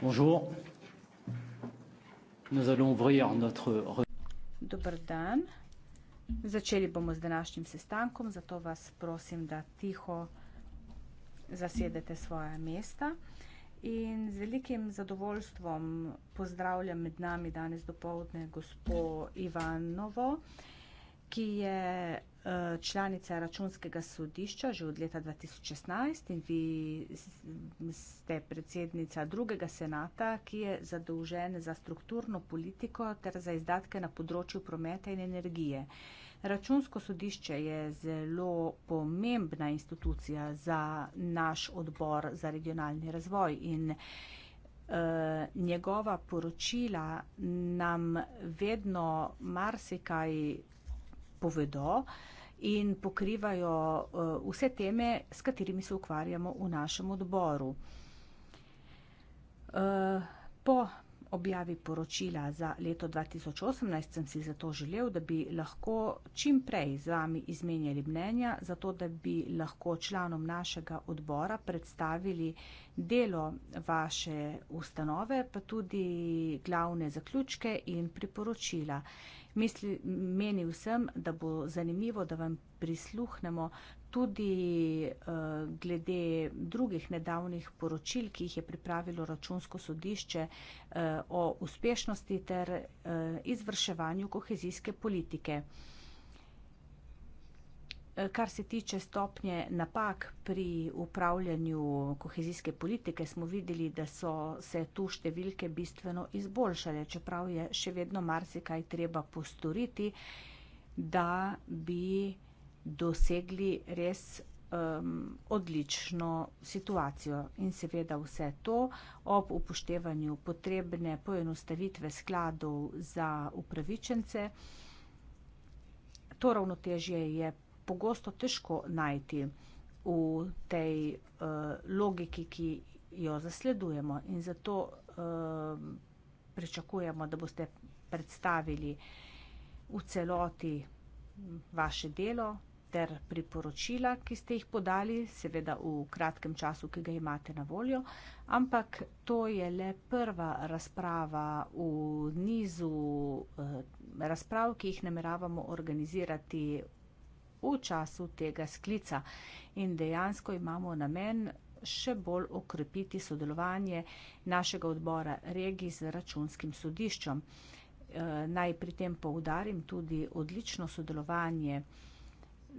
Bonjour. Nous allons ouvrir notre... Dobar dan. Začeli bomo z današnjim sestankom, zato vas prosim, da tiho zasedete svoje mesta. In z velikim zadovoljstvom pozdravljam med nami danes dopoledne gospo Ivanovo, ki je članica računskega sodišča že od leta 2016 in vi ste predsednica drugega senata, ki je zadolžen za strukturno politiko ter za izdatke na področju prometa in energije. Računsko sodišče je zelo pomembna institucija za naš odbor za regionalni razvoj in Uh, njegova poročila nam vedno marsikaj povedo in pokrivajo eh, vse teme, s katerimi se ukvarjamo v našem odboru. Eh, po objavi poročila za leto 2018 sem si zato želel, da bi lahko čim prej z vami izmenjali mnenja, zato da bi lahko članom našega odbora predstavili delo vaše ustanove, pa tudi glavne zaključke in priporočila. Misli, menil sem, da bo zanimivo, da vam prisluhnemo tudi eh, glede drugih nedavnih poročil, ki jih je pripravilo računsko sodišče eh, o uspešnosti ter eh, izvrševanju kohezijske politike. Kar se tiče stopnje napak pri upravljanju kohezijske politike, smo videli, da so se tu številke bistveno izboljšale, čeprav je še vedno marsikaj treba postoriti, da bi dosegli res um, odlično situacijo in seveda vse to ob upoštevanju potrebne poenostavitve skladov za upravičence. To ravnotežje je pogosto težko najti v tej uh, logiki, ki jo zasledujemo in zato uh, pričakujemo, da boste predstavili v celoti vaše delo, ter priporočila, ki ste jih podali, seveda v kratkem času, ki ga imate na voljo, ampak to je le prva razprava v nizu eh, razprav, ki jih nameravamo organizirati v času tega sklica. In dejansko imamo namen še bolj okrepiti sodelovanje našega odbora regij z računskim sodiščem. Eh, naj pri tem poudarim tudi odlično sodelovanje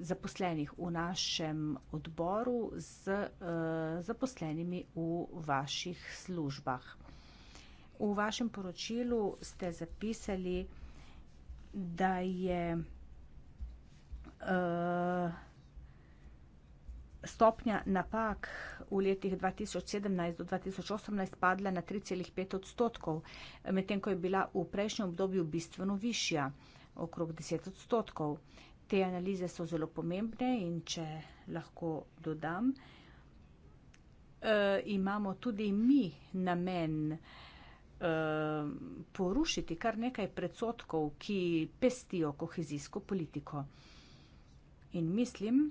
zaposlenih v našem odboru z eh, zaposlenimi v vaših službah. V vašem poročilu ste zapisali, da je eh, stopnja napak v letih 2017 do 2018 padla na 3,5 odstotkov, medtem ko je bila v prejšnjem obdobju bistveno višja, okrog 10 odstotkov. Te analize so zelo pomembne in če lahko dodam, eh, imamo tudi mi namen eh, porušiti kar nekaj predsotkov, ki pestijo kohezijsko politiko. In mislim,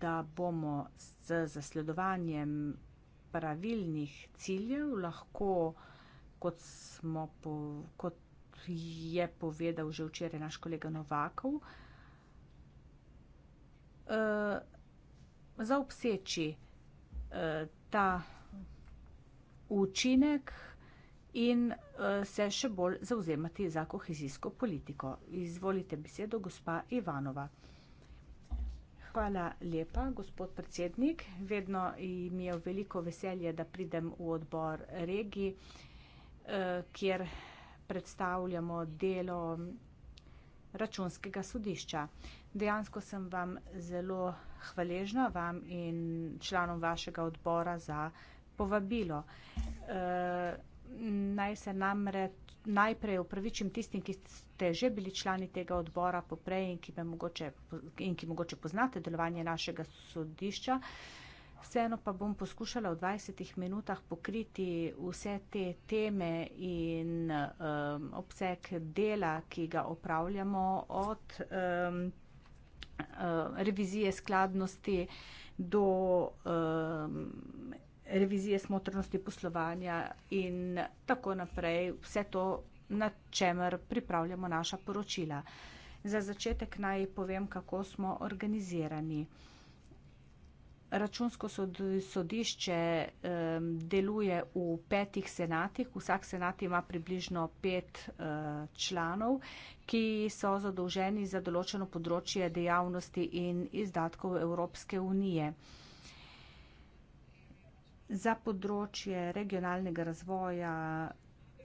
da bomo z zasledovanjem pravilnih ciljev lahko, kot smo, po, kot je povedal že včeraj naš kolega Novakov. Uh, eh, zaobseči uh, eh, ta učinek in uh, se še bolj zauzemati za kohezijsko politiko. Izvolite besedo, gospa Ivanova. Hvala lepa, gospod predsednik. Vedno mi je veliko veselje, da pridem v odbor regiji, uh, kjer predstavljamo delo računskega sodišča. Dejansko sem vam zelo hvaležna, vam in članom vašega odbora za povabilo. E, naj se namreč najprej upravičim tistim, ki ste že bili člani tega odbora poprej in ki, mogoče, in ki mogoče poznate delovanje našega sodišča. Vseeno pa bom poskušala v 20 minutah pokriti vse te teme in um, obseg dela, ki ga opravljamo od um, uh, revizije skladnosti do um, revizije smotrnosti poslovanja in tako naprej. Vse to, na čemer pripravljamo naša poročila. Za začetek naj povem, kako smo organizirani. Računsko sodišče deluje v petih senatih. Vsak senat ima približno pet eh, članov, ki so zadolženi za določeno področje dejavnosti in izdatkov Evropske unije. Za področje regionalnega razvoja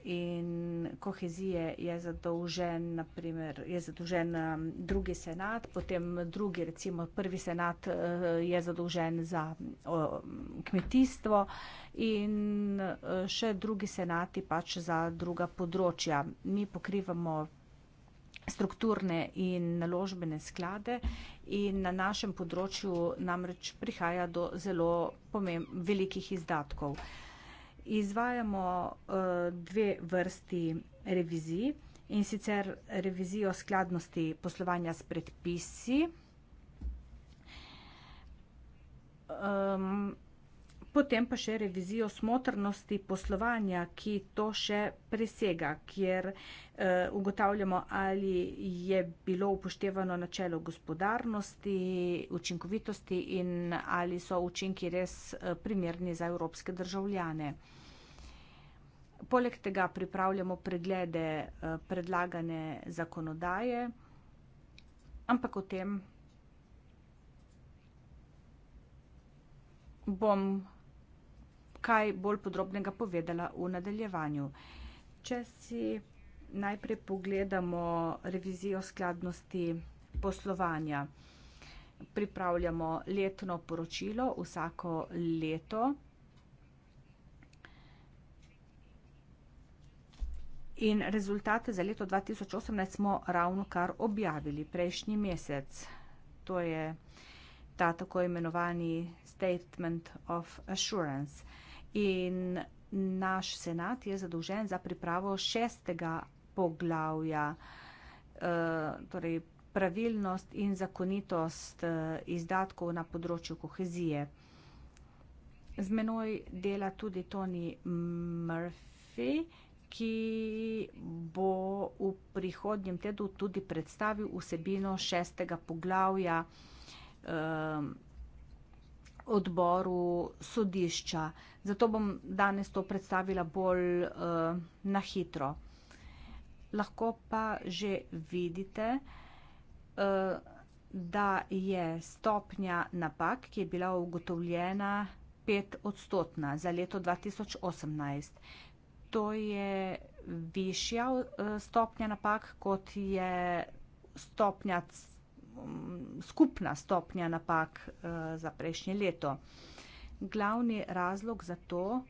in kohezije je zadolžen, naprimer, je zadolžen um, drugi senat, potem drugi, recimo prvi senat uh, je zadolžen za kmetijstvo in uh, še drugi senati pač za druga področja. Mi pokrivamo strukturne in naložbene sklade in na našem področju namreč prihaja do zelo pomemb, velikih izdatkov izvajamo eh, dve vrsti revizij in sicer revizijo skladnosti poslovanja s predpisi. Ehm, potem pa še revizijo smotrnosti poslovanja, ki to še presega, kjer eh, ugotavljamo, ali je bilo upoštevano načelo gospodarnosti, učinkovitosti in ali so učinki res eh, primerni za evropske državljane. Poleg tega pripravljamo preglede eh, predlagane zakonodaje, ampak o tem bom kaj bolj podrobnega povedala v nadaljevanju. Če si najprej pogledamo revizijo skladnosti poslovanja, pripravljamo letno poročilo vsako leto in rezultate za leto 2018 smo ravno kar objavili prejšnji mesec. To je ta tako imenovani Statement of Assurance in naš senat je zadolžen za pripravo šestega poglavja, eh, torej pravilnost in zakonitost eh, izdatkov na področju kohezije. Z menoj dela tudi Toni Murphy, ki bo v prihodnjem tedu tudi predstavil vsebino šestega poglavja. Eh, odboru sodišča. Zato bom danes to predstavila bolj uh, na hitro. Lahko pa že vidite, uh, da je stopnja napak, ki je bila ugotovljena, 5 odstotna za leto 2018. To je višja uh, stopnja napak, kot je stopnja Mm, skupna stopnja napak eh, za prejšnje leto. Glavni razlog za to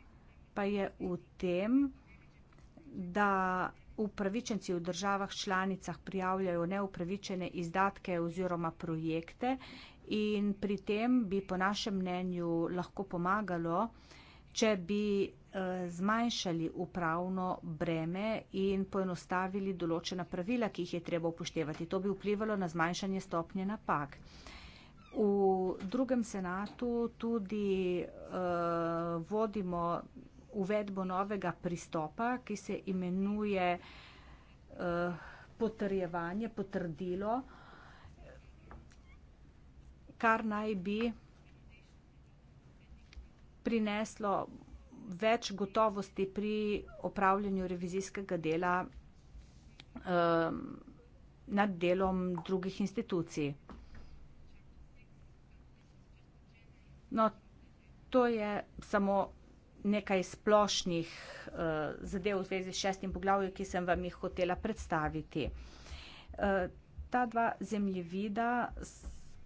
pa je v tem, da upravičenci v državah članicah prijavljajo neupravičene izdatke oziroma projekte in pri tem bi po našem mnenju lahko pomagalo, če bi eh, zmanjšali upravno breme in poenostavili določena pravila, ki jih je treba upoštevati. To bi vplivalo na zmanjšanje stopnje napak. V drugem senatu tudi uh, vodimo uvedbo novega pristopa, ki se imenuje uh, potrjevanje, potrdilo, kar naj bi prineslo več gotovosti pri opravljanju revizijskega dela um, nad delom drugih institucij. No, to je samo nekaj splošnih uh, zadev v zvezi s šestim poglavjem, ki sem vam jih hotela predstaviti. Uh, ta dva zemljevida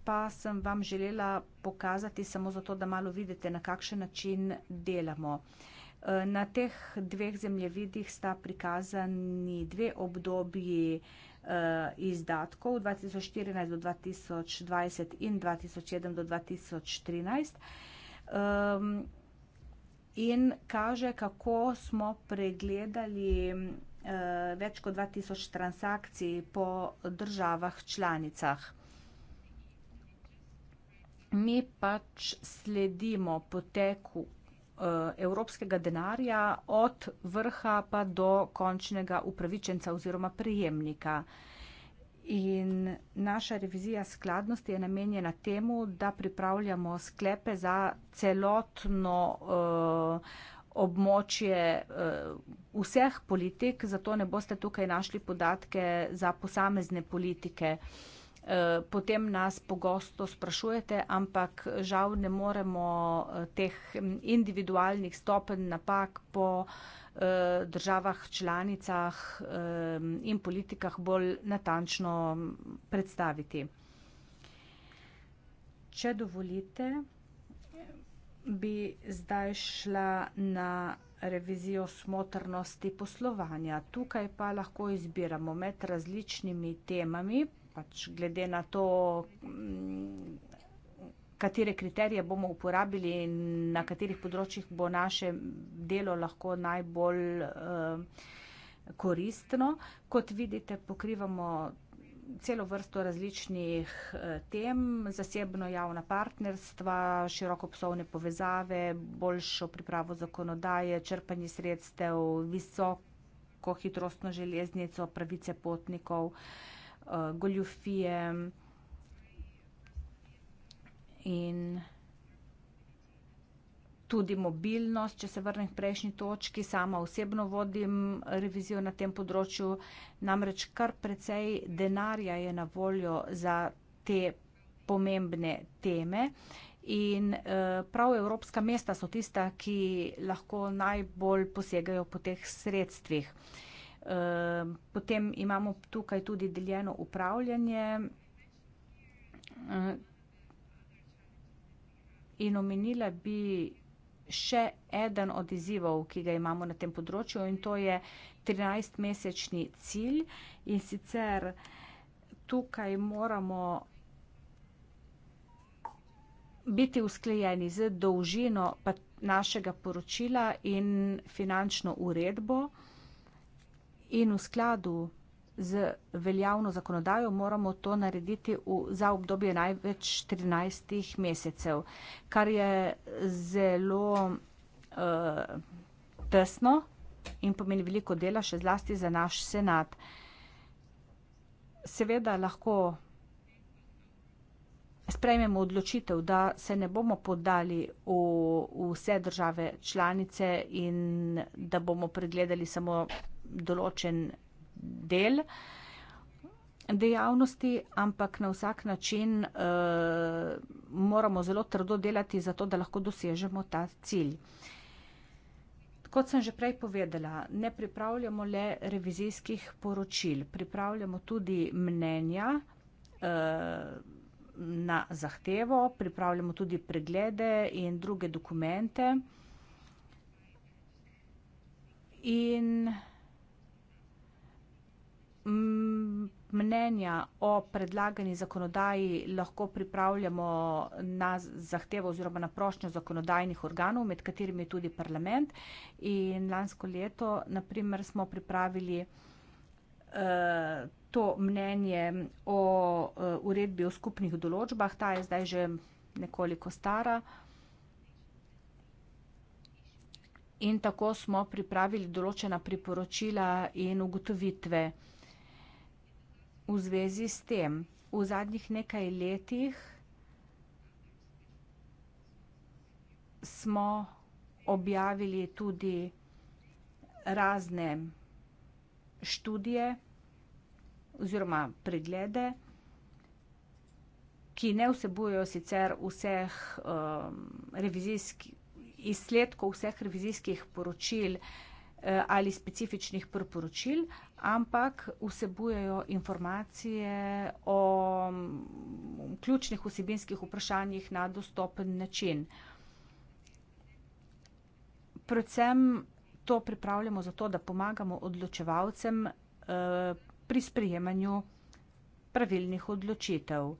pa sem vam želela pokazati samo zato, da malo vidite, na kakšen način delamo. E, na teh dveh zemljevidih sta prikazani dve obdobji e, izdatkov 2014 do 2020 in 2007 do 2013 in kaže, kako smo pregledali e, več kot 2000 transakcij po državah članicah mi pač sledimo poteku eh, evropskega denarja od vrha pa do končnega upravičenca oziroma prijemnika. In naša revizija skladnosti je namenjena temu, da pripravljamo sklepe za celotno uh, območje uh, vseh politik, zato ne boste tukaj našli podatke za posamezne politike. Uh, Eh, potem nas pogosto sprašujete, ampak žal ne moremo eh, teh individualnih stopenj napak po eh, državah, članicah in politikah bolj natančno predstaviti. Če dovolite, bi zdaj šla na revizijo smotrnosti poslovanja. Tukaj pa lahko izbiramo med različnimi temami, pač glede na to, mm, katere kriterije bomo uporabili in na katerih področjih bo naše delo lahko najbolj eh, koristno. Kot vidite, pokrivamo celo vrsto različnih eh, tem, zasebno javna partnerstva, širokopsovne povezave, boljšo pripravo zakonodaje, črpanje sredstev, visoko hitrostno železnico, pravice potnikov, Eh, goljufije in tudi mobilnost, če se vrnem k prejšnji točki, sama osebno vodim revizijo na tem področju, namreč kar precej denarja je na voljo za te pomembne teme in eh, prav evropska mesta so tista, ki lahko najbolj posegajo po teh sredstvih. Ehm, potem imamo tukaj tudi deljeno upravljanje eh, in omenila bi še eden od izzivov, ki ga imamo na tem področju in to je 13-mesečni cilj in sicer tukaj moramo biti usklejeni z dolžino našega poročila in finančno uredbo in v skladu z veljavno zakonodajo moramo to narediti v, za obdobje največ 14 mesecev, kar je zelo uh, tesno in pomeni veliko dela, še zlasti za naš senat. Seveda lahko sprejmemo odločitev, da se ne bomo podali v vse države članice in da bomo pregledali samo določen del dejavnosti, ampak na vsak način uh, moramo zelo trdo delati za to, da lahko dosežemo ta cilj. Kot sem že prej povedala, ne pripravljamo le revizijskih poročil, pripravljamo tudi mnenja. Uh, na zahtevo, pripravljamo tudi preglede in druge dokumente. In mm, mnenja o predlagani zakonodaji lahko pripravljamo na zahtevo oziroma na prošnjo zakonodajnih organov, med katerimi je tudi parlament. In lansko leto, naprimer, smo pripravili Eh, to mnenje o eh, uredbi o skupnih določbah, ta je zdaj že nekoliko stara. In tako smo pripravili določena priporočila in ugotovitve v zvezi s tem. V zadnjih nekaj letih smo objavili tudi razne študije, oziroma preglede, ki ne vsebujejo sicer vseh um, revizijskih izsledkov, vseh revizijskih poročil eh, ali specifičnih priporočil, ampak vsebujejo informacije o um, ključnih vsebinskih vprašanjih na dostopen način. Predvsem to pripravljamo zato, da pomagamo odločevalcem eh, pri sprejemanju pravilnih odločitev.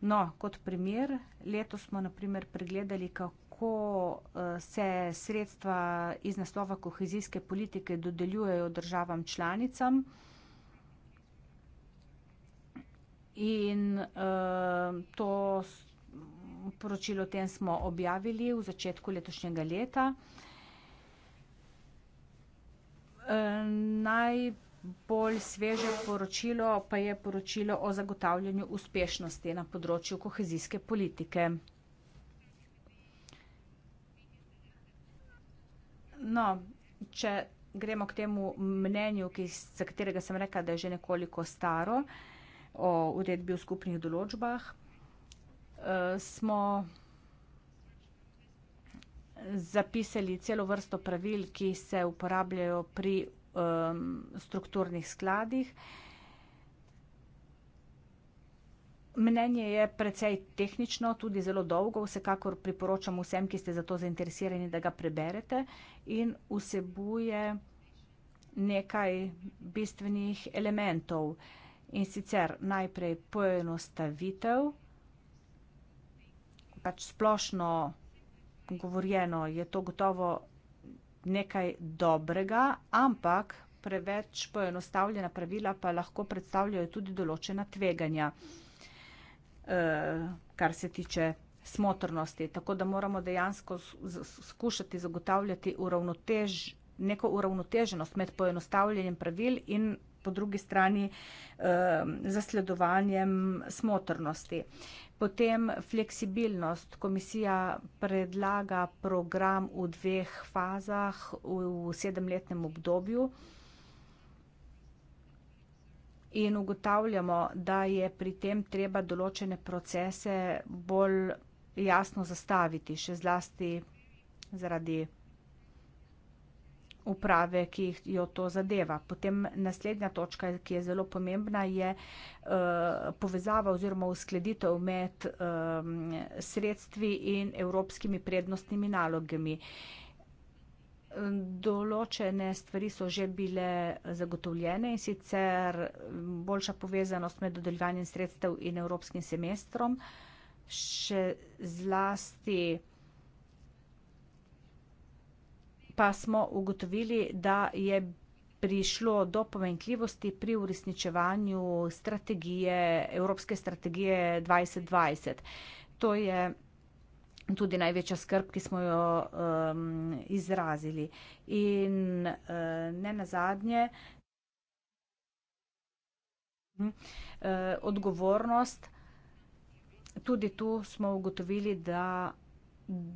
No, kot primer, leto smo naprimer pregledali, kako eh, se sredstva iz naslova kohezijske politike dodeljujejo državam članicam. In uh, to poročilo tem smo objavili v začetku letošnjega leta. Uh, naj Bolj sveže poročilo pa je poročilo o zagotavljanju uspešnosti na področju kohezijske politike. No, če gremo k temu mnenju, ki, za katerega sem rekla, da je že nekoliko staro, o uredbi v skupnih določbah, uh, smo zapisali celo vrsto pravil, ki se uporabljajo pri um, strukturnih skladih. Mnenje je precej tehnično, tudi zelo dolgo, vsekakor priporočam vsem, ki ste za to zainteresirani, da ga preberete in vsebuje nekaj bistvenih elementov. In sicer najprej poenostavitev, pač splošno govorjeno je to gotovo nekaj dobrega, ampak preveč poenostavljena pravila pa lahko predstavljajo tudi določena tveganja, eh, kar se tiče smotrnosti. Tako da moramo dejansko skušati zagotavljati uravnotež, neko uravnoteženost med poenostavljanjem pravil in po drugi strani eh, zasledovanjem smotrnosti. Potem fleksibilnost. Komisija predlaga program v dveh fazah v, v sedemletnem obdobju in ugotavljamo, da je pri tem treba določene procese bolj jasno zastaviti, še zlasti zaradi uprave, ki jo to zadeva. Potem naslednja točka, ki je zelo pomembna, je uh, povezava oziroma uskladitev med um, sredstvi in evropskimi prednostnimi nalogami. Določene stvari so že bile zagotovljene in sicer mm, boljša povezanost med dodeljevanjem sredstev in evropskim semestrom, še zlasti pa smo ugotovili, da je prišlo do pomenkljivosti pri uresničevanju strategije, evropske strategije 2020. To je tudi največja skrb, ki smo jo um, izrazili. In uh, ne nazadnje, hm, uh, odgovornost, tudi tu smo ugotovili, da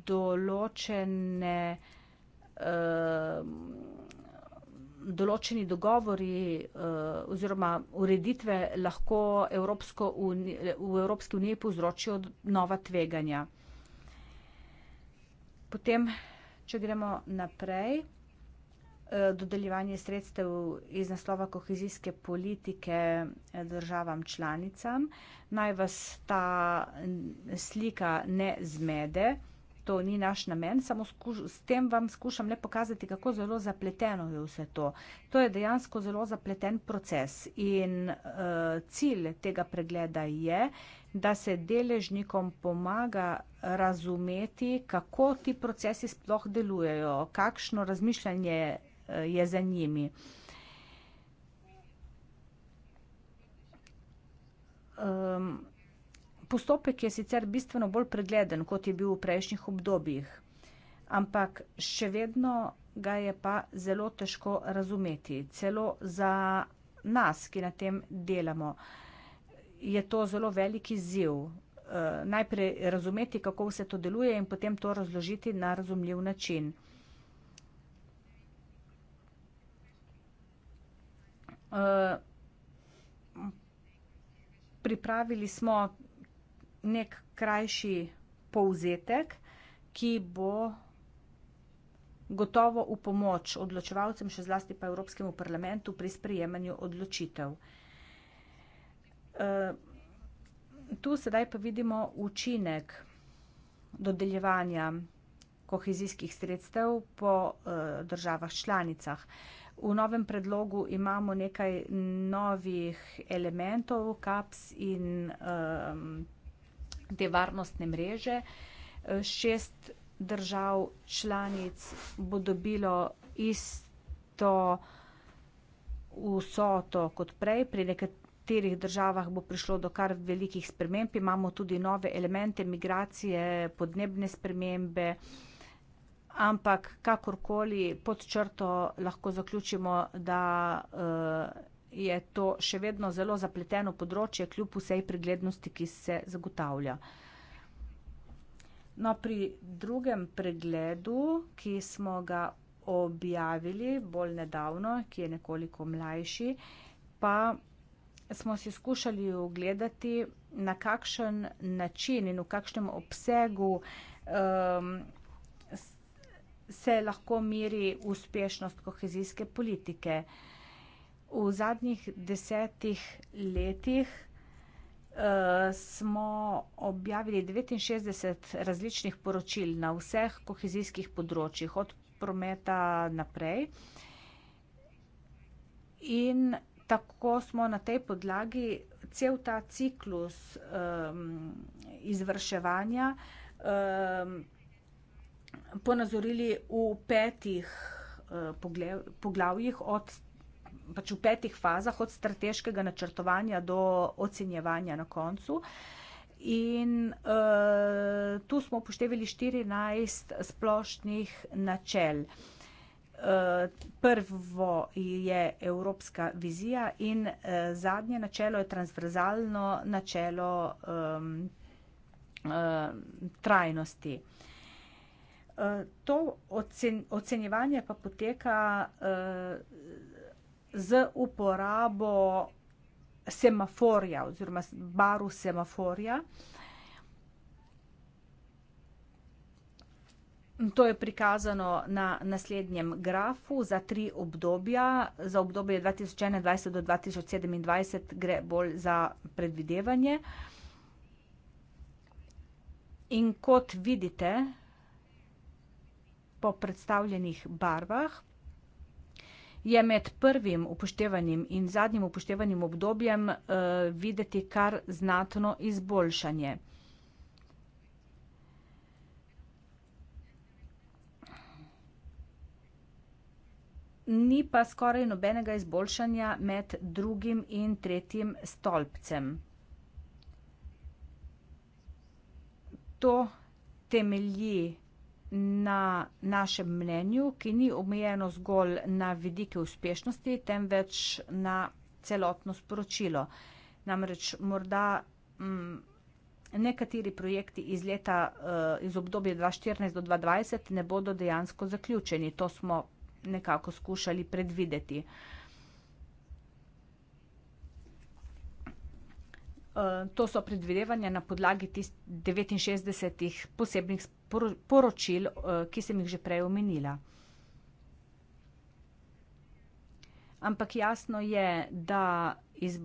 določene uh, Ehm, določeni dogovori eh, oziroma ureditve lahko Evropsko v Evropski uniji povzročijo nova tveganja. Potem, če gremo naprej, eh, dodeljevanje sredstev iz naslova kohezijske politike eh, državam članicam. Naj vas ta slika ne zmede to ni naš namen, samo skuš, s tem vam skušam le pokazati, kako zelo zapleteno je vse to. To je dejansko zelo zapleten proces in uh, cilj tega pregleda je, da se deležnikom pomaga razumeti, kako ti procesi sploh delujejo, kakšno razmišljanje uh, je za njimi. Um, Postopek je sicer bistveno bolj pregleden, kot je bil v prejšnjih obdobjih, ampak še vedno ga je pa zelo težko razumeti. Celo za nas, ki na tem delamo, je to zelo veliki ziv. Eh, najprej razumeti, kako vse to deluje in potem to razložiti na razumljiv način. Eh, pripravili smo nek krajši povzetek, ki bo gotovo v pomoč odločevalcem, še zlasti pa Evropskemu parlamentu pri sprejemanju odločitev. Eh, tu sedaj pa vidimo učinek dodeljevanja kohezijskih sredstev po eh, državah članicah. V novem predlogu imamo nekaj novih elementov, CAPS in um, te varnostne mreže. Eh, šest držav članic bo dobilo isto vsoto kot prej. Pri nekaterih državah bo prišlo do kar velikih sprememb. Imamo tudi nove elemente migracije, podnebne spremembe. Ampak kakorkoli pod črto lahko zaključimo, da uh, je to še vedno zelo zapleteno področje, kljub vsej preglednosti, ki se zagotavlja. No, pri drugem pregledu, ki smo ga objavili bolj nedavno, ki je nekoliko mlajši, pa smo si skušali ogledati, na kakšen način in v kakšnem obsegu um, se lahko miri uspešnost kohezijske politike v zadnjih desetih letih eh, smo objavili 69 različnih poročil na vseh kohezijskih področjih, od prometa naprej. In tako smo na tej podlagi cel ta ciklus um, izvrševanja um, ponazorili v petih uh, poglavjih od pač v petih fazah, od strateškega načrtovanja do ocenjevanja na koncu. In uh, tu smo upoštevali 14 splošnih načel. Uh, prvo je evropska vizija in uh, zadnje načelo je transverzalno načelo um, uh, trajnosti. Uh, to ocen, ocenjevanje pa poteka uh, z uporabo semaforja oziroma baru semaforja. To je prikazano na naslednjem grafu za tri obdobja. Za obdobje 2021 do 2027 gre bolj za predvidevanje. In kot vidite, po predstavljenih barvah, je med prvim upoštevanjem in zadnjim upoštevanjem obdobjem uh, videti kar znatno izboljšanje. Ni pa skoraj nobenega izboljšanja med drugim in tretjim stolpcem. To temelji na našem mnenju, ki ni omejeno zgolj na vidike uspešnosti, temveč na celotno sporočilo. Namreč morda m, mm, nekateri projekti iz leta, eh, iz obdobja 2014 do 2020 ne bodo dejansko zaključeni. To smo nekako skušali predvideti. Eh, to so predvidevanja na podlagi tist 69 posebnih poročil, eh, ki sem jih že prej omenila. Ampak jasno je, da iz,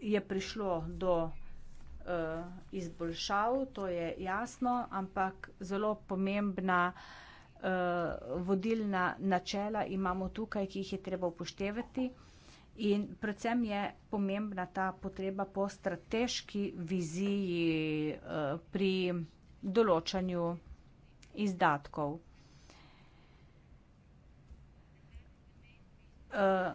je prišlo do uh, izboljšav, to je jasno, ampak zelo pomembna uh, vodilna načela imamo tukaj, ki jih je treba upoštevati. Uh, In predvsem je pomembna ta potreba po strateški viziji eh, pri določanju izdatkov. Eh,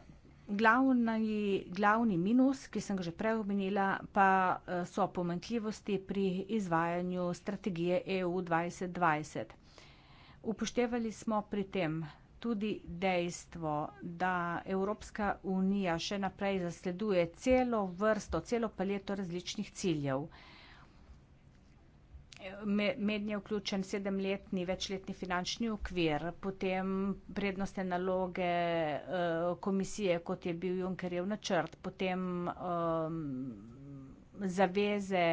glavni, glavni minus, ki sem ga že prej omenila, pa eh, so pomankljivosti pri izvajanju strategije EU 2020. Upoštevali smo pri tem tudi dejstvo, da Evropska unija še naprej zasleduje celo vrsto, celo paleto različnih ciljev. Med nje je vključen sedemletni večletni finančni okvir, potem prednostne naloge eh, komisije, kot je bil Junkerjev načrt, potem eh, zaveze,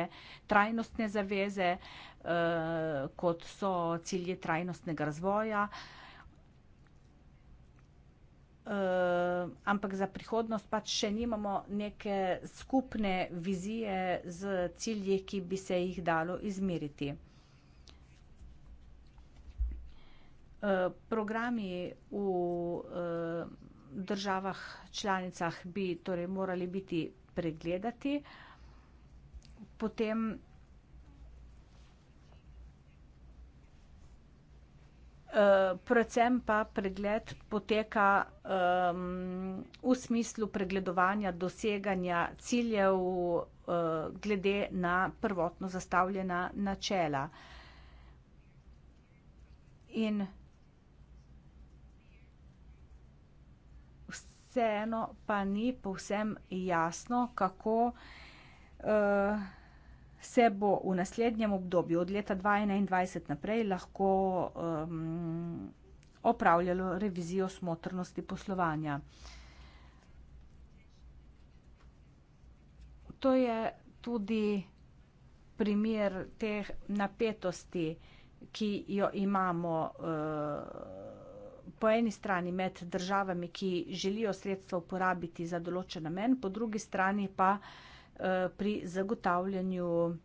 trajnostne zaveze, eh, kot so cilje trajnostnega razvoja, Eh, ampak za prihodnost pač še nimamo neke skupne vizije z cilji, ki bi se jih dalo izmeriti. Uh, programi v uh, državah članicah bi torej morali biti pregledati. Potem Eh, predvsem pa pregled poteka um, v smislu pregledovanja doseganja ciljev uh, glede na prvotno zastavljena načela. In vseeno pa ni povsem jasno, kako uh, se bo v naslednjem obdobju od leta 2021 naprej lahko um, opravljalo revizijo smotrnosti poslovanja. To je tudi primer te napetosti, ki jo imamo uh, po eni strani med državami, ki želijo sredstva uporabiti za določen namen, po drugi strani pa uh, Eh, pri zagotavljanju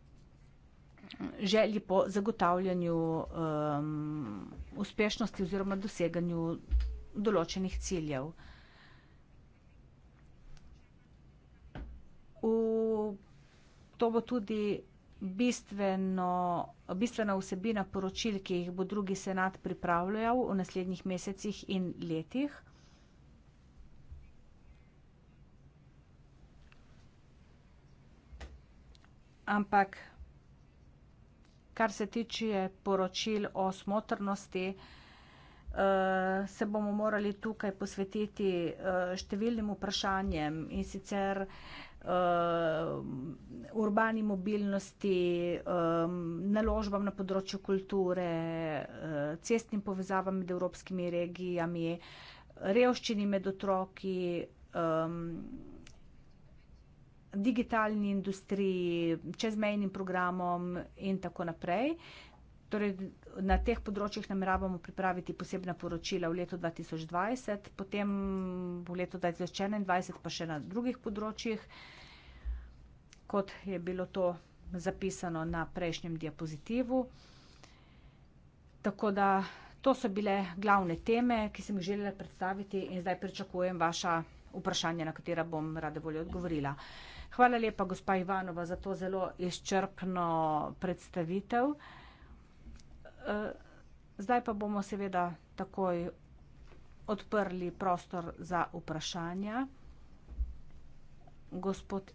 želji po zagotavljanju um, uspešnosti oziroma doseganju določenih ciljev. V, to bo tudi bistveno, bistvena vsebina poročil, ki jih bo drugi senat pripravljal v naslednjih mesecih in letih. ampak kar se tiče poročil o smotrnosti, eh, se bomo morali tukaj posvetiti eh, številnim vprašanjem in sicer eh, urbani mobilnosti, naložbam na področju kulture, cestnim povezavam med evropskimi regijami, revščini med otroki, digitalni industriji, čezmejnim programom in tako naprej. Torej, na teh področjih nameravamo pripraviti posebna poročila v letu 2020, potem v letu 2021 pa še na drugih področjih, kot je bilo to zapisano na prejšnjem diapozitivu. Tako da to so bile glavne teme, ki sem jih želela predstaviti in zdaj pričakujem vaša vprašanja, na katera bom rade volje odgovorila. Hvala lepa, gospa Ivanova, za to zelo izčrpno predstavitev. Eh, zdaj pa bomo seveda takoj odprli prostor za vprašanja. Gospod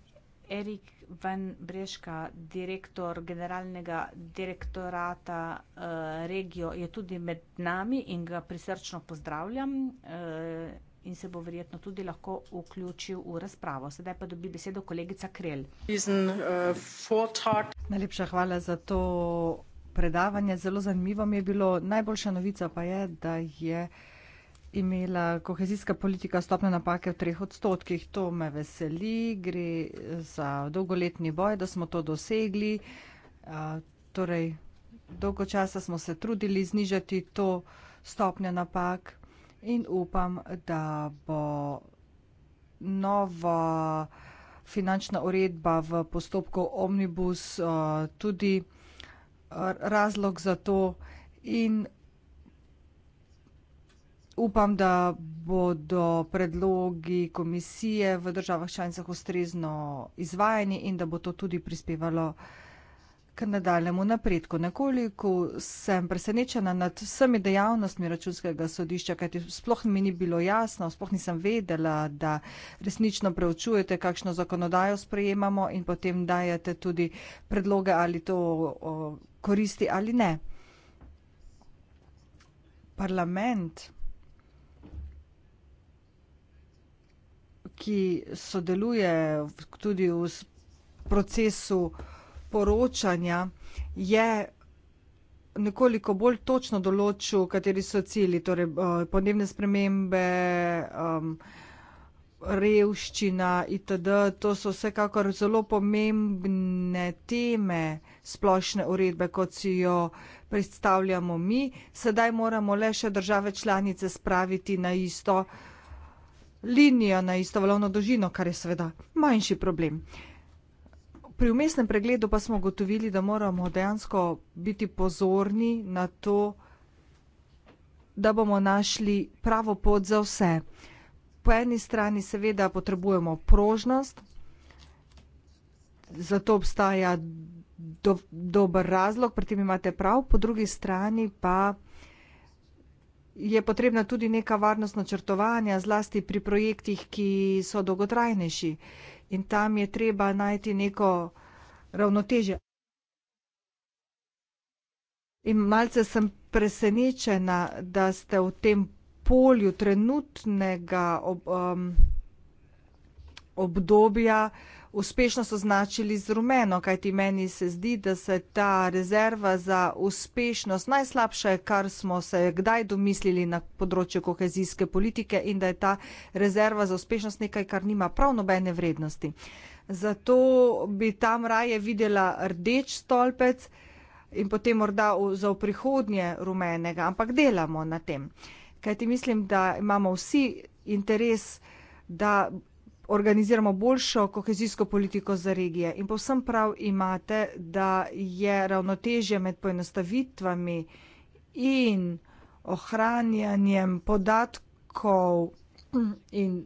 Erik Van Breška, direktor generalnega direktorata eh, Regijo, je tudi med nami in ga prisrčno pozdravljam. Eh, in se bo verjetno tudi lahko vključil v razpravo. Sedaj pa dobi besedo kolegica Krel. Uh, Najlepša hvala za to predavanje. Zelo zanimivo mi je bilo. Najboljša novica pa je, da je imela kohezijska politika stopne napake v treh odstotkih. To me veseli, gre za dolgoletni boj, da smo to dosegli. Torej, dolgo časa smo se trudili znižati to stopnjo napak in upam, da bo nova finančna uredba v postopku omnibus eh, tudi razlog za to in upam, da bodo predlogi komisije v državah članicah ustrezno izvajani in da bo to tudi prispevalo k k nadaljemu napredku. Nekoliko sem presenečena nad vsemi dejavnostmi računskega sodišča, kajti sploh mi ni bilo jasno, sploh nisem vedela, da resnično preučujete, kakšno zakonodajo sprejemamo in potem dajete tudi predloge, ali to o, koristi ali ne. Parlament, ki sodeluje tudi v procesu poročanja je nekoliko bolj točno določil, kateri so cilji, torej eh, podnebne spremembe, revščina itd. To so vsekakor zelo pomembne teme splošne uredbe, kot si jo predstavljamo mi. Sedaj moramo le še države članice spraviti na isto linijo, na isto valovno dolžino, kar je seveda manjši problem pri umestnem pregledu pa smo gotovili, da moramo dejansko biti pozorni na to, da bomo našli pravo pot za vse. Po eni strani seveda potrebujemo prožnost, zato obstaja do, dober razlog, pri tem imate prav, po drugi strani pa je potrebna tudi neka varnost načrtovanja, zlasti pri projektih, ki so dolgotrajnejši. Uh, in tam je treba najti neko ravnotežje. In malce sem presenečena, da ste v tem polju trenutnega ob, um, obdobja uspešno so značili z rumeno, kajti meni se zdi, da se ta rezerva za uspešnost najslabše, kar smo se kdaj domislili na področju kohezijske politike in da je ta rezerva za uspešnost nekaj, kar nima prav nobene vrednosti. Zato bi tam raje videla rdeč stolpec in potem morda za prihodnje rumenega, ampak delamo na tem. Kajti mislim, da imamo vsi interes, da organiziramo boljšo kohezijsko politiko za regije. In povsem prav imate, da je ravnotežje med poenostavitvami in ohranjanjem podatkov in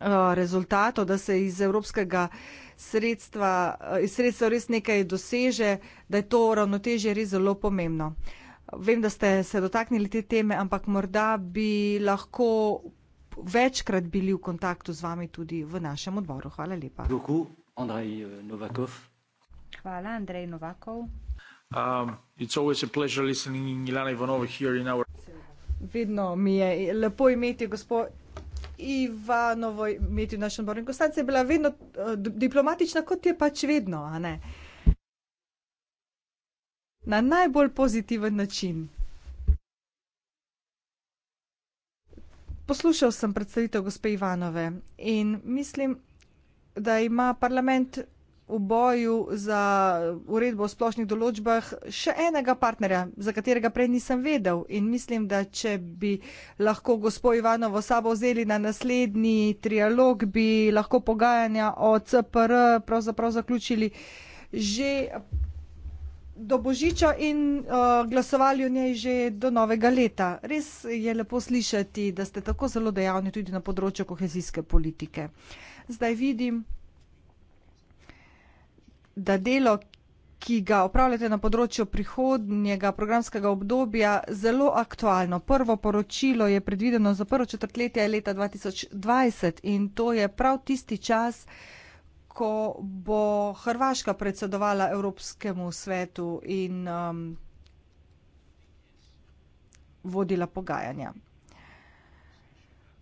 eh, rezultatov, da se iz evropskega sredstva, eh, iz sredstev res nekaj doseže, da je to ravnotežje res zelo pomembno. Vem, da ste se dotaknili te teme, ampak morda bi lahko večkrat bili v kontaktu z vami tudi v našem odboru. Hvala lepa. Euh, Hvala, Andrej Novakov. Um, vedno mi je lepo imeti gospod Ivanovo imeti v našem odboru. Konstancija je bila vedno eh, diplomatična, kot je pač vedno, a ne? Na najbolj pozitiven način. Poslušal sem predstavitev gospe Ivanove in mislim, da ima parlament v boju za uredbo o splošnih določbah še enega partnerja, za katerega prej nisem vedel. In mislim, da če bi lahko gospod Ivanovo sabo vzeli na naslednji trialog, bi lahko pogajanja o CPR pravzaprav zaključili že do božiča in uh, glasovali o njej že do novega leta. Res je lepo slišati, da ste tako zelo dejavni tudi na področju kohezijske politike. Zdaj vidim, da delo, ki ga opravljate na področju prihodnjega programskega obdobja, zelo aktualno. Prvo poročilo je predvideno za prvo četrtletje leta 2020 in to je prav tisti čas, ko bo Hrvaška predsedovala Evropskemu svetu in um, vodila pogajanja.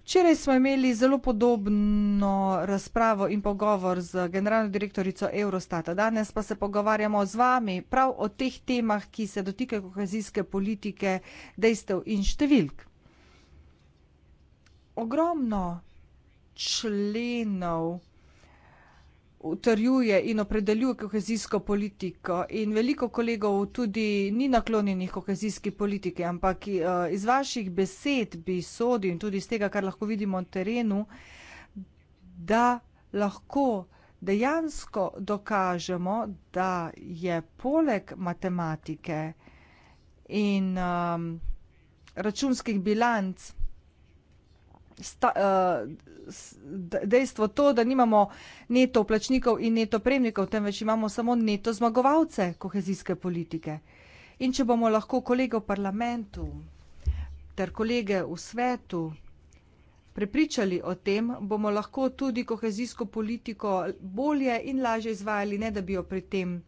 Včeraj smo imeli zelo podobno razpravo in pogovor z generalno direktorico Eurostata. Danes pa se pogovarjamo z vami prav o teh temah, ki se dotikajo kohezijske politike, dejstev in številk. Ogromno členov utrjuje in opredeljuje kohezijsko politiko in veliko kolegov tudi ni naklonjenih kohezijski politiki, ampak eh, iz vaših besed bi sodim tudi iz tega, kar lahko vidimo na terenu, da lahko dejansko dokažemo, da je poleg matematike in um, računskih bilanc sta, uh, dejstvo to, da nimamo neto plačnikov in neto premnikov, temveč imamo samo neto zmagovalce kohezijske politike. In če bomo lahko kolege v parlamentu ter kolege v svetu prepričali o tem, bomo lahko tudi kohezijsko politiko bolje in lažje izvajali, ne da bi jo pri tem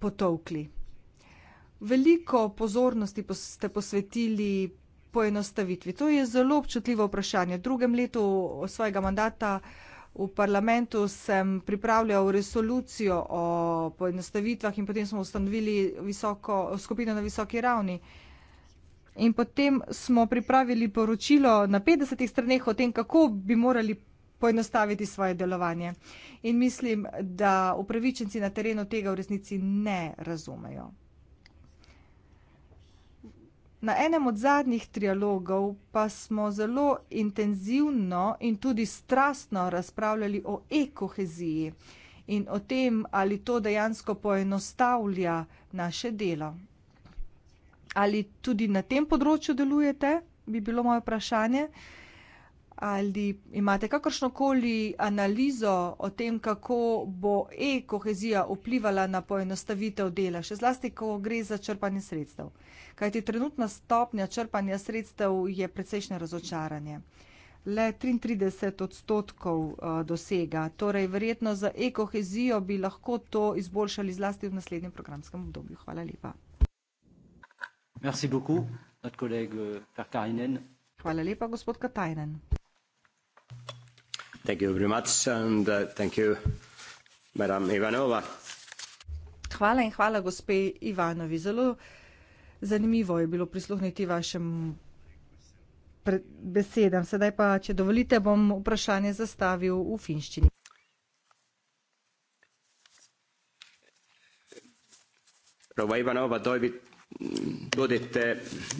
potovkli. Veliko pozornosti ste posvetili poenostavitvi. To je zelo občutljivo vprašanje. V drugem letu svojega mandata v parlamentu sem pripravljal resolucijo o poenostavitvah in potem smo ustanovili visoko, skupino na visoki ravni. In potem smo pripravili poročilo na 50 straneh o tem, kako bi morali poenostaviti svoje delovanje. In mislim, da upravičenci na terenu tega v resnici ne razumejo. Na enem od zadnjih trialogov pa smo zelo intenzivno in tudi strastno razpravljali o ekoheziji in o tem, ali to dejansko poenostavlja naše delo. Ali tudi na tem področju delujete, bi bilo moje vprašanje. Ali imate kakršno koli analizo o tem, kako bo e-kohezija vplivala na poenostavitev dela, še zlasti, ko gre za črpanje sredstev? Kajti trenutna stopnja črpanja sredstev je precejšnje razočaranje. Le 33 odstotkov eh, dosega, torej verjetno za e-kohezijo bi lahko to izboljšali zlasti v naslednjem programskem obdobju. Hvala lepa. Merci beaucoup, notre collègue Ferkainen. Euh, Hvala lepa, gospod Katajnen. Thank you very much and uh, thank you, Madam Ivanova. Hvala in hvala, gospe Ivanovi. Zelo zanimivo je bilo prisluhniti vašem besedam. Sedaj pa, če dovolite, bom vprašanje zastavil v finščini. Rova Ivanova, toivit, tuotitte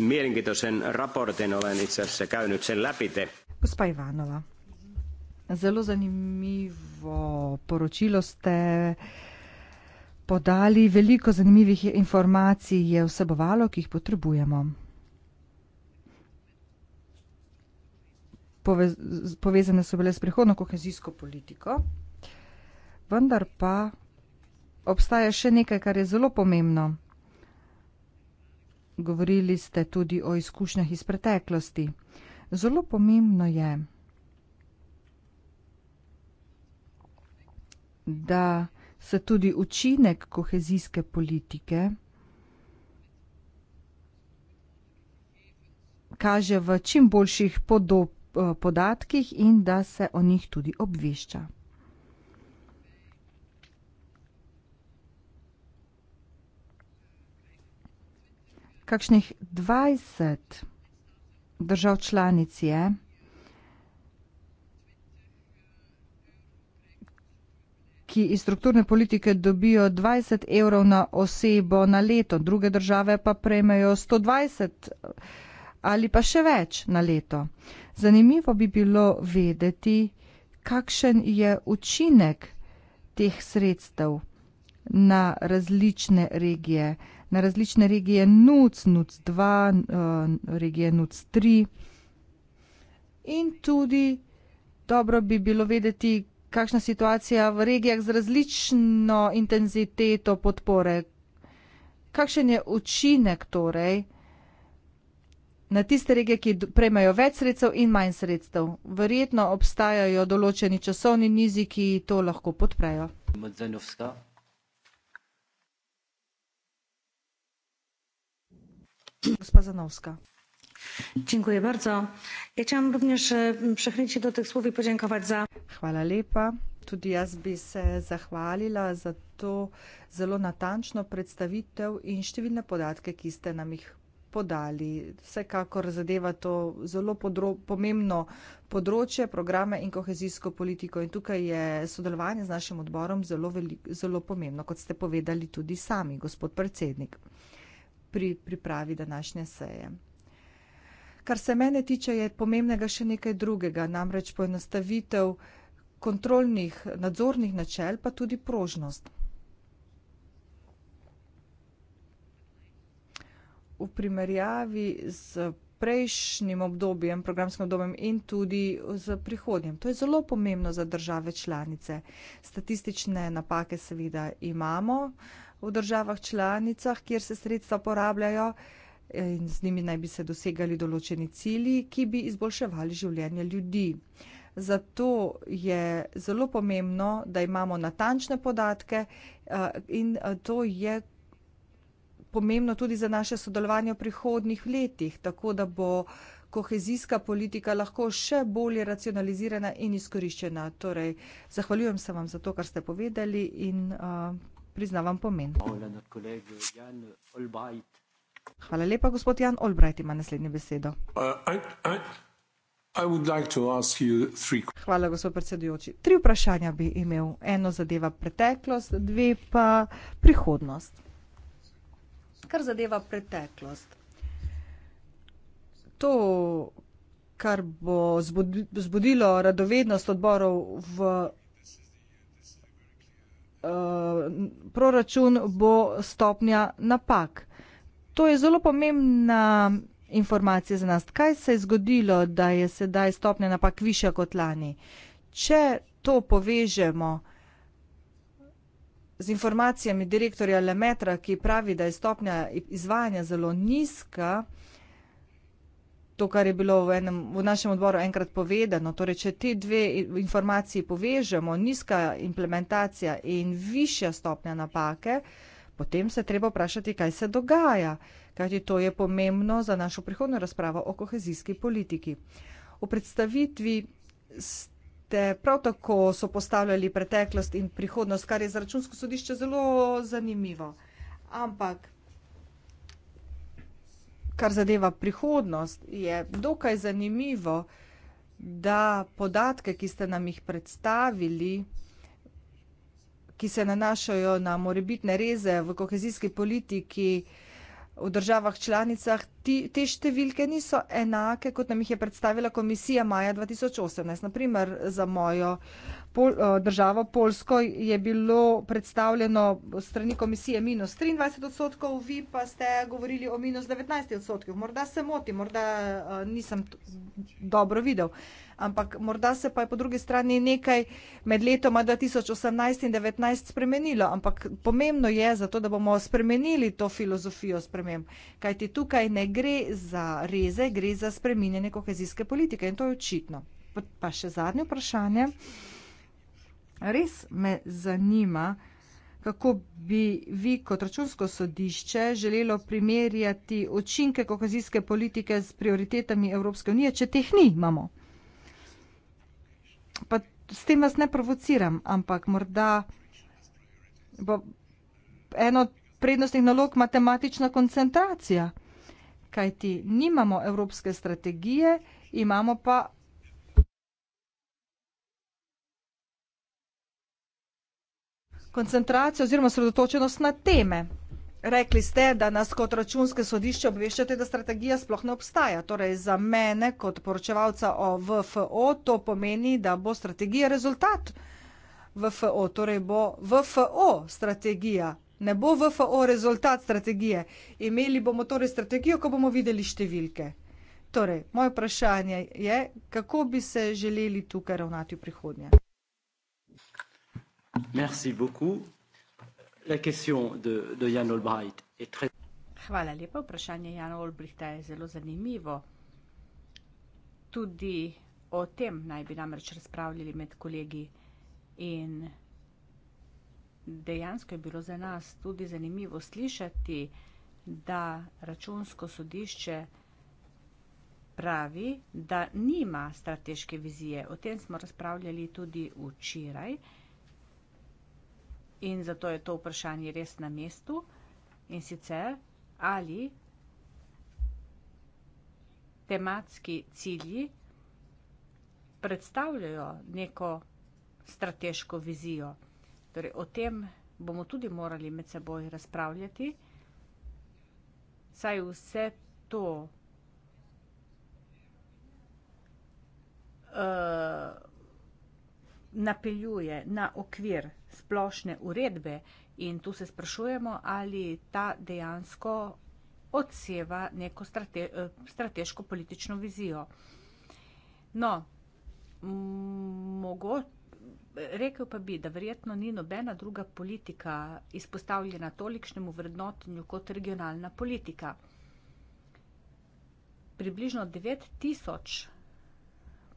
mielenkiintoisen raportin, olen itse asiassa käynyt sen läpi te. Gospa Ivanova, Zelo zanimivo poročilo ste podali, veliko zanimivih informacij je vsebovalo, ki jih potrebujemo. Povez, povezane so bile s prihodno kohezijsko politiko, vendar pa obstaja še nekaj, kar je zelo pomembno. Govorili ste tudi o izkušnjah iz preteklosti. Zelo pomembno je, da se tudi učinek kohezijske politike kaže v čim boljših podob, eh, podatkih in da se o njih tudi obvešča. Kakšnih dvajset držav članic je, ki iz strukturne politike dobijo 20 evrov na osebo na leto, druge države pa prejmejo 120 ali pa še več na leto. Zanimivo bi bilo vedeti, kakšen je učinek teh sredstev na različne regije, na različne regije NUC, NUC 2, eh, regije NUC 3 in tudi dobro bi bilo vedeti, kakšna situacija v regijah z različno intenziteto podpore? Kakšen je učinek torej na tiste regije, ki prejmejo več sredstev in manj sredstev? Verjetno obstajajo določeni časovni nizi, ki to lahko podprejo. Gospa Zanovska. Dziękuję bardzo. Ja chciałam również e, przechylić się do tych słów i podziękować za. Hvala lepa. Tudi jaz bi se zahvalila za to zelo natančno predstavitev in številne podatke, ki ste nam jih podali. Vsekakor zadeva to zelo podro, pomembno področje programe in kohezijsko politiko in tukaj je sodelovanje z našim odborom zelo, velik, zelo pomembno, kot ste povedali tudi sami, gospod predsednik, pri pripravi današnje seje kar se mene tiče, je pomembnega še nekaj drugega, namreč poenostavitev kontrolnih nadzornih načel, pa tudi prožnost. V primerjavi z prejšnjim obdobjem, programskim obdobjem in tudi z prihodnjem. To je zelo pomembno za države članice. Statistične napake seveda imamo v državah članicah, kjer se sredstva porabljajo in z njimi naj bi se dosegali določeni cilji, ki bi izboljševali življenje ljudi. Zato je zelo pomembno, da imamo natančne podatke eh, in eh, to je pomembno tudi za naše sodelovanje v prihodnih letih, tako da bo kohezijska politika lahko še bolje racionalizirana in izkoriščena. Torej, zahvaljujem se vam za to, kar ste povedali in uh, priznavam pomen. Hvala na kolegu Jan Olbajt. Hvala lepa, gospod Jan Olbrajt ima naslednjo besedo. Uh, Hvala, gospod predsedujoči. Tri vprašanja bi imel. Eno zadeva preteklost, dve pa prihodnost. Kar zadeva preteklost. To, kar bo zbudilo radovednost odborov v uh, proračun, bo stopnja napak. To je zelo pomembna informacija za nas. Kaj se je zgodilo, da je sedaj stopnja napak više kot lani? Če to povežemo z informacijami direktorja Lemetra, ki pravi, da je stopnja izvajanja zelo nizka, to, kar je bilo v, enem, v našem odboru enkrat povedano, torej, če te dve informaciji povežemo, nizka implementacija in višja stopnja napake, potem se treba vprašati, kaj se dogaja, kajti to je pomembno za našo prihodno razpravo o kohezijski politiki. V predstavitvi ste prav tako so postavljali preteklost in prihodnost, kar je za računsko sodišče zelo zanimivo. Ampak, kar zadeva prihodnost, je dokaj zanimivo, da podatke, ki ste nam jih predstavili, ki se nanašajo na morebitne reze v kohezijski politiki v državah članicah, ti, te številke niso enake, kot nam jih je predstavila komisija maja 2018. Naprimer, za mojo uh, Pol, eh, državo Polsko je bilo predstavljeno strani komisije minus 23 odstotkov, vi pa ste govorili o minus 19 odstotkih. Morda se moti, morda eh, nisem dobro videl, ampak morda se pa je po drugi strani nekaj med letoma 2018 in 2019 spremenilo. Ampak pomembno je zato, da bomo spremenili to filozofijo sprememb, kajti tukaj ne gre za reze, gre za spreminjanje kohezijske politike in to je očitno. Pa še zadnje vprašanje. Res me zanima, kako bi vi kot računsko sodišče želelo primerjati učinke kohezijske politike s prioritetami Evropske unije, če teh ni imamo. Pa s tem vas ne provociram, ampak morda bo eno od prednostnih nalog matematična koncentracija, kajti nimamo evropske strategije, imamo pa koncentracijo oziroma sredotočenost na teme. Rekli ste, da nas kot računske sodišče obveščate, da strategija sploh ne obstaja. Torej, za mene kot poročevalca o VFO to pomeni, da bo strategija rezultat VFO. Torej, bo VFO strategija, ne bo VFO rezultat strategije. Imeli bomo torej strategijo, ko bomo videli številke. Torej, moje vprašanje je, kako bi se želeli tukaj ravnati v prihodnje. Hvala lepa. Vprašanje Jana Olbrihta je zelo zanimivo. Tudi o tem naj bi namreč razpravljali med kolegi in dejansko je bilo za nas tudi zanimivo slišati, da računsko sodišče pravi, da nima strateške vizije. O tem smo razpravljali tudi včeraj in zato je to vprašanje res na mestu. In sicer ali tematski cilji predstavljajo neko strateško vizijo. Torej, o tem bomo tudi morali med seboj razpravljati, saj vse to. Uh, napeljuje na okvir splošne uredbe in tu se sprašujemo, ali ta dejansko odseva neko strate, eh, strateško politično vizijo. No, mogo, rekel pa bi, da verjetno ni nobena druga politika izpostavljena tolikšnemu vrednotenju kot regionalna politika. Približno 9000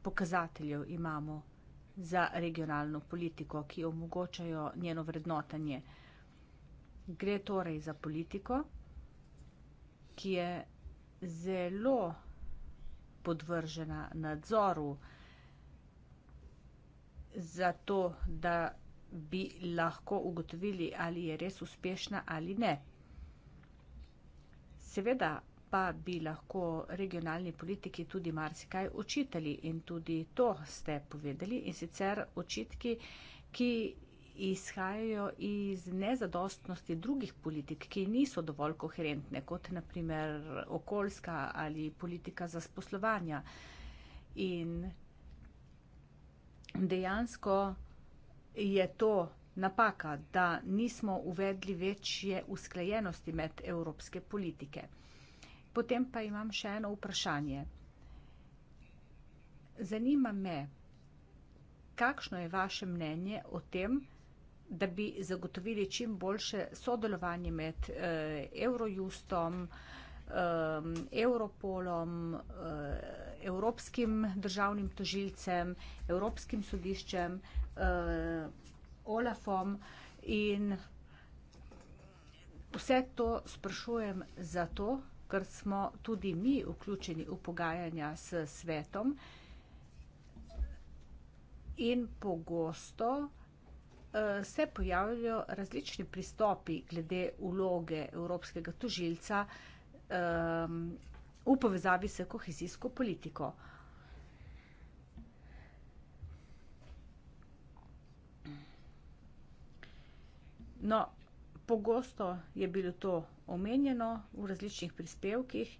pokazateljev imamo za regionalno politiko, ki omogočajo njeno vrednotanje. Gre torej za politiko, ki je zelo podvržena nadzoru za to, da bi lahko ugotovili, ali je res uspešna ali ne. Seveda pa bi lahko regionalni politiki tudi marsikaj očitali in tudi to ste povedali in sicer očitki, ki izhajajo iz nezadostnosti drugih politik, ki niso dovolj koherentne, kot naprimer okoljska ali politika za sposlovanja. In dejansko je to napaka, da nismo uvedli večje usklajenosti med evropske politike. Potem pa imam še eno vprašanje. Zanima me, kakšno je vaše mnenje o tem, da bi zagotovili čim boljše sodelovanje med eh, Eurojustom, eh, Europolom, eh, Evropskim državnim tožilcem, Evropskim sodiščem, eh, OLAFom in vse to sprašujem zato, ker smo tudi mi vključeni v pogajanja s svetom in pogosto eh, se pojavljajo različni pristopi glede vloge evropskega tožilca ehm, v povezavi s kohezijsko politiko. No, pogosto je bilo to omenjeno v različnih prispevkih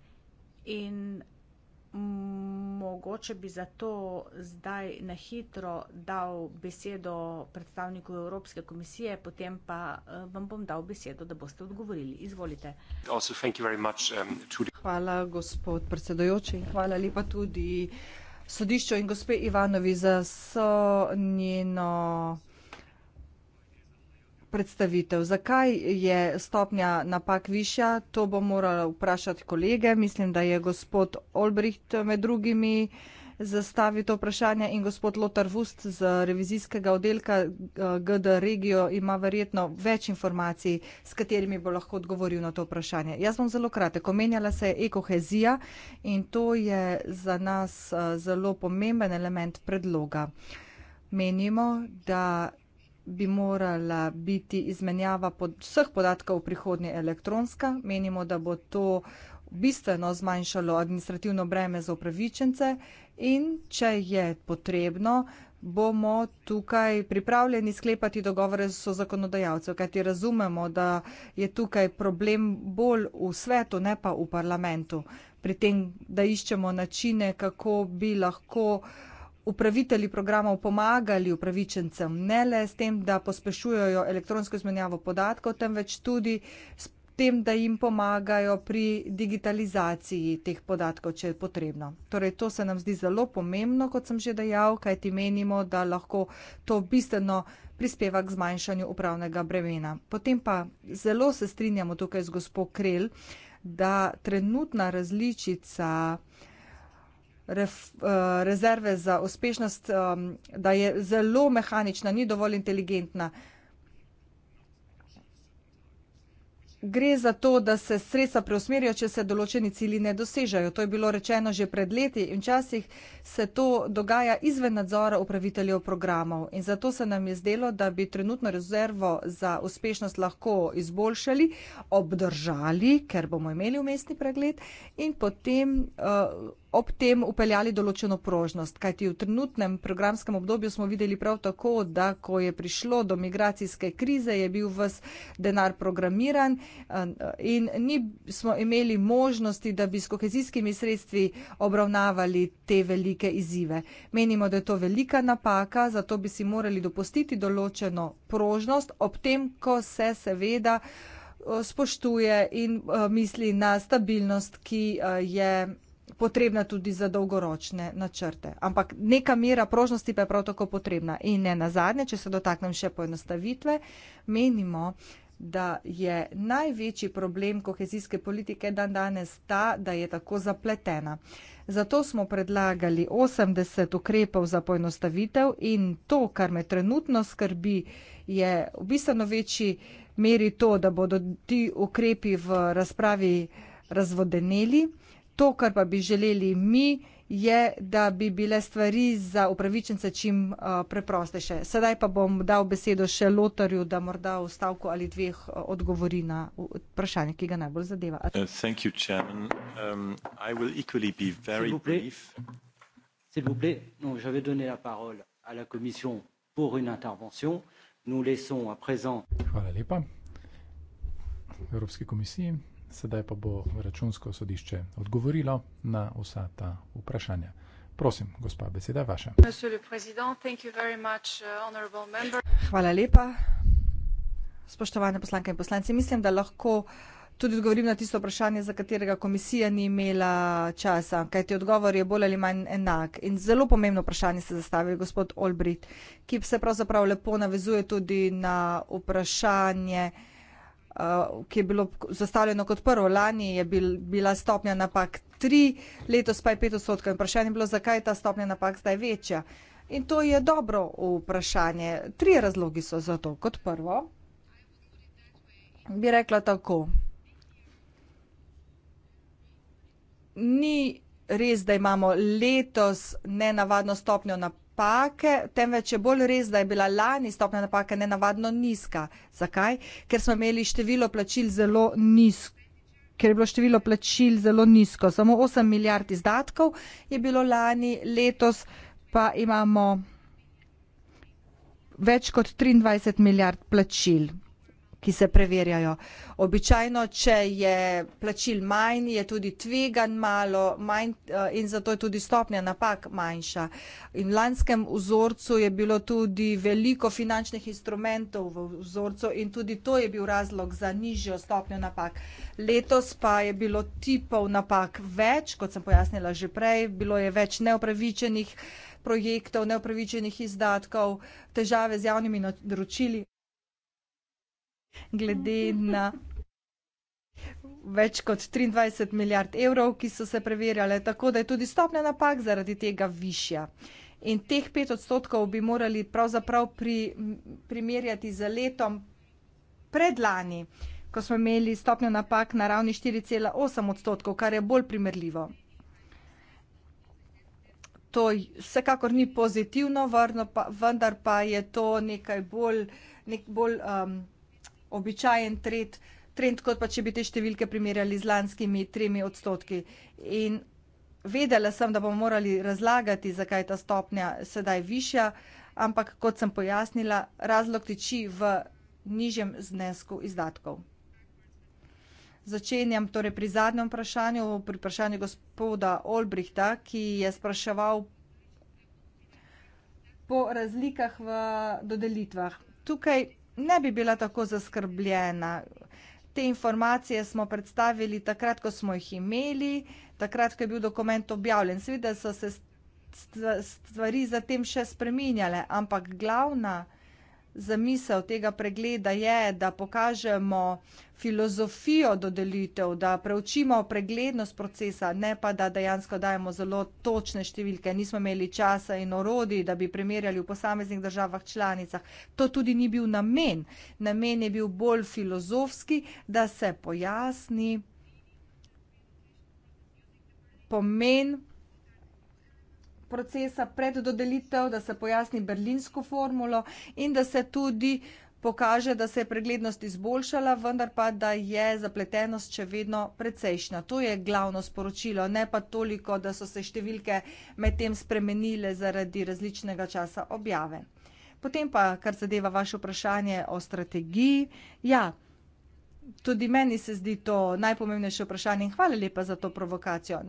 in mogoče bi zato zdaj na hitro dal besedo predstavniku Evropske komisije, potem pa eh, vam bom dal besedo, da boste odgovorili. Izvolite. Um, Hvala, gospod predsedojoči. Hvala lepa tudi sodišču in gospe Ivanovi za so njeno predstavitev. Zakaj je stopnja napak višja, to bo morala vprašati kolege. Mislim, da je gospod Olbricht med drugimi zastavil to vprašanje in gospod Lotar Vust z revizijskega oddelka eh, GD Regio ima verjetno več informacij, s katerimi bo lahko odgovoril na to vprašanje. Jaz bom zelo kratek. Omenjala se je ekohezija in to je za nas eh, zelo pomemben element predloga. Menimo, da bi morala biti izmenjava pod vseh podatkov v prihodnje elektronska. Menimo, da bo to bistveno zmanjšalo administrativno breme za upravičence in če je potrebno, bomo tukaj pripravljeni sklepati dogovore so zakonodajalcev, kajti razumemo, da je tukaj problem bolj v svetu, ne pa v parlamentu. Pri tem, da iščemo načine, kako bi lahko uh, upravitelji programov pomagali upravičencem, ne le s tem, da pospešujejo elektronsko izmenjavo podatkov, temveč tudi s tem, da jim pomagajo pri digitalizaciji teh podatkov, če je potrebno. Torej, to se nam zdi zelo pomembno, kot sem že dejal, kajti menimo, da lahko to bistveno prispeva k zmanjšanju upravnega bremena. Potem pa zelo se strinjamo tukaj z gospod Krel, da trenutna različica uh, ref, eh, rezerve za uspešnost, da je zelo mehanična, ni dovolj inteligentna. Gre za to, da se sredstva preusmerijo, če se določeni cilji ne dosežajo. To je bilo rečeno že pred leti in včasih se to dogaja izven nadzora upraviteljev programov. In zato se nam je zdelo, da bi trenutno rezervo za uspešnost lahko izboljšali, obdržali, ker bomo imeli umestni pregled in potem. Uh, ob tem upeljali določeno prožnost. Kajti v trenutnem programskem obdobju smo videli prav tako, da ko je prišlo do migracijske krize, je bil vas denar programiran eh, in nismo imeli možnosti, da bi s kohezijskimi sredstvi obravnavali te velike izzive. Menimo, da je to velika napaka, zato bi si morali dopustiti določeno prožnost, ob tem, ko se seveda eh, spoštuje in eh, misli na stabilnost, ki je potrebna tudi za dolgoročne načrte. Ampak neka mera prožnosti pa je prav tako potrebna. In ne na zadnje, če se dotaknem še poenostavitve, menimo, da je največji problem kohezijske politike dan danes ta, da je tako zapletena. Zato smo predlagali 80 ukrepov za poenostavitev in to, kar me trenutno skrbi, je v bistveno večji meri to, da bodo ti ukrepi v razpravi razvodeneli. To, kar pa bi želeli mi, je, da bi bile stvari za upravičence čim uh, preprostejše. Sedaj pa bom dal besedo še Lotarju, da morda v stavku ali dveh uh, odgovori na vprašanje, ki ga najbolj zadeva. Uh, um, S'il vous plaît, non, j'avais donné la parole à la Commission pour une intervention. Nous laissons à présent. Voilà les pas. Commission sedaj pa bo računsko sodišče odgovorilo na vsa ta vprašanja. Prosim, gospa, beseda je vaša. Uh, Hvala lepa. Spoštovane poslanke in poslanci, mislim, da lahko tudi odgovorim na tisto vprašanje, za katerega komisija ni imela časa, kajti odgovor je bolj ali manj enak. In zelo pomembno vprašanje se zastavi gospod Olbrit, ki se pravzaprav lepo navezuje tudi na vprašanje, Eh, ki je bilo zastavljeno kot prvo lani, je bil, bila stopnja napak tri, letos pa je pet odstotkov. Vprašanje je bilo, zakaj je ta stopnja napak zdaj večja. In to je dobro vprašanje. Tri razlogi so za to. Kot prvo, bi rekla tako. Ni res, da imamo letos nenavadno stopnjo napak napake, temveč je bolj res, da je bila lani stopnja napake nenavadno nizka. Zakaj? Ker smo imeli število plačil zelo nizko. Ker je bilo število plačil zelo nizko, samo 8 milijard izdatkov je bilo lani, letos pa imamo več kot 23 milijard plačil ki se preverjajo. Običajno, če je plačil manj, je tudi tvegan malo manj eh, in zato je tudi stopnja napak manjša. In v lanskem vzorcu je bilo tudi veliko finančnih instrumentov v vzorcu in tudi to je bil razlog za nižjo stopnjo napak. Letos pa je bilo tipov napak več, kot sem pojasnila že prej, bilo je več neopravičenih projektov, neopravičenih izdatkov, težave z javnimi naročili glede na več kot 23 milijard evrov, ki so se preverjale, tako da je tudi stopnja napak zaradi tega višja. In teh pet odstotkov bi morali pravzaprav pri, primerjati z letom predlani, ko smo imeli stopnjo napak na ravni 4,8 odstotkov, kar je bolj primerljivo. To vsekakor ni pozitivno, pa, vendar pa je to nekaj bolj, nek bolj um, običajen trend, trend kot pa če bi te številke primerjali z lanskimi tremi odstotki. In vedela sem, da bomo morali razlagati, zakaj je ta stopnja sedaj višja, ampak kot sem pojasnila, razlog tiči v nižjem znesku izdatkov. Začenjam torej pri zadnjem vprašanju, pri vprašanju gospoda Olbrihta, ki je spraševal po razlikah v dodelitvah. Tukaj ne bi bila tako zaskrbljena. Te informacije smo predstavili takrat, ko smo jih imeli, takrat, ko je bil dokument objavljen. Seveda so se stvari zatem še spreminjale, ampak glavna zamisel tega pregleda je, da pokažemo filozofijo dodelitev, da preučimo preglednost procesa, ne pa da dejansko dajemo zelo točne številke. Nismo imeli časa in orodij, da bi primerjali v posameznih državah članicah. To tudi ni bil namen. Namen je bil bolj filozofski, da se pojasni pomen procesa pred dodelitev, da se pojasni berlinsko formulo in da se tudi pokaže, da se je preglednost izboljšala, vendar pa, da je zapletenost še vedno precejšna. To je glavno sporočilo, ne pa toliko, da so se številke medtem spremenile zaradi različnega časa objave. Potem pa, kar zadeva vaše vprašanje o strategiji, ja, tudi meni se zdi to najpomembnejše vprašanje in hvala lepa za to provokacijo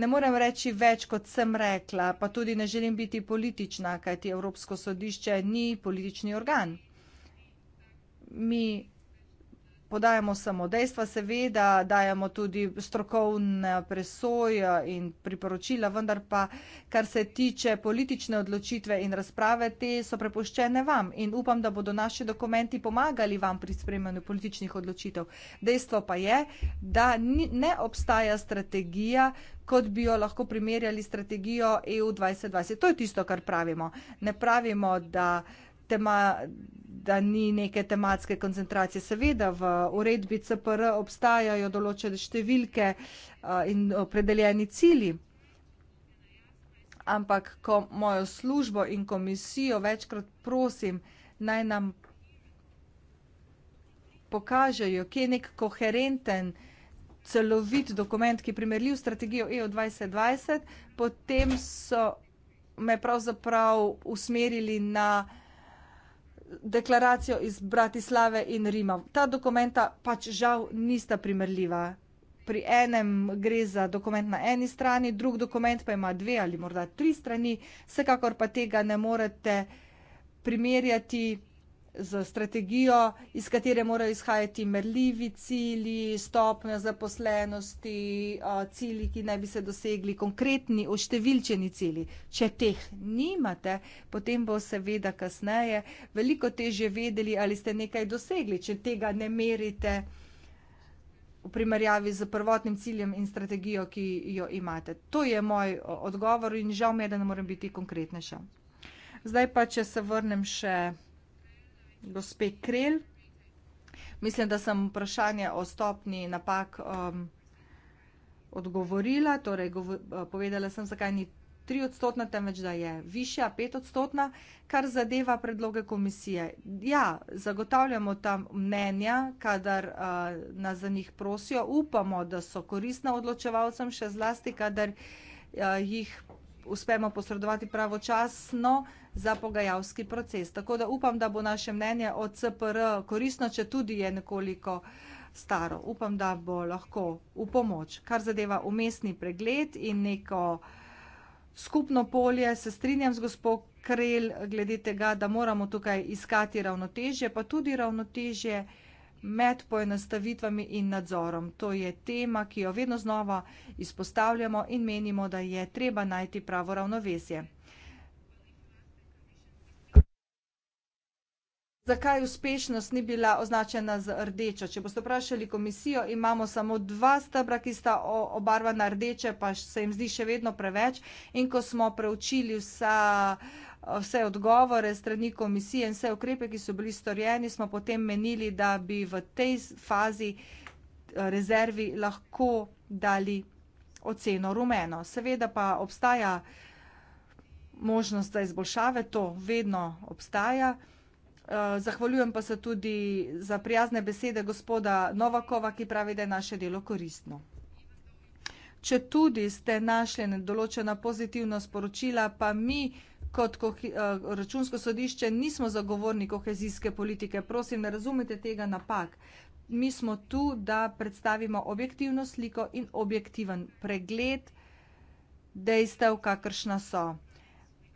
ne morem reči več, kot sem rekla, pa tudi ne želim biti politična, kajti Evropsko sodišče ni politični organ. Mi podajamo samo dejstva, seveda, dajemo tudi strokovne presoje in priporočila, vendar pa, kar se tiče politične odločitve in razprave, te so prepuščene vam in upam, da bodo naši dokumenti pomagali vam pri spremljanju političnih odločitev. Dejstvo pa je, da ni, ne obstaja strategija, kot bi jo lahko primerjali strategijo EU 2020. To je tisto, kar pravimo. Ne pravimo, da tema, da ni neke tematske koncentracije. Seveda v uredbi CPR obstajajo določene številke in opredeljeni cili, ampak ko mojo službo in komisijo večkrat prosim, naj nam pokažejo, kje je nek koherenten, celovit dokument, ki je primerljiv s strategijo EU 2020, potem so me pravzaprav usmerili na deklaracijo iz Bratislave in Rima. Ta dokumenta pač žal nista primerljiva. Pri enem gre za dokument na eni strani, drug dokument pa ima dve ali morda tri strani, vsekakor pa tega ne morete primerjati z strategijo, iz katere morajo izhajati merljivi cilji, stopnja zaposlenosti, cilji, ki naj bi se dosegli, konkretni, oštevilčeni cilji. Če teh nimate, potem bo seveda kasneje veliko težje vedeli, ali ste nekaj dosegli, če tega ne merite v primerjavi z prvotnim ciljem in strategijo, ki jo imate. To je moj odgovor in žal mi je, da ne morem biti konkretnejša. Zdaj pa, če se vrnem še gospe Krel. Mislim, da sem vprašanje o stopni napak um, odgovorila, torej gov, eh, povedala sem, zakaj ni tri odstotna, temveč da je višja, pet odstotna, kar zadeva predloge komisije. Ja, zagotavljamo tam mnenja, kadar uh, nas za njih prosijo, upamo, da so korisna odločevalcem, še zlasti, kadar uh, jih uspemo posredovati pravočasno, uh, za pogajalski proces. Tako da upam, da bo naše mnenje o CPR korisno, če tudi je nekoliko staro. Upam, da bo lahko v pomoč, kar zadeva umestni pregled in neko skupno polje. Se strinjam z gospod Krel glede tega, da moramo tukaj iskati ravnotežje, pa tudi ravnotežje med poenostavitvami in nadzorom. To je tema, ki jo vedno znova izpostavljamo in menimo, da je treba najti pravo ravnovesje. zakaj uspešnost ni bila označena z rdečo. Če boste vprašali komisijo, imamo samo dva stebra, ki sta obarvana rdeče, pa se jim zdi še vedno preveč. In ko smo preučili vsa, vse odgovore strani komisije in vse ukrepe, ki so bili storjeni, smo potem menili, da bi v tej fazi eh, rezervi lahko dali oceno rumeno. Seveda pa obstaja možnost za izboljšave, to vedno obstaja. Eh, zahvaljujem pa se tudi za prijazne besede gospoda Novakova, ki pravi, da je naše delo koristno. Če tudi ste našli določena pozitivna sporočila, pa mi kot eh, računsko sodišče nismo zagovorni kohezijske politike. Prosim, ne razumite tega napak. Mi smo tu, da predstavimo objektivno sliko in objektiven pregled dejstev, kakršna so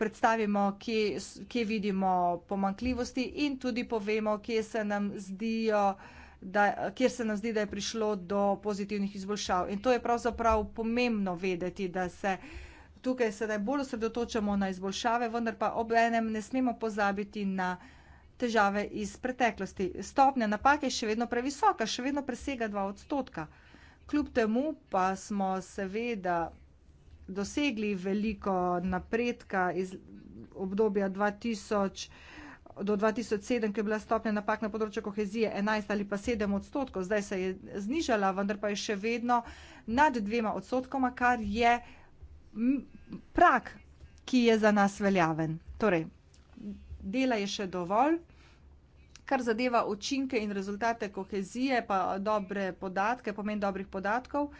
predstavimo, kje, kje vidimo pomankljivosti in tudi povemo, kje se nam zdijo. Da, kjer se nam zdi, da je prišlo do pozitivnih izboljšav. In to je pravzaprav pomembno vedeti, da se tukaj sedaj bolj osredotočamo na izboljšave, vendar pa ob enem ne smemo pozabiti na težave iz preteklosti. Stopnja napake je še vedno previsoka, še vedno presega 2 odstotka. Kljub temu pa smo seveda dosegli veliko napredka iz obdobja 2000 do 2007, ko je bila stopnja napak na področju kohezije 11 ali pa 7 odstotkov, zdaj se je znižala, vendar pa je še vedno nad dvema odstotkoma, kar je prak, ki je za nas veljaven. Torej, dela je še dovolj kar zadeva učinke in rezultate kohezije, pa dobre podatke, pomen dobrih podatkov,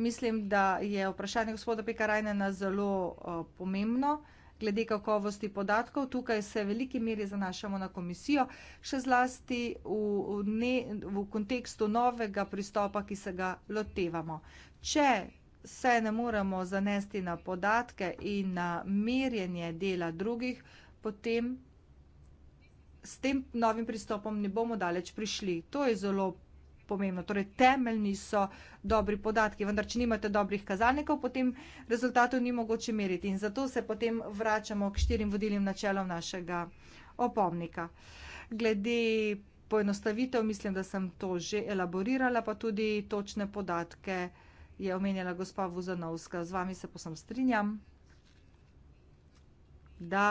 mislim, da je vprašanje gospoda Pekarajnena zelo uh, pomembno. Glede kakovosti podatkov, tukaj se v veliki meri zanašamo na komisijo, še zlasti v, v, ne, v kontekstu novega pristopa, ki se ga lotevamo. Če se ne moremo zanesti na podatke in na merjenje dela drugih, potem s tem novim pristopom ne bomo daleč prišli. To je zelo pomembno. Torej, temeljni so dobri podatki, vendar, če nimate dobrih kazalnikov, potem rezultatov ni mogoče meriti. In zato se potem vračamo k štirim vodilnim načelom našega opomnika. Glede poenostavitev, mislim, da sem to že elaborirala, pa tudi točne podatke je omenjala gospa Vuzanovska. Z vami se posem strinjam. Da,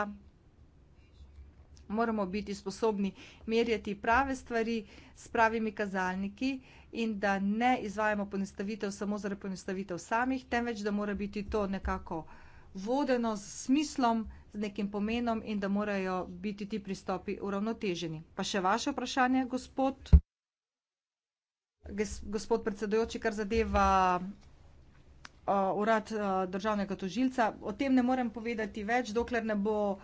moramo biti sposobni merjati prave stvari s pravimi kazalniki in da ne izvajamo ponestavitev samo zaradi ponestavitev samih, temveč da mora biti to nekako vodeno s smislom, z nekim pomenom in da morajo biti ti pristopi uravnoteženi. Pa še vaše vprašanje, gospod, gospod predsedujoči, kar zadeva Uh, urad uh, državnega tožilca. O tem ne morem povedati več, dokler ne bo uh,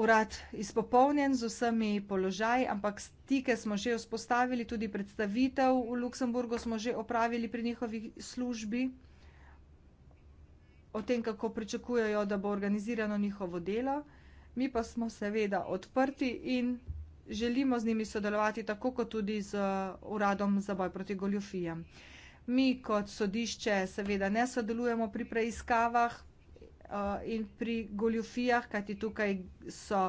urad izpopolnjen z vsemi položaji, ampak stike smo že vzpostavili, tudi predstavitev v Luksemburgu smo že opravili pri njihovi službi o tem, kako pričakujejo, da bo organizirano njihovo delo. Mi pa smo seveda odprti in želimo z njimi sodelovati, tako kot tudi z uh, uradom za boj proti goljofijam. Mi kot sodišče seveda ne sodelujemo pri preiskavah, Eh, in pri goljofijah, kajti tukaj so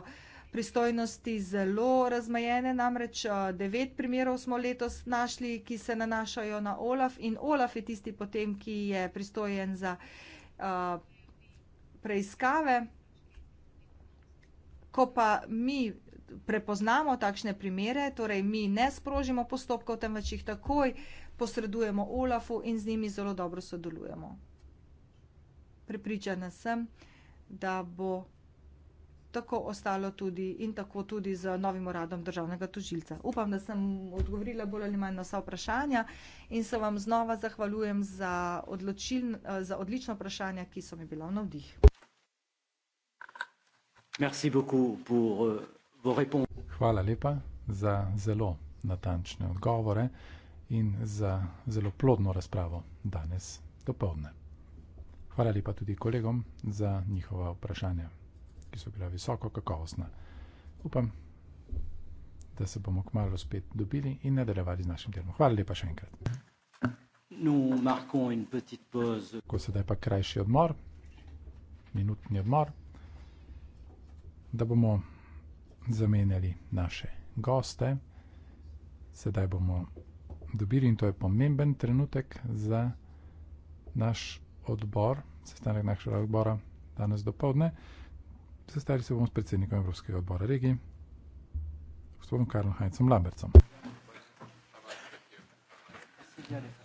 pristojnosti zelo razmajene, namreč eh, devet primerov smo letos našli, ki se nanašajo na Olaf in Olaf je tisti potem, ki je pristojen za eh, preiskave. Ko pa mi prepoznamo takšne primere, torej mi ne sprožimo postopkov, temveč jih takoj posredujemo Olafu in z njimi zelo dobro sodelujemo prepričana sem, da bo tako ostalo tudi in tako tudi z novim uradom državnega tožilca. Upam, da sem odgovorila bolj ali manj na vsa vprašanja in se vam znova zahvaljujem za, odločiln, za odlično vprašanje, ki so mi bila v navdih. Euh, Hvala lepa za zelo natančne odgovore in za zelo plodno razpravo danes do povdne. Hvala lepa tudi kolegom za njihova vprašanja, ki so bila visoko kakovostna. Upam, da se bomo kmalo spet dobili in nadaljevali z našim delom. Hvala lepa še enkrat. Ko sedaj pa krajši odmor, minutni odmor, da bomo zamenjali naše goste. Sedaj bomo dobili, in to je pomemben trenutek za naš odbor, sestanek našega odbora danes do povdne. Sestali se bomo s predsednikom Evropskega odbora regije, gospodom Karlom Heinzom Lambercom. Thank you.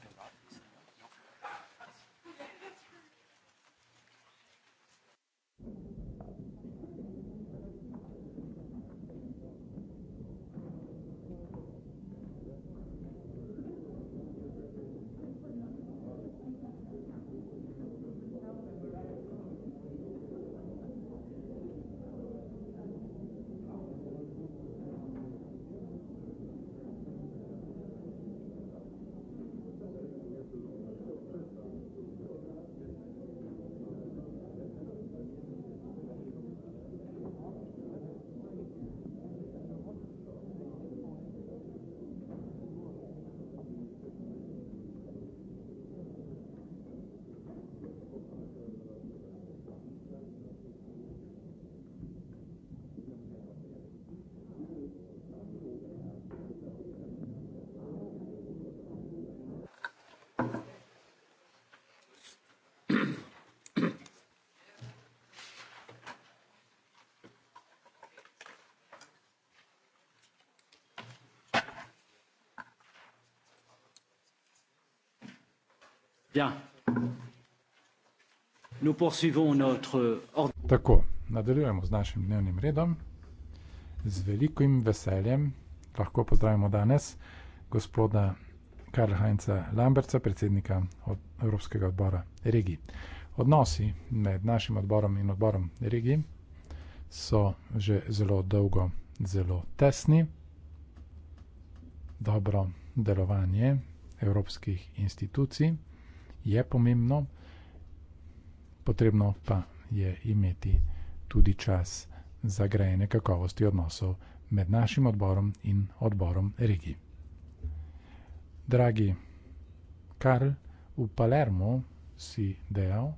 Tako, nadaljujemo z našim dnevnim redom. Z velikim veseljem lahko pozdravimo danes gospoda Karl-Heinza Lamberca, predsednika od Evropskega odbora regij. Odnosi med našim odborom in odborom regij so že zelo dolgo zelo tesni. Dobro delovanje evropskih institucij je pomembno potrebno pa je imeti tudi čas za grajene kakovosti odnosov med našim odborom in odborom Rigi. Dragi Karl, v Palermo si dejal,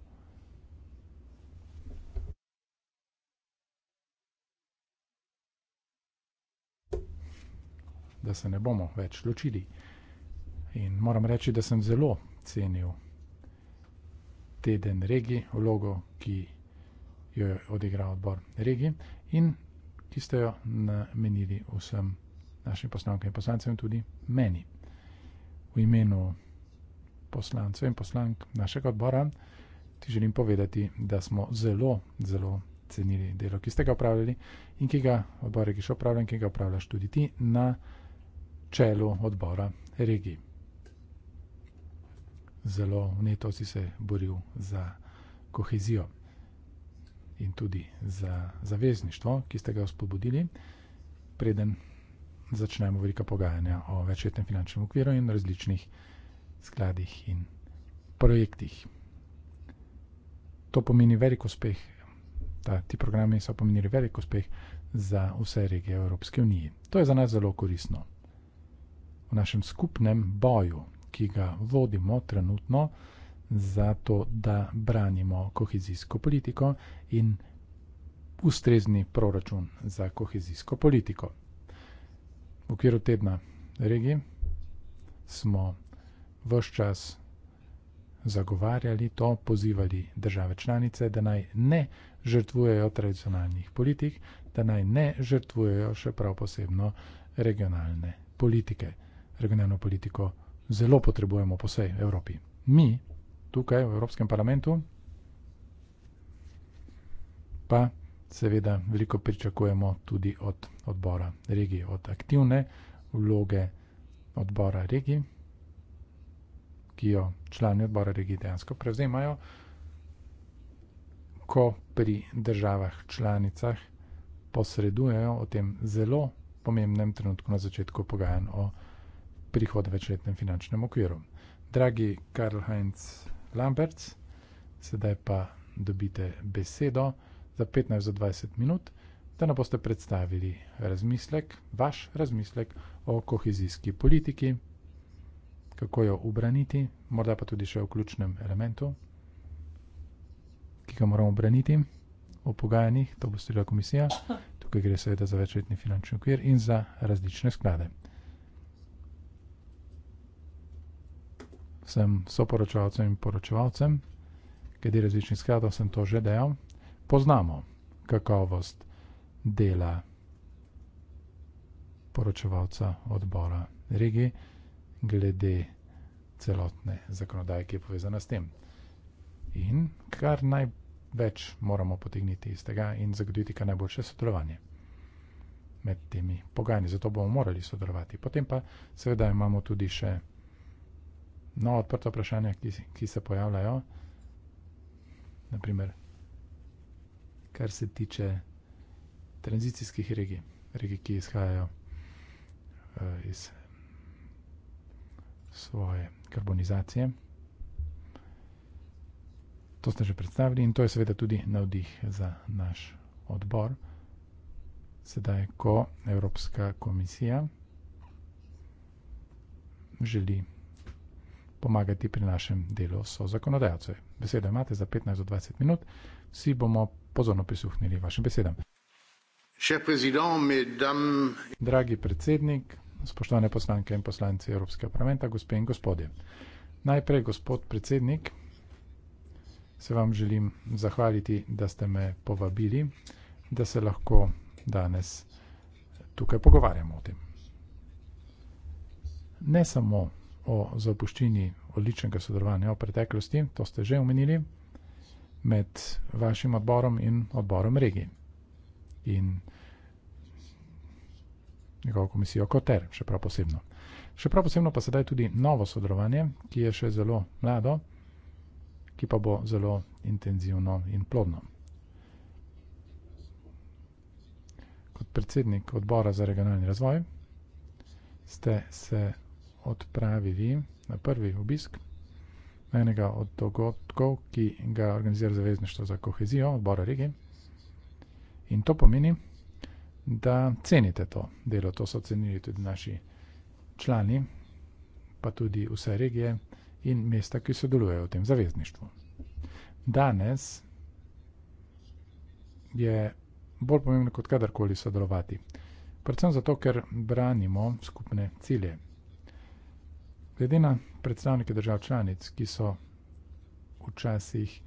da se ne bomo več ločili. In moram reči, da sem zelo cenil teden regi, vlogo, ki jo je odigral odbor regi in ki ste jo namenili vsem našim poslankam in poslancem, tudi meni. V imenu poslancev in poslank našega odbora ti želim povedati, da smo zelo, zelo cenili delo, ki ste ga upravljali in ki ga odbor regi še upravlja in ki ga upravljaš tudi ti na čelu odbora regi zelo neto si se boril za kohezijo in tudi za zavezništvo, ki ste ga spodbudili, preden začnemo velika pogajanja o večletnem finančnem okviru in različnih skladih in projektih. To pomeni velik uspeh, ta, ti programi so pomenili velik uspeh za vse regije v Evropski uniji. To je za nas zelo koristno. V našem skupnem boju ki ga vodimo trenutno, zato da branimo kohezijsko politiko in ustrezni proračun za kohezijsko politiko. V okviru tedna regi smo vse čas zagovarjali to, pozivali države članice, da naj ne žrtvujejo tradicionalnih politik, da naj ne žrtvujejo še prav posebno regionalne politike, regionalno politiko zelo potrebujemo po vsej Evropi. Mi, tukaj v Evropskem parlamentu, pa seveda veliko pričakujemo tudi od odbora regij, od aktivne vloge odbora regij, ki jo člani odbora regij dejansko prevzemajo, ko pri državah članicah posredujejo o tem zelo pomembnem trenutku na začetku pogajanj o regiji prihod v večletnem finančnem okviru. Dragi Karl-Heinz Lamberts, sedaj pa dobite besedo za 15-20 minut, da nam boste predstavili razmislek, vaš razmislek o kohezijski politiki, kako jo obraniti, morda pa tudi še o ključnem elementu, ki ga moramo obraniti v pogajanjih, to bo stila komisija. Tukaj gre seveda za večletni finančni okvir in za različne sklade. vsem soporočevalcem in poročevalcem, kateri različni skladov sem to že dejal, poznamo kakovost dela poročevalca odbora regi glede celotne zakonodaje, ki je povezana s tem. In kar največ moramo potegniti iz tega in zagoditi kar najboljše sodelovanje med temi pogajanji. Zato bomo morali sodelovati. Potem pa seveda imamo tudi še no, odprta vprašanja, ki, ki se pojavljajo. Naprimer, kar se tiče tranzicijskih regij, regij, ki izhajajo uh, iz svoje karbonizacije. To ste že predstavili in to je seveda tudi navdih za naš odbor. Sedaj, ko Evropska komisija želi pomagati pri našem delu so zakonodajalce. Besedo imate za 15 do 20 minut, vsi bomo pozorno prisluhnili vašim besedam. Dragi predsednik, spoštovane poslanke in poslanci Evropskega parlamenta, gospe in gospodje. Najprej, gospod predsednik, se vam želim zahvaliti, da ste me povabili, da se lahko danes tukaj pogovarjamo o tem. Ne samo o zapuščini odličnega sodelovanja v preteklosti, to ste že omenili, med vašim odborom in odborom regij in njegovo komisijo Koter, še prav posebno. Še prav posebno pa sedaj tudi novo sodelovanje, ki je še zelo mlado, ki pa bo zelo intenzivno in plodno. Kot predsednik odbora za regionalni razvoj ste se odpravili na prvi obisk na enega od dogodkov, ki ga organizira Zavezništvo za kohezijo odbora regije. In to pomeni, da cenite to delo. To so cenili tudi naši člani, pa tudi vse regije in mesta, ki sodelujejo v tem zavezništvu. Danes je bolj pomembno kot kadarkoli sodelovati. Predvsem zato, ker branimo skupne cilje. Glede na predstavnike držav članic, ki so včasih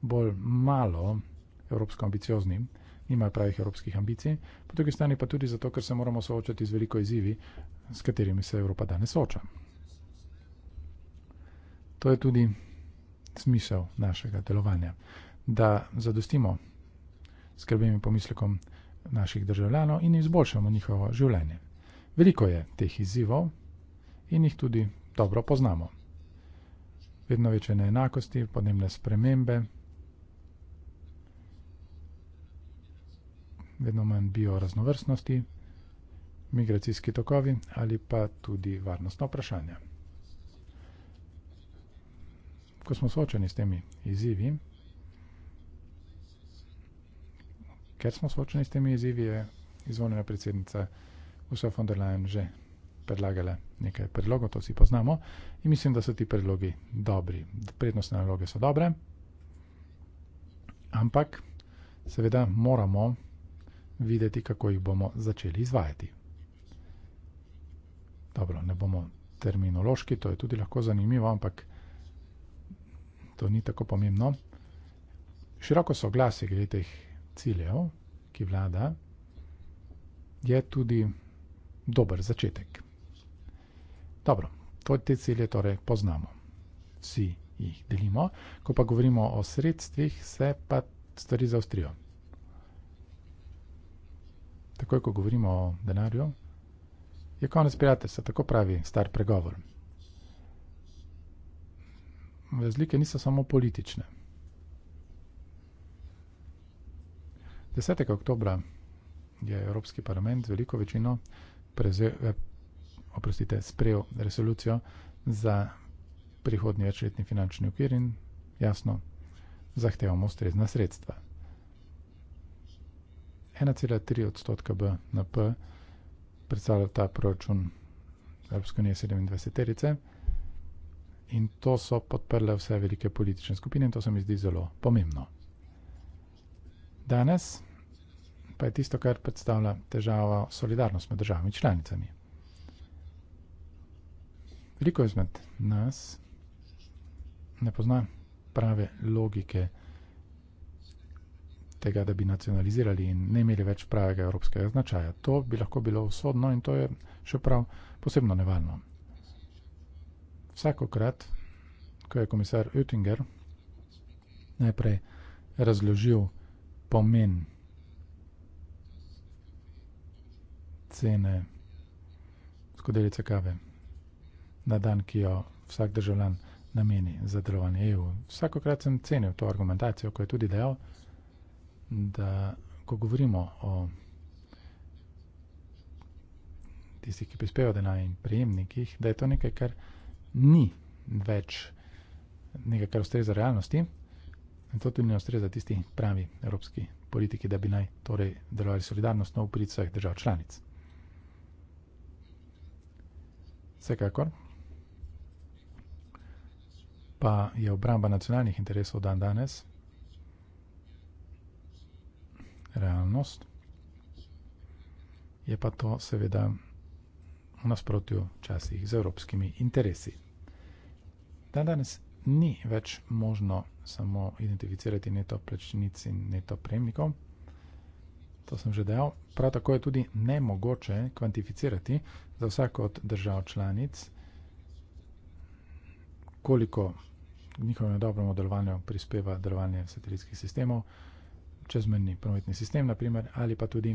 bolj malo evropsko ambiciozni, nimajo pravih evropskih ambicij, po drugi strani pa tudi zato, ker se moramo soočati z veliko izzivi, s katerimi se Evropa danes sooča. To je tudi smisel našega delovanja, da zadostimo skrbim in pomislekom naših državljanov in izboljšamo njihovo življenje. Veliko je teh izzivov in jih tudi dobro poznamo. Vedno večje neenakosti, podnebne spremembe, vedno manj bioraznovrstnosti, migracijski tokovi ali pa tudi varnostno vprašanje. Ko smo soočeni s temi izzivi, ker smo soočeni s temi izzivi, je izvoljena predsednica Ursula von der Leyen že predlagale nekaj predlogov, to vsi poznamo. In mislim, da so ti predlogi dobri. Prednostne naloge so dobre, ampak seveda moramo videti, kako jih bomo začeli izvajati. Dobro, ne bomo terminološki, to je tudi lahko zanimivo, ampak to ni tako pomembno. Široko soglasje glede teh ciljev, ki vlada, je tudi dober začetek. Dobro, to, te cilje torej poznamo, vsi jih delimo. Ko pa govorimo o sredstvih, se pa stvari zaostrijo. Takoj, ko govorimo o denarju, je konec prijateljstva, tako pravi star pregovor. Razlike niso samo politične. 10. oktobra je Evropski parlament veliko večino eh, oprostite, sprejel resolucijo za prihodni večletni finančni okvir in jasno zahtevamo ustrezna sredstva. 1,3 odstotka BNP predstavlja ta proračun Evropske unije 27 terice in to so podprle vse velike politične skupine in to se mi zdi zelo pomembno. Danes pa je tisto, kar predstavlja težava solidarnost med državami članicami. Veliko izmed nas ne pozna prave logike tega, da bi nacionalizirali in ne imeli več pravega evropskega značaja. To bi lahko bilo usodno in to je še prav posebno nevarno. Vsakokrat, ko je komisar Oettinger najprej razložil pomen cene skodelice kave na dan, ki jo vsak državljan nameni za delovanje EU. Vsakokrat sem cenil to argumentacijo, ko je tudi dejal, da ko govorimo o tistih, ki prispevajo denar in prejemnikih, da je to nekaj, kar ni več nekaj, kar ustreza realnosti in to tudi ne ustreza tisti pravi evropski politiki, da bi naj torej delovali solidarnost na upric vseh držav članic. Vsekakor, pa je obramba nacionalnih interesov dan danes realnost, je pa to seveda v nasprotju časih z evropskimi interesi. Dan danes ni več možno samo identificirati neto plačnic in neto prejemnikov, to sem že dejal, prav tako je tudi nemogoče kvantificirati za vsako od držav članic, koliko njihovem dobremu delovanju prispeva delovanje satelitskih sistemov, čezmerni prometni sistem, naprimer, ali pa tudi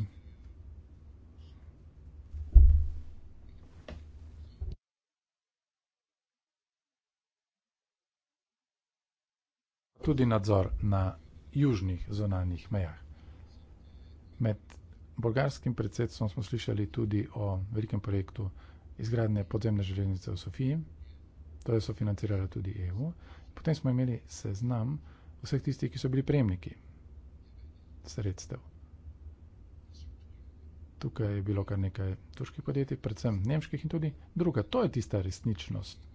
tudi nadzor na južnih zonalnih mejah. Med bolgarskim predsedstvom smo slišali tudi o velikem projektu izgradnje podzemne železnice v Sofiji, torej so financirala tudi EU. Potem smo imeli seznam vseh tistih, ki so bili prejemniki sredstev. Tukaj je bilo kar nekaj turških podjetij, predvsem nemških in tudi druga. To je tista resničnost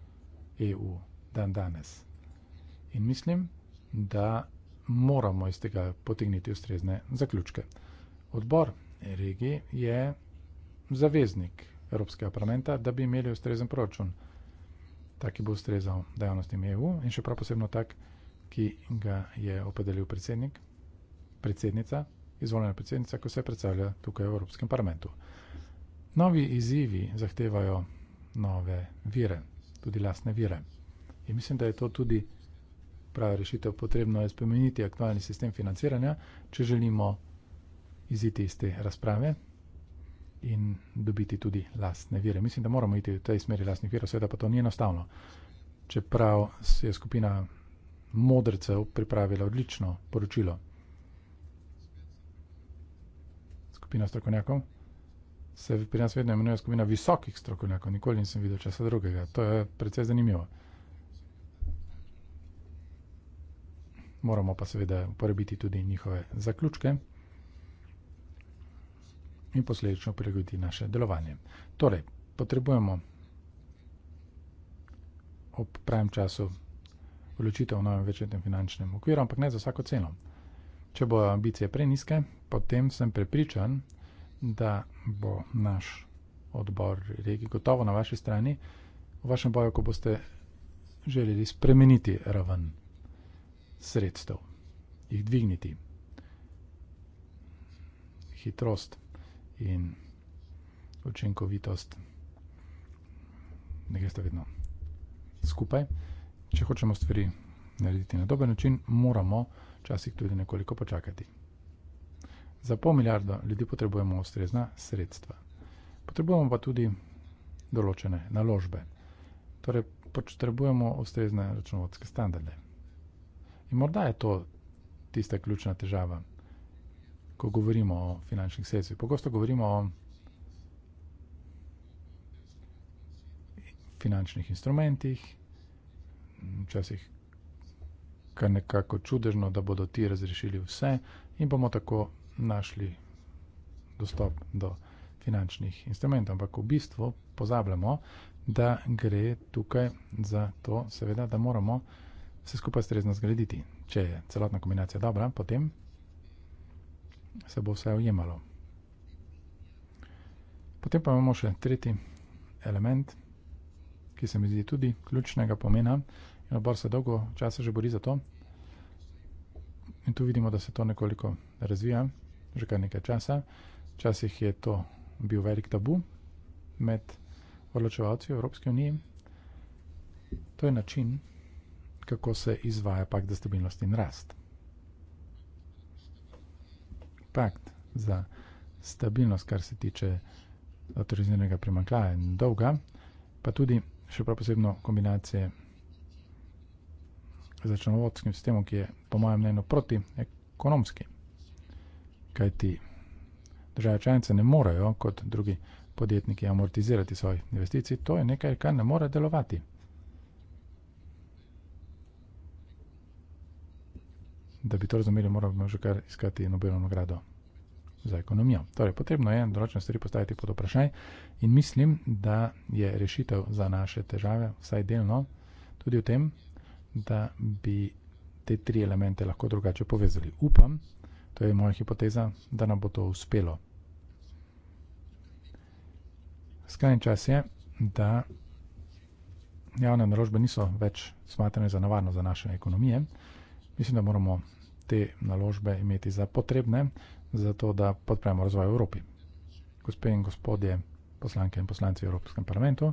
EU dan danes. In mislim, da moramo iz tega potegniti ustrezne zaključke. Odbor regije je zaveznik Evropskega parlamenta, da bi imeli ustrezen proračun tak, ki bo ustrezal dejavnostim EU in še prav posebno tak, ki ga je opredelil predsednik, predsednica, izvoljena predsednica, ko se predstavlja tukaj v Evropskem parlamentu. Novi izzivi zahtevajo nove vire, tudi lastne vire. In mislim, da je to tudi prava rešitev. Potrebno je spremeniti aktualni sistem financiranja, če želimo iziti iz te razprave, in dobiti tudi lastne vire. Mislim, da moramo iti v tej smeri lastnih virov, seveda pa to ni enostavno. Čeprav se je skupina modrcev pripravila odlično poročilo. Skupina strokovnjakov se pri nas vedno imenuje skupina visokih strokovnjakov, nikoli nisem videl česa drugega. To je precej zanimivo. Moramo pa seveda uporabiti tudi njihove zaključke in posledično prilagoditi naše delovanje. Torej, potrebujemo ob pravem času odločitev o novem večjem finančnem okviru, ampak ne za vsako ceno. Če bojo ambicije preniske, potem sem prepričan, da bo naš odbor regi gotovo na vaši strani v vašem boju, ko boste želeli spremeniti raven sredstev, jih dvigniti. Hitrost in učinkovitost ne gre sta vedno skupaj. Če hočemo stvari narediti na dober način, moramo včasih tudi nekoliko počakati. Za pol milijardo ljudi potrebujemo ustrezna sredstva. Potrebujemo pa tudi določene naložbe. Torej, potrebujemo ustrezne računovodske standarde. In morda je to tista ključna težava ko govorimo o finančnih sredstvih. Pogosto govorimo o finančnih instrumentih, včasih kar nekako čudežno, da bodo ti razrešili vse in bomo tako našli dostop do finančnih instrumentov. Ampak v bistvu pozabljamo, da gre tukaj za to, seveda, da moramo vse skupaj strezno zgraditi. Če je celotna kombinacija dobra, potem se bo vse ujemalo. Potem pa imamo še tretji element, ki se mi zdi tudi ključnega pomena in obor se dolgo časa že bori za to. In tu vidimo, da se to nekoliko razvija, že kar nekaj časa. Včasih je to bil velik tabu med odločevalci Evropske unije. To je način, kako se izvaja pak za stabilnost in rast pakt za stabilnost, kar se tiče avtoriziranega eh, primankljaja in dolga, pa tudi še prav posebno kombinacije z računovodskim sistemom, ki je po mojem mnenju proti ekonomski. Kaj ti države članice ne morejo kot drugi podjetniki amortizirati svojih investicij, to je nekaj, kar ne more delovati. da bi to razumeli, moramo že kar iskati Nobelovo nagrado za ekonomijo. Torej, potrebno je določene stvari postaviti pod vprašanje in mislim, da je rešitev za naše težave, vsaj delno, tudi v tem, da bi te tri elemente lahko drugače povezali. Upam, to je moja hipoteza, da nam bo to uspelo. Skrajni čas je, da javne naložbe niso več smatrane za navarno za naše ekonomije. Mislim, da moramo te naložbe imeti za potrebne, zato da podpremo razvoj v Evropi. Gospe in gospodje, poslanke in poslanci v Evropskem parlamentu,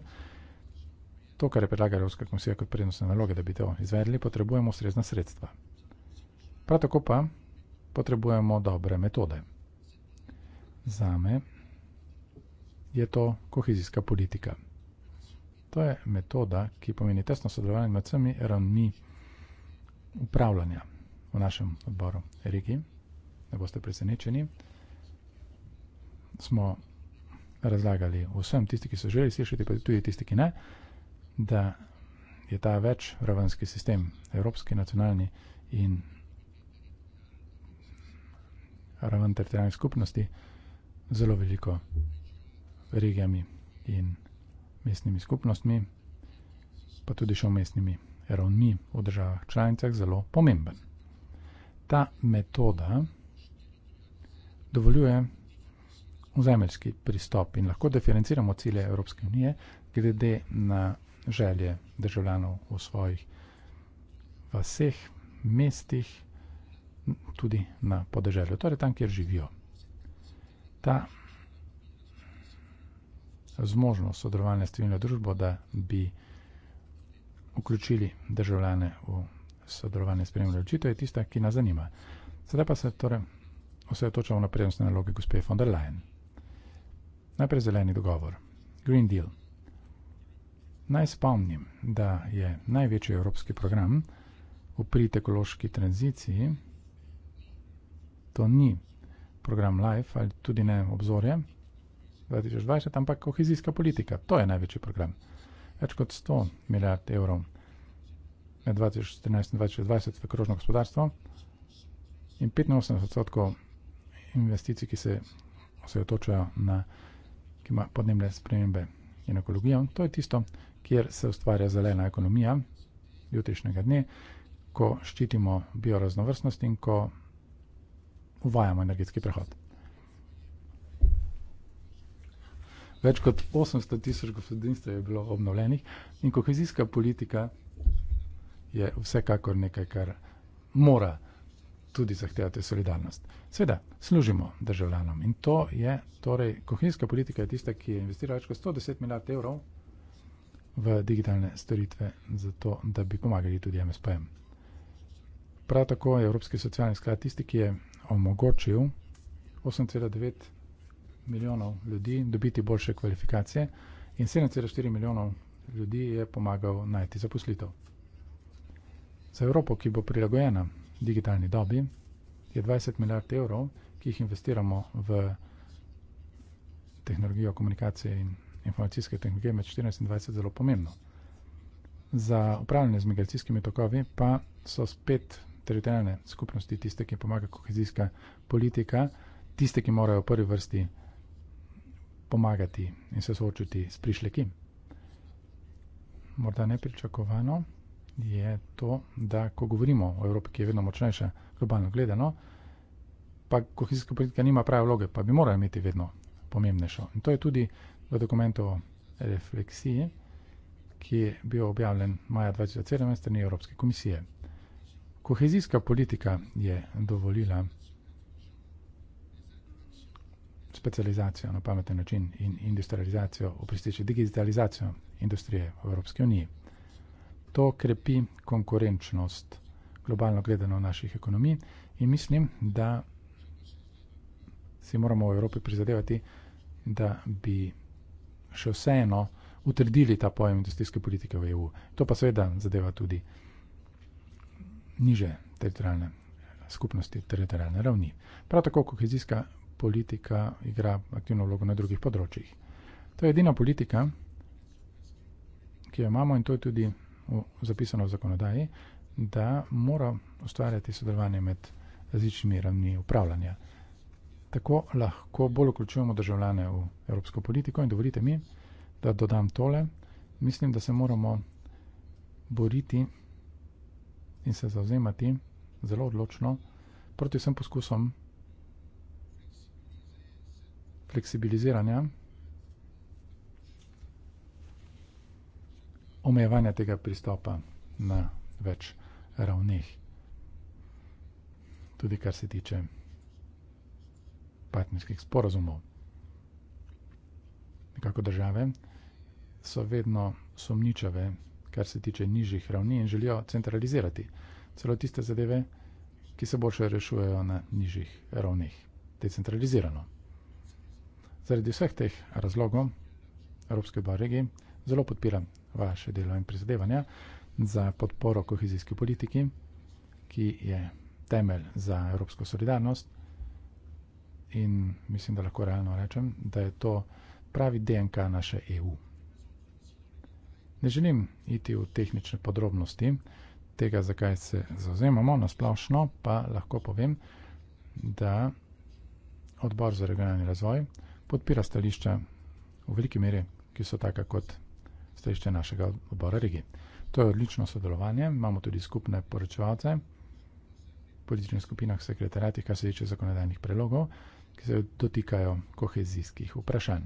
to, kar je predlagala Evropska komisija kot prednostne naloge, da bi to izvedli, potrebujemo srezna sredstva. Prav tako pa potrebujemo dobre metode. Zame je to kohezijska politika. To je metoda, ki pomeni tesno sodelovanje med vsemi ravnmi upravljanja v našem odboru Riki, da boste presenečeni, smo razlagali vsem tisti, ki so želeli slišati, pa tudi tisti, ki ne, da je ta večravenski sistem, evropski, nacionalni in raven teritorijalnih skupnosti, zelo veliko regijami in mestnimi skupnostmi, pa tudi še v mestnimi skupnostmi ravni v državah članicah zelo pomemben. Ta metoda dovoljuje vzemeljski pristop in lahko diferenciramo cilje Evropske unije glede na želje državljanov v svojih vseh mestih, tudi na podeželju, torej tam, kjer živijo. Ta zmožnost sodelovanja s civilno družbo, da bi vključili državljane v sodelovanje s premjerom odločitev, je tista, ki nas zanima. Sedaj pa se torej osredotočamo na prednostne naloge gospe von der Leyen. Najprej zeleni dogovor, Green Deal. Naj spomnim, da je največji evropski program v prid ekološki tranziciji, to ni program Life ali tudi ne obzorje 2020, ampak kohezijska politika. To je največji program več kot 100 milijard evrov med 2014 in 2020 v krožno gospodarstvo in 85 odstotkov investicij, ki se osredotočajo na podnebne spremembe in ekologijo. To je tisto, kjer se ustvarja zelena ekonomija jutrišnjega dne, ko ščitimo bioraznovrstnost in ko uvajamo energetski prehod. Več kot 800 tisoč gospodinstv je bilo obnovljenih in kohezijska politika je vsekakor nekaj, kar mora tudi zahtevati solidarnost. Sveda, služimo državljanom in to je, torej, kohezijska politika je tista, ki je investirala več kot 110 milijard evrov v digitalne storitve za to, da bi pomagali tudi MSP-em. Prav tako je Evropski socialni sklad tisti, ki je omogočil 8,9 milijard milijonov ljudi in dobiti boljše kvalifikacije, in 7,4 milijonov ljudi je pomagal najti zaposlitev. Za Evropo, ki bo prilagojena digitalni dobi, je 20 milijard evrov, ki jih investiramo v tehnologijo komunikacije in informacijske tehnologije med 14 in 20 zelo pomembno. Za upravljanje z migracijskimi tokovi pa so spet teritorijalne skupnosti tiste, ki pomaga kohezijska politika, tiste, ki morajo v prvi vrsti pomagati in se soočiti s prišleki. Morda nepričakovano je to, da ko govorimo o Evropi, ki je vedno močnejša, globalno gledano, pa kohezijska politika nima prave vloge, pa bi morala imeti vedno pomembnejšo. In to je tudi v dokumentu o refleksiji, ki je bil objavljen maja 2017 strani Evropske komisije. Kohezijska politika je dovolila specializacijo na pameten način in industrializacijo, oprostite, digitalizacijo industrije v Evropski uniji. To krepi konkurenčnost globalno gledano naših ekonomij in mislim, da si moramo v Evropi prizadevati, da bi še vseeno utrdili ta pojem industrijske politike v EU. To pa seveda zadeva tudi niže teritorijalne skupnosti, teritorijalne ravni. Prav tako kohezijska politika igra aktivno vlogo na drugih področjih. To je edina politika, ki jo imamo in to je tudi zapisano v zakonodaji, da mora ustvarjati sodelovanje med različnimi ravni upravljanja. Tako lahko bolj vključujemo državljane v evropsko politiko in dovolite mi, da dodam tole. Mislim, da se moramo boriti in se zauzemati zelo odločno proti vsem poskusom fleksibiliziranja, omejevanja tega pristopa na več ravneh. Tudi kar se tiče partnerskih sporozumov. Nekako države so vedno somničave, kar se tiče nižjih ravni in želijo centralizirati celo tiste zadeve, ki se boljše rešujejo na nižjih ravneh, decentralizirano. Zaradi vseh teh razlogov Evropske barige zelo podpiram vaše delo in prizadevanja za podporo kohezijski politiki, ki je temelj za evropsko solidarnost in mislim, da lahko realno rečem, da je to pravi DNK naše EU. Ne želim iti v tehnične podrobnosti tega, zakaj se zauzemamo, nasplošno pa lahko povem, da odbor za regionalni razvoj podpira stališča v veliki meri, ki so taka kot stališče našega odbora regije. To je odlično sodelovanje, imamo tudi skupne poročevalce v političnih skupinah sekretarati, kar se tiče zakonodajnih prelogov, ki se dotikajo kohezijskih vprašanj.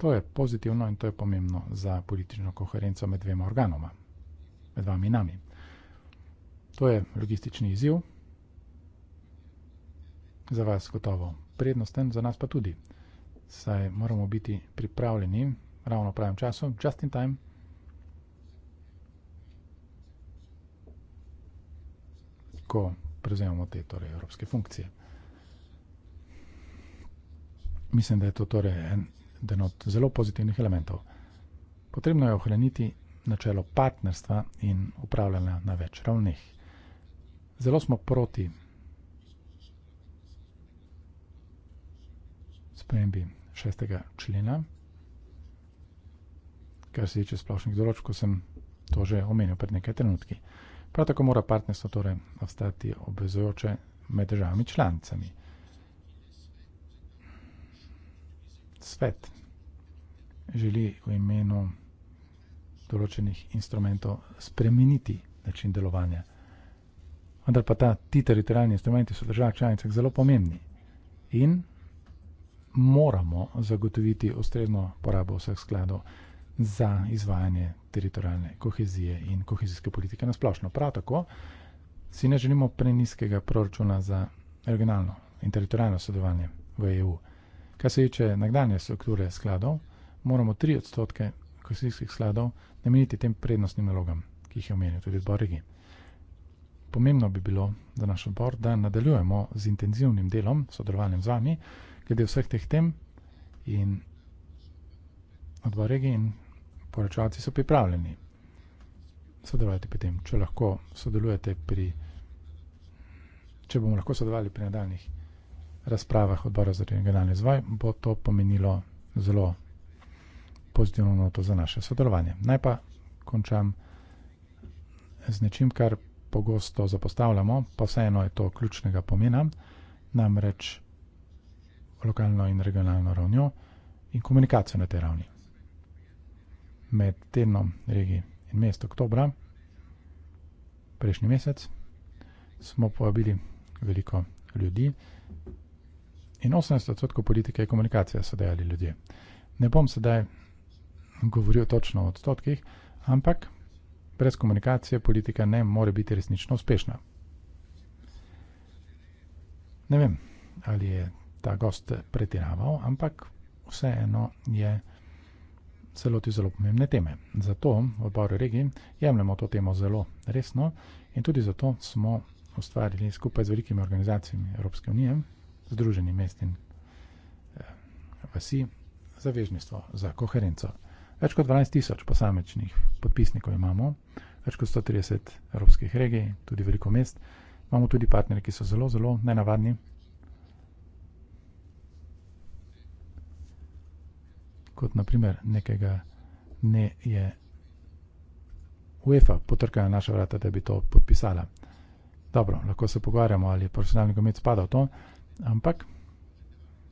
To je pozitivno in to je pomembno za politično koherenco med dvema organoma, med vami in nami. To je logistični izziv, za vas gotovo prednosten, za nas pa tudi saj moramo biti pripravljeni ravno v pravem času, just in time. Ko prevzemamo te torej, evropske funkcije. Mislim, da je to torej en, en od zelo pozitivnih elementov. Potrebno je ohraniti načelo partnerstva in upravljanja na več ravneh. Zelo smo proti spremembi šestega člena. Kar se tiče splošnih določb, ko sem to že omenil pred nekaj trenutki. Prav tako mora partnerstvo torej ostati obvezujoče med državami članicami. Svet želi v imenu določenih instrumentov spremeniti način delovanja. Vendar pa ta, ti teritorijalni instrumenti so v državah članicah zelo pomembni. In moramo zagotoviti ustrezno porabo vseh skladov za izvajanje teritorijalne kohezije in kohezijske politike na splošno. Prav tako si ne želimo preniskega proračuna za regionalno in teritorijalno sodelovanje v EU. Kar se tiče nagdanje strukture skladov, moramo 3 odstotke kohezijskih skladov nameniti tem prednostnim nalogam, ki jih je omenil tudi odbor regije. Pomembno bi bilo za naš odbor, da nadaljujemo z intenzivnim delom, sodelovanjem z vami, glede vseh teh tem in na dvoregi in poročavci so pripravljeni. Sodelujte pri tem, če lahko sodelujete pri, če bomo lahko sodelovali pri nadaljnih razpravah odbora za regionalni zvoj, bo to pomenilo zelo pozitivno noto za naše sodelovanje. Naj pa končam z nečim, kar pogosto zapostavljamo, pa vseeno je to ključnega pomena, namreč lokalno in regionalno ravnjo in komunikacijo na tej ravni. Med tednom regij in mest oktobra, prejšnji mesec, smo povabili veliko ljudi in 80% politike in komunikacije so dejali ljudje. Ne bom sedaj govoril točno o odstotkih, ampak brez komunikacije politika ne more biti resnično uspešna. Ne vem, ali je ta gost pretiraval, ampak vseeno je celoti zelo pomembne teme. Zato v Bauru regiji jemljemo to temo zelo resno in tudi zato smo ustvarili skupaj z velikimi organizacijami Evropske unije, Združenim mest in eh, vasi, zavežnjstvo za koherenco. Več kot 12 tisoč posamečnih podpisnikov imamo, več kot 130 evropskih regij, tudi veliko mest. Imamo tudi partnerje, ki so zelo, zelo nenavadni, kot naprimer nekega ne je UEFA potrkala na naša vrata, da bi to podpisala. Dobro, lahko se pogovarjamo, ali je profesionalni gomet spada v to, ampak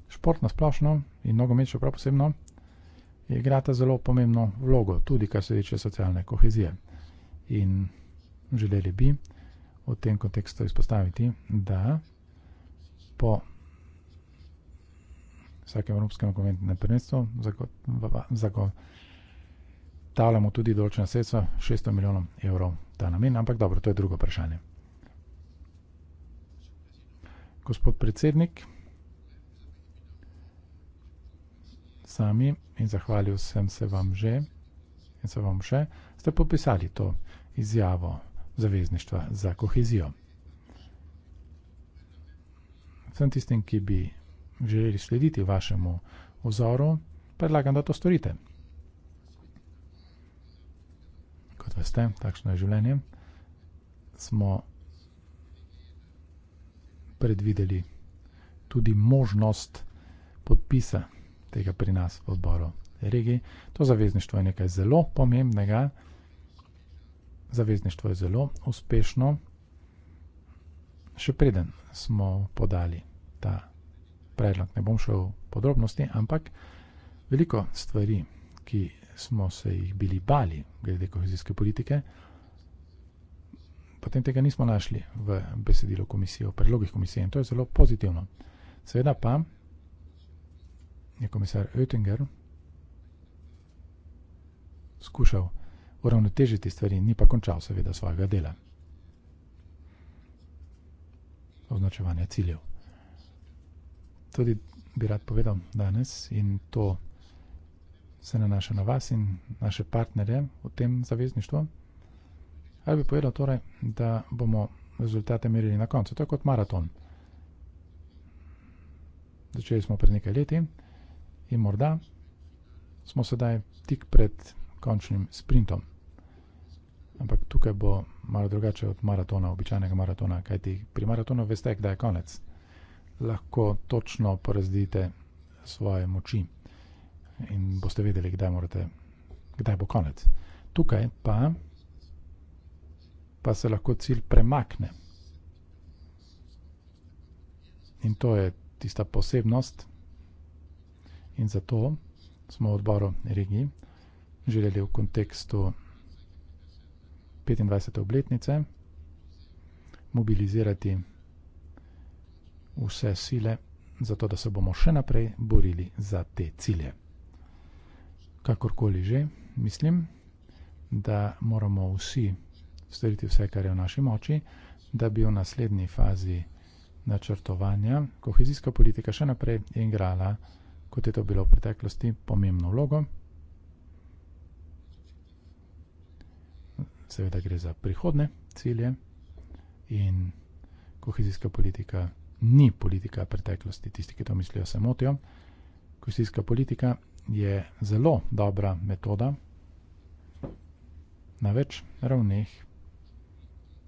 šport na splošno in nogomet še prav posebno igrata zelo pomembno vlogo, tudi kar se tiče socialne kohezije. In želeli bi v tem kontekstu izpostaviti, da po vsake Evropske nogometne prvenstvo, zagotavljamo tudi določena sredstva, 600 milijonov evrov ta namen, ampak dobro, to je drugo vprašanje. Gospod predsednik, sami in zahvalil sem se vam že in se vam še, ste popisali to izjavo zavezništva za kohezijo. Vsem tistim, ki bi želeli slediti vašemu vzoru, predlagam, da to storite. Kot veste, takšno je življenje. Smo predvideli tudi možnost podpisa tega pri nas v odboru regi. To zavezništvo je nekaj zelo pomembnega. Zavezništvo je zelo uspešno. Še preden smo podali ta predlog. Ne bom šel v podrobnosti, ampak veliko stvari, ki smo se jih bili bali, glede kohezijske politike, potem tega nismo našli v besedilu komisije, v predlogih komisije in to je zelo pozitivno. Seveda pa je komisar Oettinger skušal uravnotežiti stvari, ni pa končal seveda svojega dela. Označevanje ciljev tudi bi rad povedal danes in to se nanaša na vas in naše partnerje v tem zavezništvu. Ali bi povedal torej, da bomo rezultate merili na koncu, tako kot maraton. Začeli smo pred nekaj leti in morda smo sedaj tik pred končnim sprintom. Ampak tukaj bo malo drugače od maratona, običajnega maratona, kajti pri maratonu veste, kdaj je konec lahko točno porazdite svoje moči in boste vedeli, kdaj, morate, kdaj bo konec. Tukaj pa, pa se lahko cilj premakne. In to je tista posebnost. In zato smo v odboru regiji želeli v kontekstu 25. obletnice mobilizirati vse sile, zato da se bomo še naprej borili za te cilje. Kakorkoli že, mislim, da moramo vsi storiti vse, kar je v naši moči, da bi v naslednji fazi načrtovanja kohezijska politika še naprej igrala, kot je to bilo v preteklosti, pomembno vlogo. Seveda gre za prihodne cilje in kohezijska politika ni politika preteklosti, tisti, ki to mislijo, se motijo. Kohezijska politika je zelo dobra metoda na več ravneh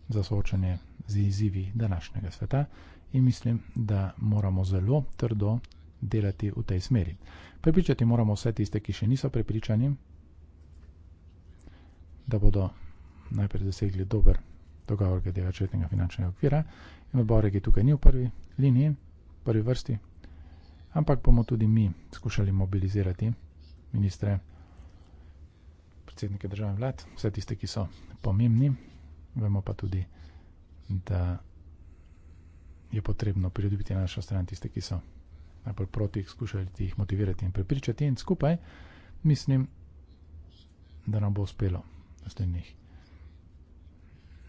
za soočanje z izzivi današnjega sveta in mislim, da moramo zelo trdo delati v tej smeri. Prepričati moramo vse tiste, ki še niso prepričani, da bodo najprej dosegli dober dogovor glede večletnega finančnega okvira in odbore, ki tukaj ni v prvi liniji, v prvi vrsti, ampak bomo tudi mi skušali mobilizirati ministre, predsednike države vlad, vse tiste, ki so pomembni, vemo pa tudi, da je potrebno pridobiti na našo stran tiste, ki so najbolj proti, skušali jih motivirati in prepričati in skupaj mislim, da nam bo uspelo naslednjih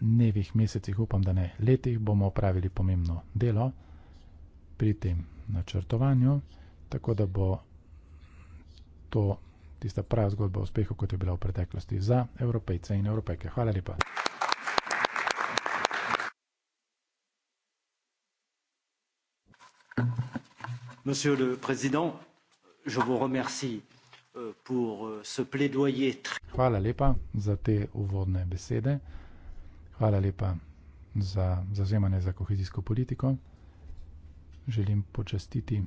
dnevih, mesecih, upam, da ne letih, bomo opravili pomembno delo pri tem načrtovanju, tako da bo to tista prava zgodba o uspehu, kot je bila v preteklosti za evropejce in evropejke. Hvala lepa. Monsieur le Président, je vous remercie euh, pour euh, ce plaidoyer. Hvala lepa za te uvodne besede. Hvala lepa za zauzemanje za kohezijsko politiko. Želim počastiti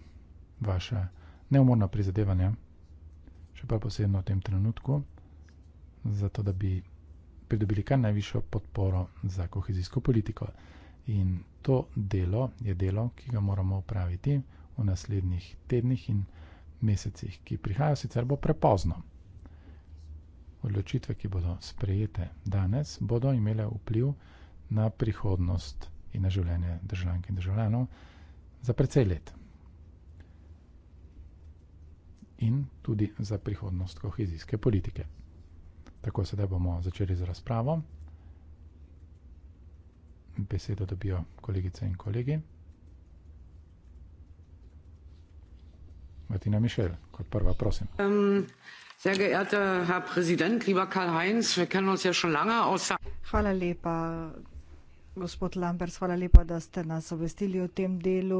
vaša neumorna prizadevanja, še pa posebno v tem trenutku, zato da bi pridobili kar najvišjo podporo za kohezijsko politiko. In to delo je delo, ki ga moramo upraviti v naslednjih tednih in mesecih, ki prihajajo, sicer bo prepozno odločitve, ki bodo sprejete danes, bodo imele vpliv na prihodnost in na življenje državljank in državljanov za precej let. In tudi za prihodnost kohezijske politike. Tako sedaj bomo začeli z razpravo. Besedo dobijo kolegice in kolegi. Martina Mišel, kot prva, prosim. Um, Sehr geehrter Herr Präsident, lieber Karl-Heinz, wir kennen uns ja schon lange aus Hvala lepa, gospod Lambers, hvala lepa, da ste nas obvestili o tem delu,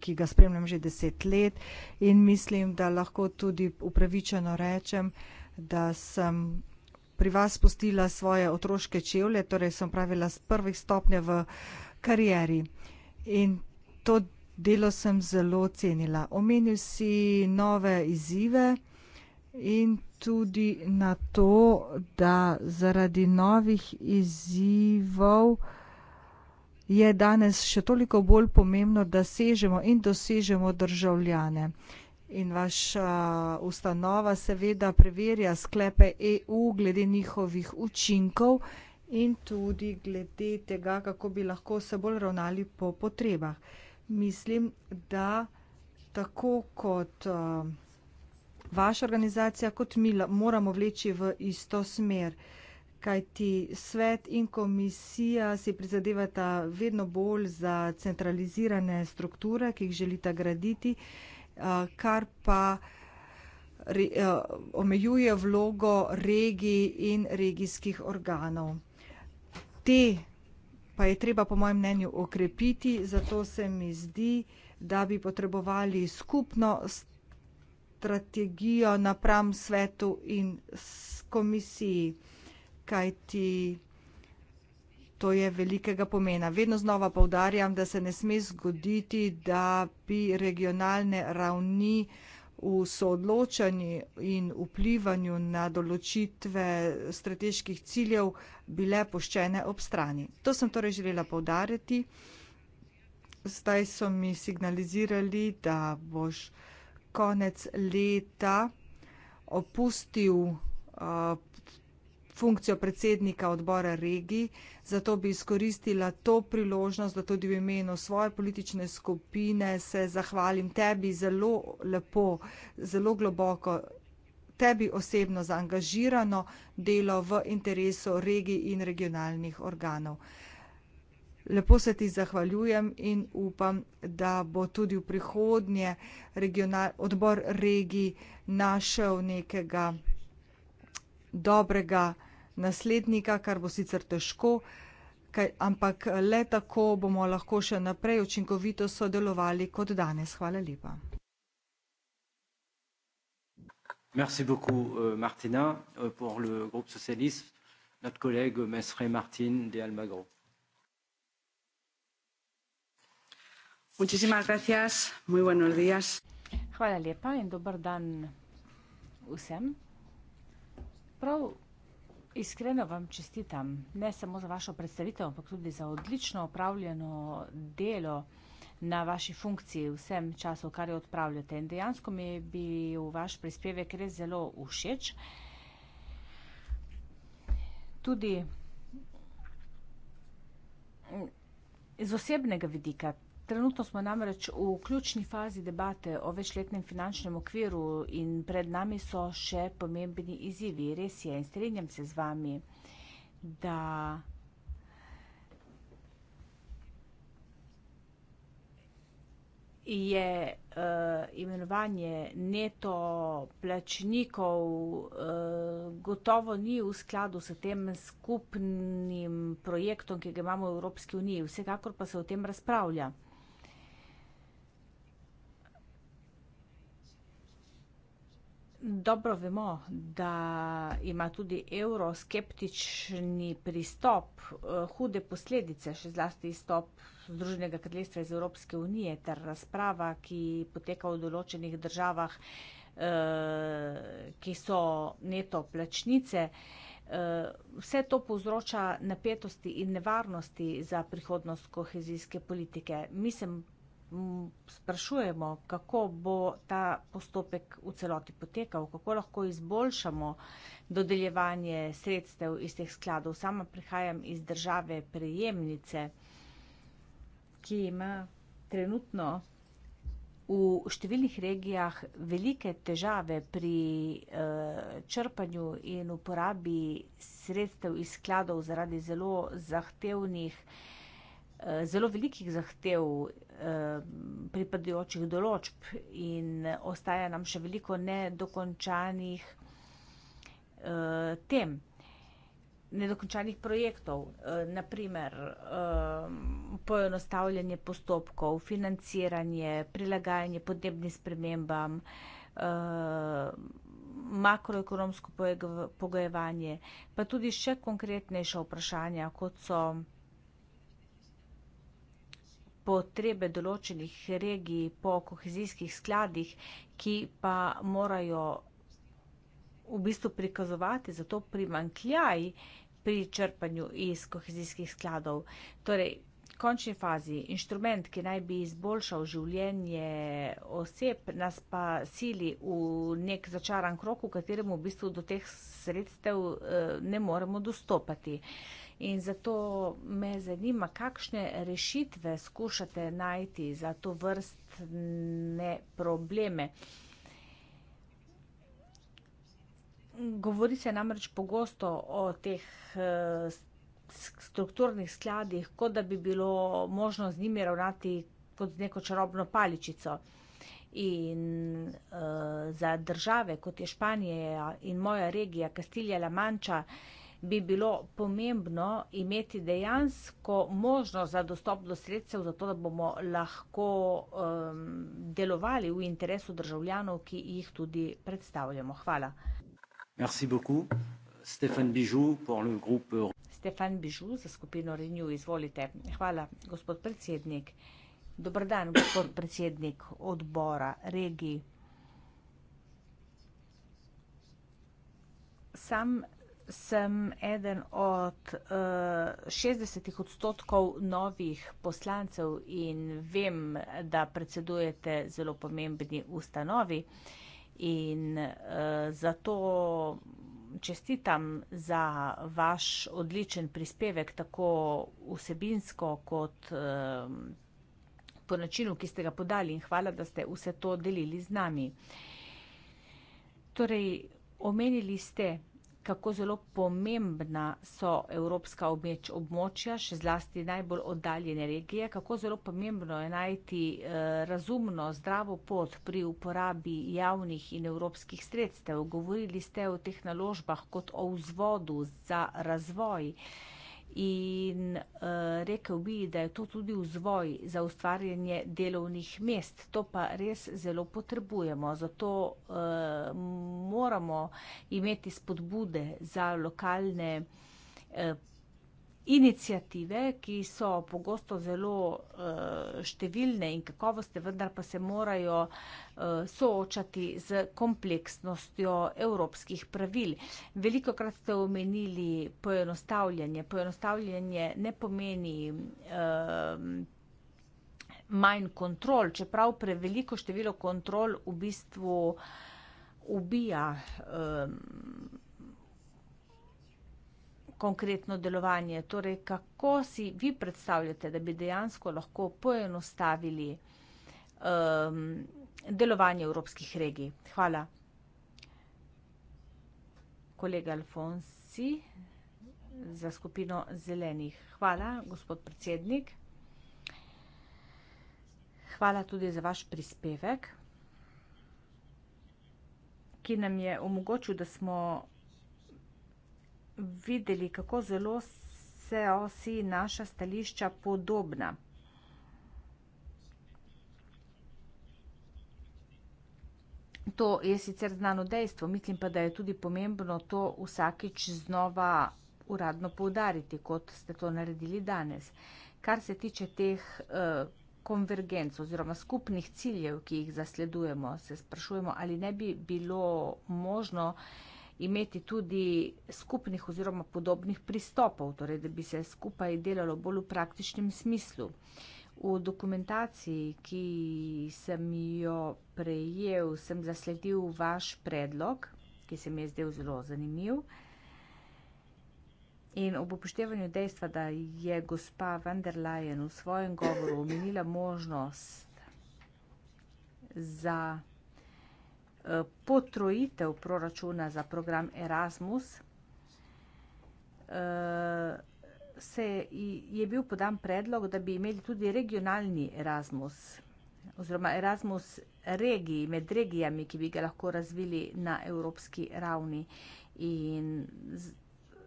ki ga spremljam že deset let in mislim, da lahko tudi upravičeno rečem, da sem pri vas spustila svoje otroške čevlje, torej sem pravila z prvih stopnje v karieri in to delo sem zelo cenila. Omenil si nove izzive. In tudi na to, da zaradi novih izzivov je danes še toliko bolj pomembno, da sežemo in dosežemo državljane. In vaša uh, ustanova seveda preverja sklepe EU glede njihovih učinkov in tudi glede tega, kako bi lahko se bolj ravnali po potrebah. Mislim, da tako kot uh, vaša organizacija kot mi moramo vleči v isto smer. Kaj ti svet in komisija si prizadevata vedno bolj za centralizirane strukture, ki jih želita graditi, eh, kar pa eh, omejuje vlogo regij in regijskih organov. Te pa je treba, po mojem mnenju, okrepiti, zato se mi zdi, da bi potrebovali skupno stanje strategijo napram svetu in komisiji. Kajti to je velikega pomena. Vedno znova povdarjam, da se ne sme zgoditi, da bi regionalne ravni v soodločanju in vplivanju na določitve strateških ciljev bile poščene ob strani. To sem torej želela povdariti. Zdaj so mi signalizirali, da boš konec leta opustil uh, funkcijo predsednika odbora regij, zato bi izkoristila to priložnost, da tudi v imenu svoje politične skupine se zahvalim tebi zelo lepo, zelo globoko, tebi osebno za angažirano delo v interesu regij in regionalnih organov. Lepo se ti zahvaljujem in upam, da bo tudi v prihodnje regional, odbor regij našel nekega dobrega naslednika, kar bo sicer težko, kaj, ampak le tako bomo lahko še naprej učinkovito sodelovali kot danes. Hvala lepa. Merci beaucoup, euh, Martina, euh, pour le groupe socialiste, notre collègue Mesre Martin de Almagro. Hvala lepa in dober dan vsem. Prav iskreno vam čestitam, ne samo za vašo predstavitev, ampak tudi za odlično opravljeno delo na vaši funkciji vsem času, kar jo opravljate. In dejansko mi je bil vaš prispevek res zelo všeč. Tudi z osebnega vidika, Trenutno smo namreč v ključni fazi debate o večletnem finančnem okviru in pred nami so še pomembni izzivi. Res je in strenjam se z vami, da je uh, imenovanje neto plačnikov uh, gotovo ni v skladu s tem skupnim projektom, ki ga imamo v Evropski uniji. Vsekakor pa se o tem razpravlja. dobro vemo, da ima tudi euroskeptični pristop eh, hude posledice, še zlasti izstop Združenega kraljestva iz Evropske unije ter razprava, ki poteka v določenih državah, eh, ki so neto plačnice. Eh, vse to povzroča napetosti in nevarnosti za prihodnost kohezijske politike. Mi se sprašujemo, kako bo ta postopek v celoti potekal, kako lahko izboljšamo dodeljevanje sredstev iz teh skladov. Sama prihajam iz države prejemnice, ki ima trenutno v številnih regijah velike težave pri eh, črpanju in uporabi sredstev iz skladov zaradi zelo zahtevnih eh, Zelo velikih zahtev Eh, pripadajočih določb in ostaja nam še veliko nedokončanih eh, tem, nedokončanih projektov, eh, naprimer poenostavljanje postopkov, financiranje, prilagajanje podnebnim spremembam, makroekonomsko pogojevanje, pa tudi še konkretnejša vprašanja, kot so potrebe določenih regij po kohezijskih skladih, ki pa morajo v bistvu prikazovati za to primankljaj pri črpanju iz kohezijskih skladov. Torej, v končni fazi inštrument, ki naj bi izboljšal življenje oseb, nas pa sili v nek začaran krok, v katerem v bistvu do teh sredstev eh, ne moremo dostopati. In zato me zanima, kakšne rešitve skušate najti za to vrstne probleme. Govori se namreč pogosto o teh eh, strukturnih skladih, kot da bi bilo možno z njimi ravnati kot z neko čarobno paličico. In uh, za države, kot je Španija in moja regija, Kastilija La Manča, uh, bi bilo pomembno imeti dejansko možnost za dostop do sredstev, zato da bomo lahko um, delovali v interesu državljanov, ki jih tudi predstavljamo. Hvala. Merci beaucoup. Stefan Bižu, pour le groupe... Stefan Bižu za skupino Renew, izvolite. Hvala, gospod predsednik. Dobar dan, gospod predsednik odbora regiji. Sam sem eden od uh, eh, 60 odstotkov novih poslancev in vem, da predsedujete zelo pomembni ustanovi in uh, zato čestitam za vaš odličen prispevek, tako vsebinsko kot uh, po načinu, ki ste ga podali in hvala, da ste vse to delili z nami. Torej, omenili ste, kako zelo pomembna so evropska območja, še zlasti najbolj oddaljene regije, kako zelo pomembno je najti eh, razumno, zdravo pot pri uporabi javnih in evropskih sredstev. Govorili ste o teh naložbah kot o vzvodu za razvoj. In uh, rekel bi, da je to tudi vzvoj za ustvarjanje delovnih mest. To pa res zelo potrebujemo. Zato uh, moramo imeti spodbude za lokalne uh, inicijative, ki so pogosto zelo uh, številne in kakovoste, vendar pa se morajo uh, soočati z kompleksnostjo evropskih pravil. Veliko krat ste omenili poenostavljanje. Poenostavljanje ne pomeni. Uh, Manj kontrol, čeprav preveliko število kontrol v bistvu ubija um, konkretno delovanje. Torej, kako si vi predstavljate, da bi dejansko lahko poenostavili um, delovanje evropskih regij? Hvala. Kolega Alfonsi za skupino zelenih. Hvala, gospod predsednik. Hvala tudi za vaš prispevek, ki nam je omogočil, da smo videli, kako zelo so si naša stališča podobna. To je sicer znano dejstvo, mislim pa, da je tudi pomembno to vsakič znova uradno poudariti, kot ste to naredili danes. Kar se tiče teh eh, konvergenc oziroma skupnih ciljev, ki jih zasledujemo, se sprašujemo, ali ne bi bilo možno imeti tudi skupnih oziroma podobnih pristopov, torej da bi se skupaj delalo bolj v praktičnem smislu. V dokumentaciji, ki sem jo prejel, sem zasledil vaš predlog, ki se mi je zdel zelo zanimiv. In ob upoštevanju dejstva, da je gospa van der Leyen v svojem govoru omenila možnost za potrojitev proračuna za program Erasmus, eh, se je bil podan predlog, da bi imeli tudi regionalni Erasmus oziroma Erasmus regij, med regijami, ki bi ga lahko razvili na evropski ravni. In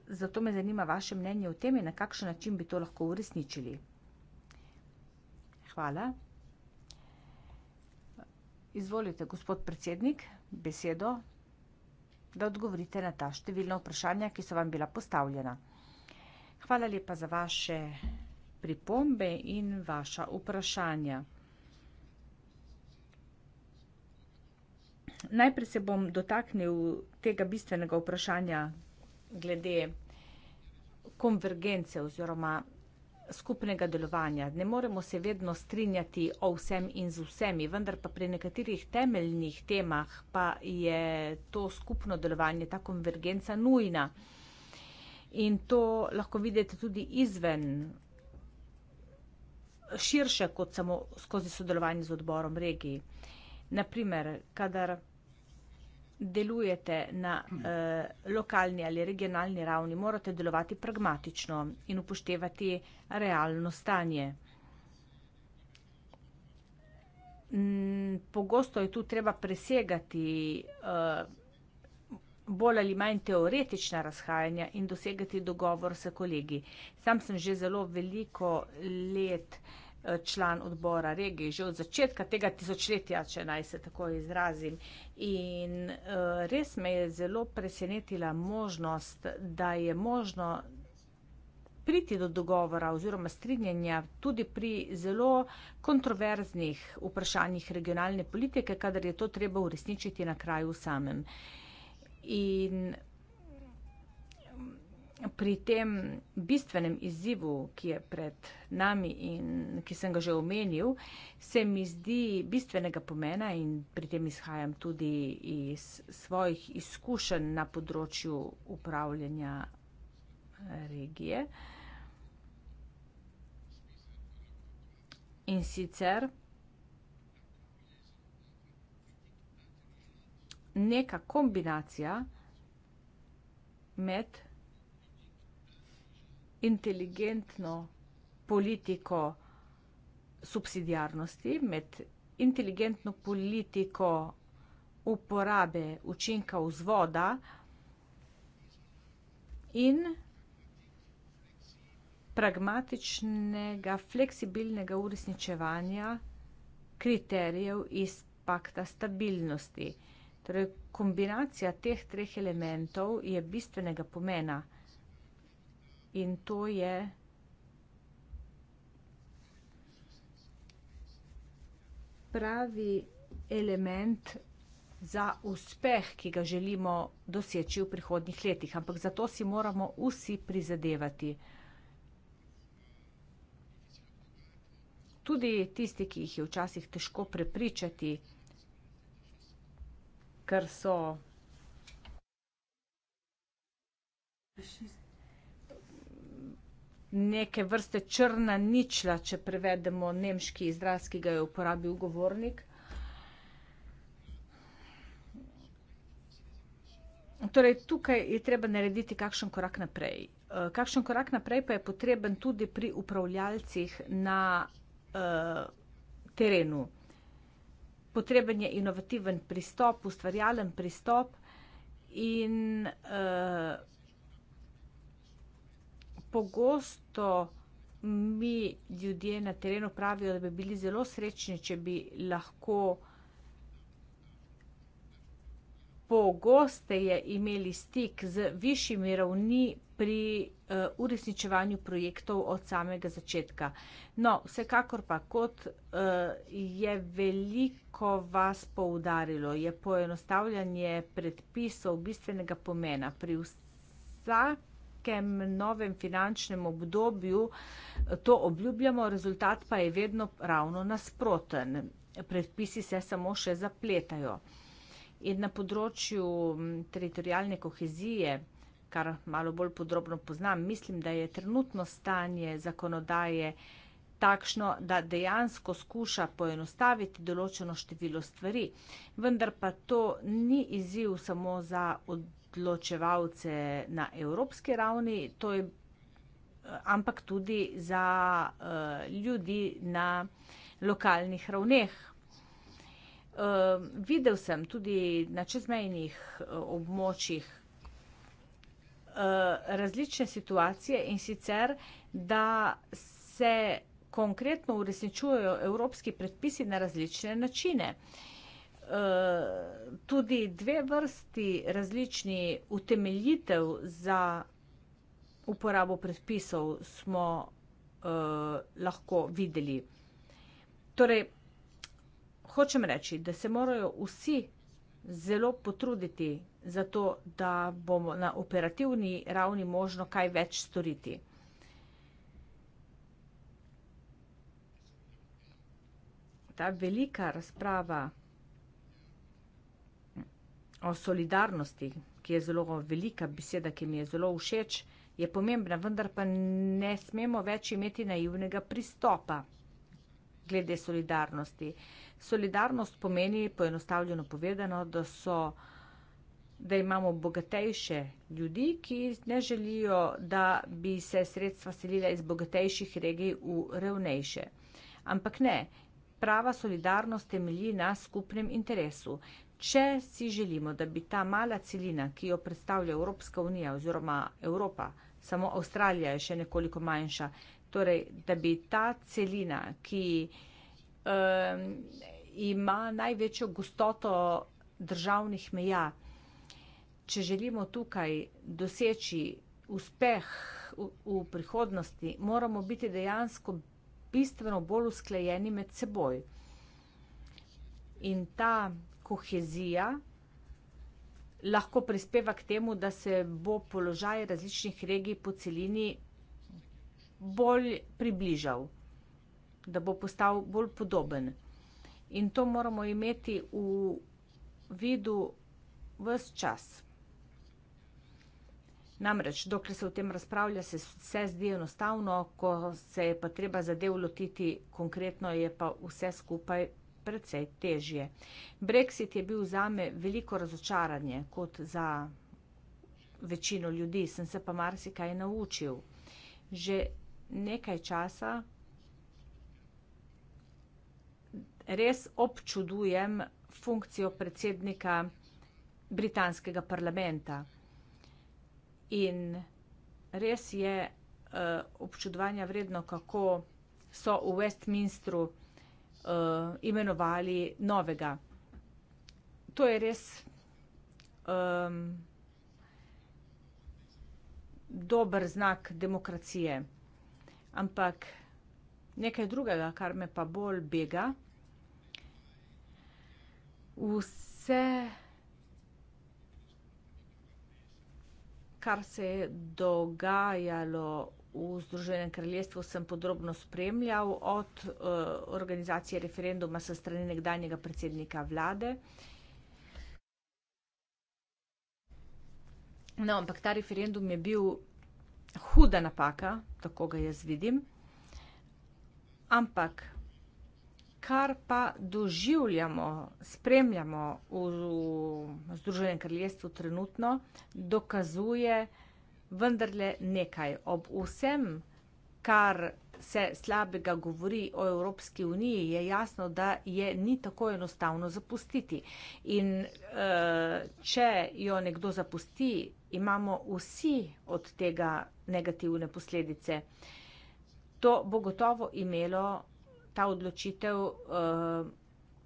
zato me zanima vaše mnenje o tem in na kakšen način bi to lahko uresničili. Hvala. Izvolite, gospod predsednik, besedo, da odgovorite na ta številna vprašanja, ki so vam bila postavljena. Hvala lepa za vaše pripombe in vaša vprašanja. Najprej se bom dotaknil tega bistvenega vprašanja glede konvergence oziroma skupnega delovanja. Ne moremo se vedno strinjati o vsem in z vsemi, vendar pa pri nekaterih temeljnih temah pa je to skupno delovanje, ta konvergenca nujna. In to lahko vidite tudi izven, širše kot samo skozi sodelovanje z odborom regiji. Naprimer, kadar delujete na hmm. eh, lokalni ali regionalni ravni, morate delovati pragmatično in upoštevati realno stanje. Mm, pogosto je tu treba presegati uh, bolj ali manj teoretična razhajanja in dosegati dogovor s kolegi. Sam sem že zelo veliko let uh, član odbora regije, že od začetka tega tisočletja, če naj se tako izrazim. In eh, res me je zelo presenetila možnost, da je možno priti do dogovora oziroma strinjanja tudi pri zelo kontroverznih vprašanjih regionalne politike, kadar je to treba uresničiti na kraju samem. In pri tem bistvenem izzivu, ki je pred nami in ki sem ga že omenil, se mi zdi bistvenega pomena in pri tem izhajam tudi iz svojih izkušenj na področju upravljanja eh, regije. In sicer neka kombinacija med inteligentno politiko subsidiarnosti, med inteligentno politiko uporabe učinka vzvoda in pragmatičnega, fleksibilnega uresničevanja kriterijev iz pakta stabilnosti. Torej kombinacija teh treh elementov je bistvenega pomena in to je pravi element za uspeh, ki ga želimo doseči v prihodnih letih. Ampak za to si moramo vsi prizadevati. Tudi tisti, ki jih je včasih težko prepričati, ker so neke vrste črna ničla, če prevedemo nemški izraz, ki ga je uporabil govornik. Torej, tukaj je treba narediti kakšen korak naprej. Eh, kakšen korak naprej pa je potreben tudi pri upravljalcih na uh, terenu. Potreben je inovativen pristop, ustvarjalen pristop in uh, pogosto mi ljudje na terenu pravijo, da bi bili zelo srečni, če bi lahko pogosteje imeli stik z višjimi ravni pri eh, uresničevanju projektov od samega začetka. No, vsekakor pa, kot eh, je veliko vas poudarilo, je poenostavljanje predpisov bistvenega pomena. Pri vsakem nekem novem finančnem obdobju to obljubljamo, rezultat pa je vedno ravno nasproten. Predpisi se samo še zapletajo. In na področju teritorijalne kohezije, kar malo bolj podrobno poznam, mislim, da je trenutno stanje zakonodaje takšno, da dejansko skuša poenostaviti določeno število stvari. Vendar pa to ni izziv samo za odločitev odločevalce na evropski ravni, to je, ampak tudi za uh, ljudi na lokalnih ravneh. Uh, videl sem tudi na čezmejnih uh, območjih uh, različne situacije in sicer, da se konkretno uresničujejo evropski predpisi na različne načine. Uh, Eh, tudi dve vrsti različni utemeljitev za uporabo predpisov smo uh, lahko videli. Torej, hočem reči, da se morajo vsi zelo potruditi za to, da bomo na operativni ravni možno kaj več storiti. Ta velika razprava o solidarnosti, ki je zelo velika beseda, ki mi je zelo všeč, je pomembna, vendar pa ne smemo več imeti naivnega pristopa glede solidarnosti. Solidarnost pomeni, poenostavljeno povedano, da so, da imamo bogatejše ljudi, ki ne želijo, da bi se sredstva selila iz bogatejših regij v revnejše. Ampak ne, prava solidarnost temelji na skupnem interesu. Če si želimo, da bi ta mala celina, ki jo predstavlja Evropska unija oziroma Evropa, samo Avstralija je še nekoliko manjša, torej, da bi ta celina, ki um, ima največjo gostoto državnih meja, če želimo tukaj doseči uspeh v, v prihodnosti, moramo biti dejansko bistveno bolj usklajeni med seboj. In ta kohezija lahko prispeva k temu, da se bo položaj različnih regij po celini bolj približal, da bo postal bolj podoben. In to moramo imeti v vidu ves čas. Namreč, dokler se o tem razpravlja, se vse zdi enostavno, ko se je pa treba zadev lotiti konkretno, je pa vse skupaj precej težje. Brexit je bil zame veliko razočaranje, kot za večino ljudi, sem se pa marsikaj naučil. Že nekaj časa res občudujem funkcijo predsednika britanskega parlamenta. In res je uh, občudovanja vredno, kako so v Westminstru uh, imenovali novega. To je res um, dober znak demokracije. Ampak nekaj drugega, kar me pa bolj bega, vse, kar se je dogajalo v Združenem kraljestvu sem podrobno spremljal od eh, organizacije referenduma se strani nekdanjega predsednika vlade. No, ampak ta referendum je bil huda napaka, tako ga jaz vidim. Ampak kar pa doživljamo, spremljamo v Združenem kraljestvu trenutno, dokazuje, da vendarle nekaj. Ob vsem, kar se slabega govori o Evropski uniji, je jasno, da je ni tako enostavno zapustiti. In uh, če jo nekdo zapusti, imamo vsi od tega negativne posledice. To bo gotovo imelo ta odločitev uh,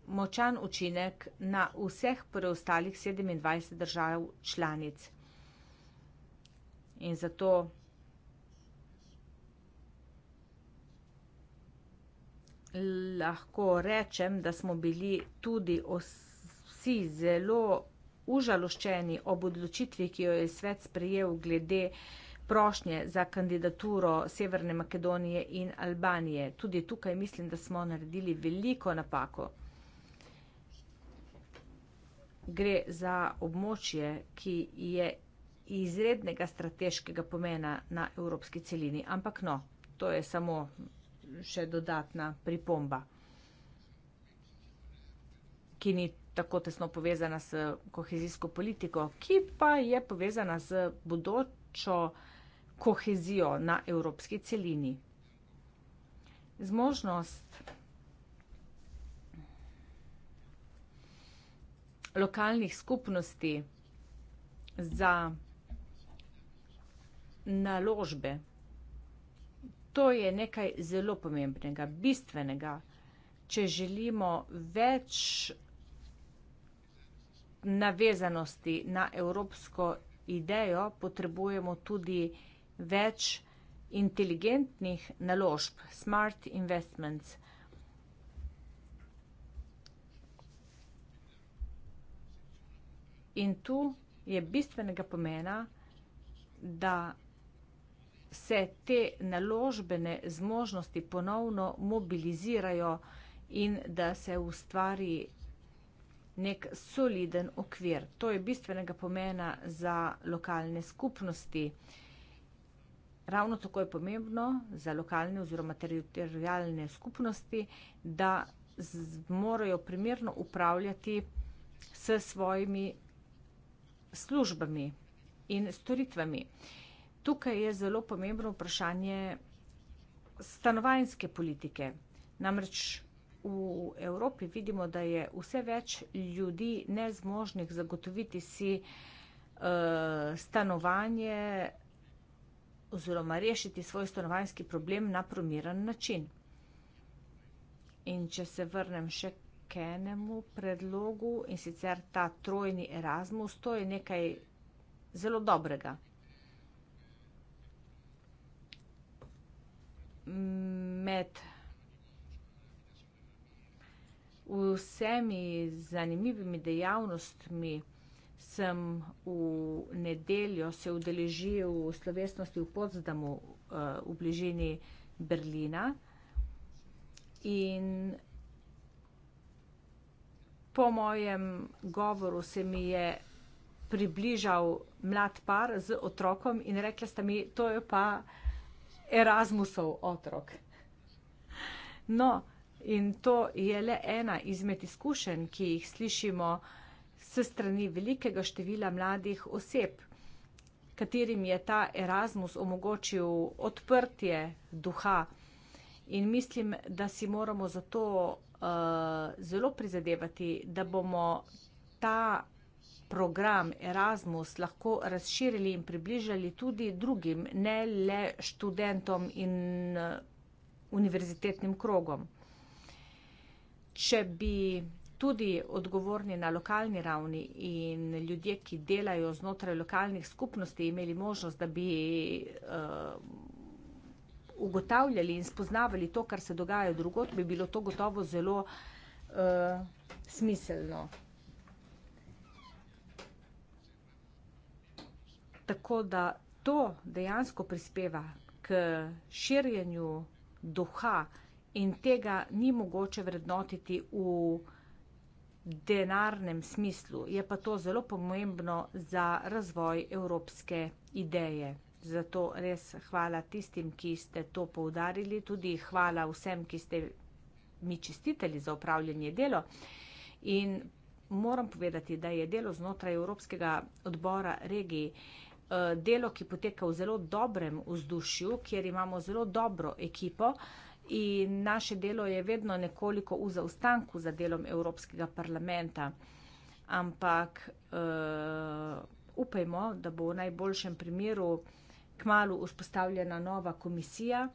močan učinek na vseh preostalih 27 držav članic. In zato lahko rečem, da smo bili tudi vsi zelo užaloščeni ob odločitvi, ki jo je svet sprejel glede prošnje za kandidaturo Severne Makedonije in Albanije. Tudi tukaj mislim, da smo naredili veliko napako. Gre za območje, ki je izgledalo izrednega strateškega pomena na evropski celini. Ampak no, to je samo še dodatna pripomba, ki ni tako tesno povezana s kohezijsko politiko, ki pa je povezana z bodočo kohezijo na evropski celini. Zmožnost lokalnih skupnosti za naložbe. To je nekaj zelo pomembnega, bistvenega, če želimo več navezanosti na evropsko idejo, potrebujemo tudi več inteligentnih naložb, smart investments. In tu je bistvenega pomena, da se te naložbene zmožnosti ponovno mobilizirajo in da se ustvari nek soliden okvir. To je bistvenega pomena za lokalne skupnosti. Ravno tako je pomembno za lokalne oziroma teritorijalne skupnosti, da morajo primerno upravljati s svojimi službami in storitvami tukaj je zelo pomembno vprašanje stanovanjske politike. Namreč v Evropi vidimo, da je vse več ljudi nezmožnih zagotoviti si uh, stanovanje oziroma rešiti svoj stanovanjski problem na primeren način. In če se vrnem še k enemu predlogu in sicer ta trojni Erasmus, to je nekaj zelo dobrega. med vsemi zanimivimi dejavnostmi sem v nedeljo se udeležil v slovesnosti v Potsdamu eh, v bližini Berlina in po mojem govoru se mi je približal mlad par z otrokom in rekla sta mi, to je pa Erasmusov otrok. No, in to je le ena izmed izkušenj, ki jih slišimo s strani velikega števila mladih oseb, katerim je ta Erasmus omogočil odprtje duha. In mislim, da si moramo zato uh, eh, zelo prizadevati, da bomo ta program Erasmus lahko razširili in približali tudi drugim, ne le študentom in eh, univerzitetnim krogom. Če bi tudi odgovorni na lokalni ravni in ljudje, ki delajo znotraj lokalnih skupnosti, imeli možnost, da bi uh, ugotavljali in spoznavali to, kar se dogaja drugot, bi bilo to gotovo zelo uh, smiselno. Tako da to dejansko prispeva k širjenju duha in tega ni mogoče vrednotiti v denarnem smislu. Je pa to zelo pomembno za razvoj evropske ideje. Zato res hvala tistim, ki ste to poudarili, tudi hvala vsem, ki ste mi čestiteli za upravljanje delo. In moram povedati, da je delo znotraj Evropskega odbora regiji Eh, delo, ki poteka v zelo dobrem vzdušju, kjer imamo zelo dobro ekipo in naše delo je vedno nekoliko v zaostanku za delom Evropskega parlamenta. Ampak uh, upajmo, da bo v najboljšem primeru kmalo vzpostavljena nova komisija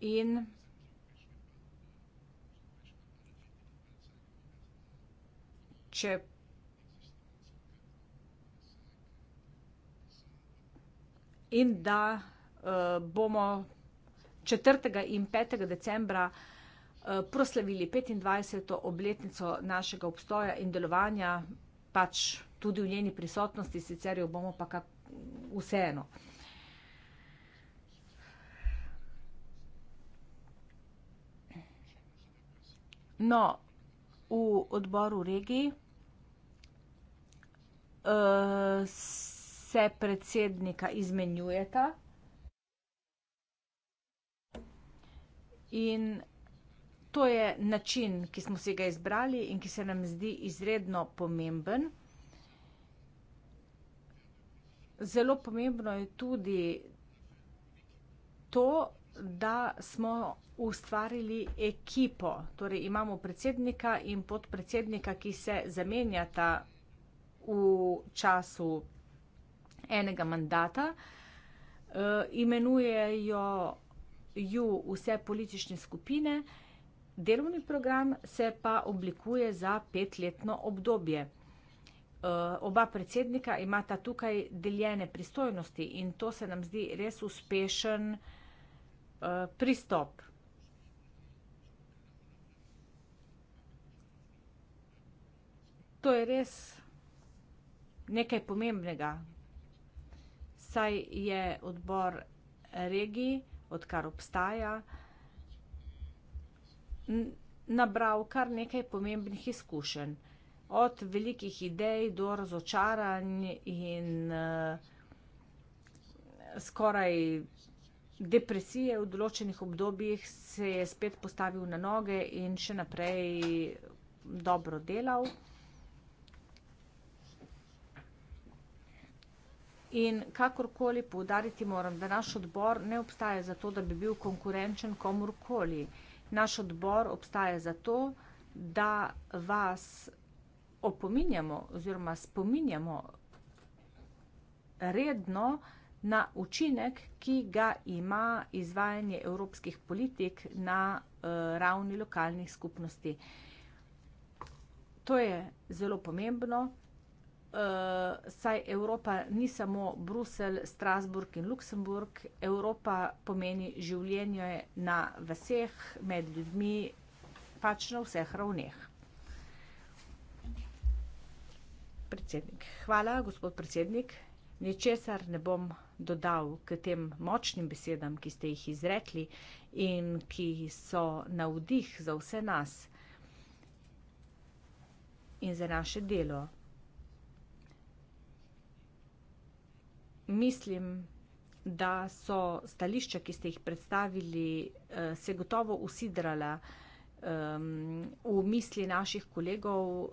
in Če in da uh, bomo 4. in 5. decembra uh, proslavili 25. obletnico našega obstoja in delovanja, pač tudi v njeni prisotnosti, sicer jo bomo pa kak vseeno. No, v odboru regiji uh, eh, se predsednika izmenjujeta. In to je način, ki smo si ga izbrali in ki se nam zdi izredno pomemben. Zelo pomembno je tudi to, da smo ustvarili ekipo. Torej imamo predsednika in podpredsednika, ki se zamenjata v času predsednika enega mandata. Eh, imenujejo ju vse politične skupine, delovni program se pa oblikuje za petletno obdobje. Eh, oba predsednika imata tukaj deljene pristojnosti in to se nam zdi res uspešen eh, pristop. To je res nekaj pomembnega, saj je odbor regij, odkar obstaja, nabral kar nekaj pomembnih izkušenj. Od velikih idej do razočaranj in, eh, skoraj depresije v določenih obdobjih se je spet postavil na noge in še naprej dobro delal. In kakorkoli poudariti moram, da naš odbor ne obstaja zato, da bi bil konkurenčen komorkoli. Naš odbor obstaja zato, da vas opominjamo oziroma spominjamo redno na učinek, ki ga ima izvajanje evropskih politik na eh, ravni lokalnih skupnosti. To je zelo pomembno. Eh, saj Evropa ni samo Bruselj, Strasburg in Luksemburg, Evropa pomeni življenje na vseh, med ljudmi, pač na vseh ravneh. Predsednik, hvala, gospod predsednik. Ničesar ne bom dodal k tem močnim besedam, ki ste jih izrekli in ki so navdih za vse nas in za naše delo. mislim, da so stališča, ki ste jih predstavili, eh, se gotovo usidrala ehm, v misli naših kolegov,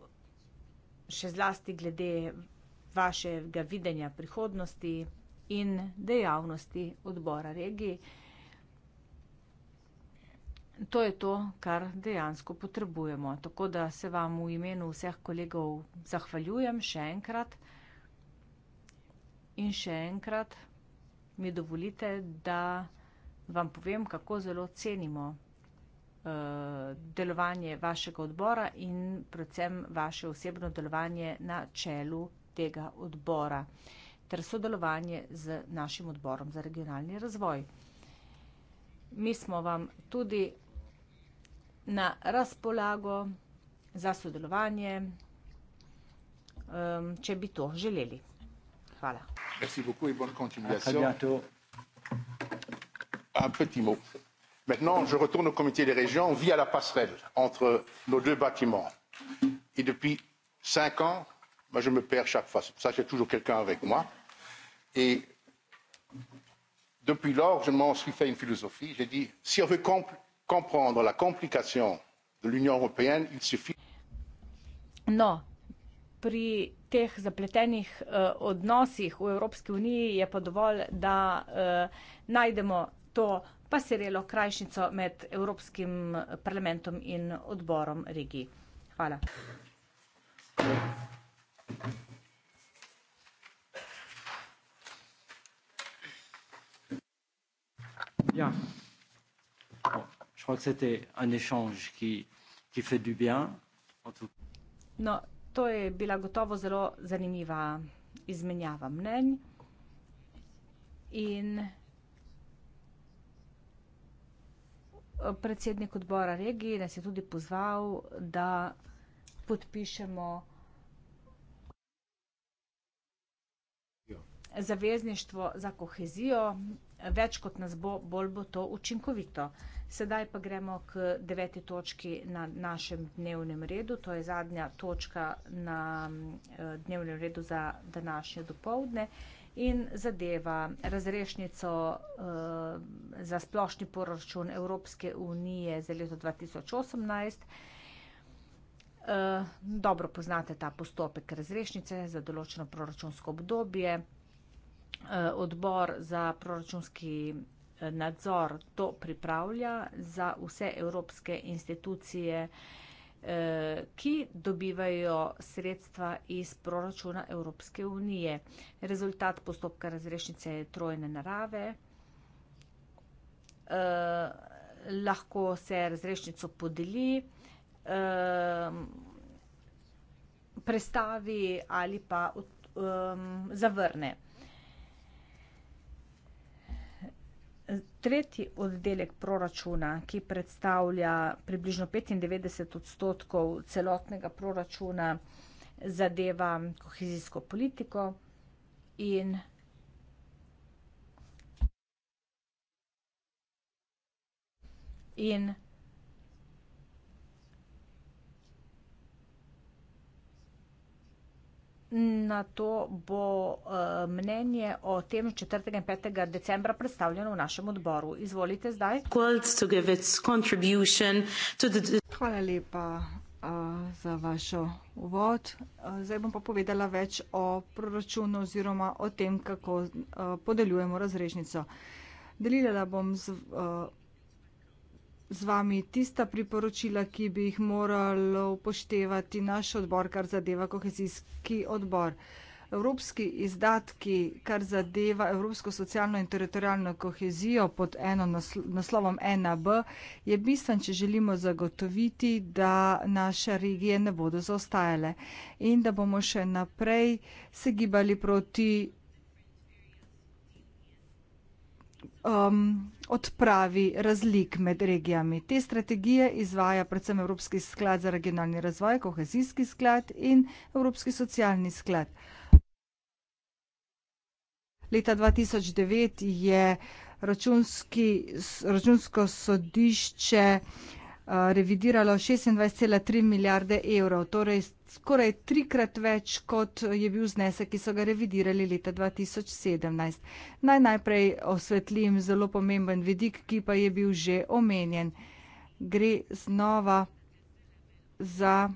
še zlasti glede vašega videnja prihodnosti in dejavnosti odbora regiji. To je to, kar dejansko potrebujemo. Tako da se vam v imenu vseh kolegov zahvaljujem še enkrat. In še enkrat mi dovolite, da vam povem, kako zelo cenimo uh, delovanje vašega odbora in predvsem vaše osebno delovanje na čelu tega odbora ter sodelovanje z našim odborom za regionalni razvoj. Mi smo vam tudi na razpolago za sodelovanje, eh, če bi to želeli. Voilà. Merci beaucoup et bonne continuation. À très bientôt. Un petit mot. Maintenant, je retourne au comité des régions via la passerelle entre nos deux bâtiments. Et depuis cinq ans, moi, je me perds chaque fois. Ça, j'ai toujours quelqu'un avec moi. Et depuis lors, je m'en suis fait une philosophie. J'ai dit, si on veut comp comprendre la complication de l'Union européenne, il suffit. Non pri teh zapletenih uh, odnosih v Evropski uniji je pa dovolj, da uh, najdemo to pasirelo krajšnico med Evropskim eh, parlamentom in odborom regij. Hvala. Ja. Bon, je crois que c'était un échange qui, qui fait du bien. En tout... No, to je bila gotovo zelo zanimiva izmenjava mnenj. In eh, predsednik odbora regije nas je tudi pozval, da podpišemo ja. zavezništvo za kohezijo več kot nas bo, bolj bo to učinkovito. Sedaj pa gremo k deveti točki na našem dnevnem redu. To je zadnja točka na eh, dnevnem redu za današnje dopoldne in zadeva razrešnico uh, za splošni poročun Evropske unije za leto 2018. Uh, eh, dobro poznate ta postopek razrešnice za določeno proračunsko obdobje. Eh, odbor za proračunski eh, nadzor to pripravlja za vse evropske institucije, eh, ki dobivajo sredstva iz proračuna Evropske unije. Rezultat postopka razrešnice je trojne narave. Lahko se razrešnico podeli, prestavi ali pa zavrne. Tretji oddelek proračuna, ki predstavlja približno 95 odstotkov celotnega proračuna, zadeva kohezijsko politiko in in Na to bo uh, mnenje o tem 4. in 5. decembra predstavljeno v našem odboru. Izvolite zdaj. Hvala lepa uh, za vašo uvod. Uh, zdaj bom pa povedala več o proračunu oziroma o tem, kako uh, podeljujemo razrežnico. Delila bom z. Uh, z vami tista priporočila, ki bi jih moralo upoštevati naš odbor, kar zadeva kohezijski odbor. Evropski izdatki, kar zadeva Evropsko socialno in teritorijalno kohezijo pod eno naslo naslovom 1B, je bistven, če želimo zagotoviti, da naše regije ne bodo zaostajale in da bomo še naprej se gibali proti um, odpravi razlik med regijami. Te strategije izvaja predvsem Evropski sklad za regionalni razvoj, kohezijski sklad in Evropski socialni sklad. Leta 2009 je računski, računsko sodišče uh, revidiralo 26,3 milijarde evrov, torej skoraj trikrat več, kot je bil znesek, ki so ga revidirali leta 2017. Naj najprej osvetlim zelo pomemben vidik, ki pa je bil že omenjen. Gre znova za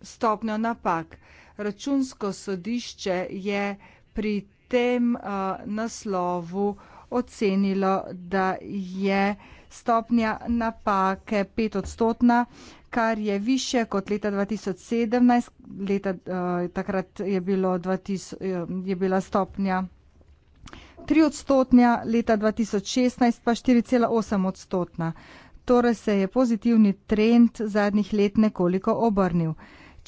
stopnjo napak. Računsko sodišče je pri tem uh, naslovu ocenilo, da je uh, stopnja napake 5 odstotna, kar je više kot leta 2017. Leta, uh, takrat je, bilo 2000, eh, je bila stopnja 3 odstotnja, leta 2016 pa 4,8 odstotna. Torej se je pozitivni trend zadnjih let nekoliko obrnil. Uh,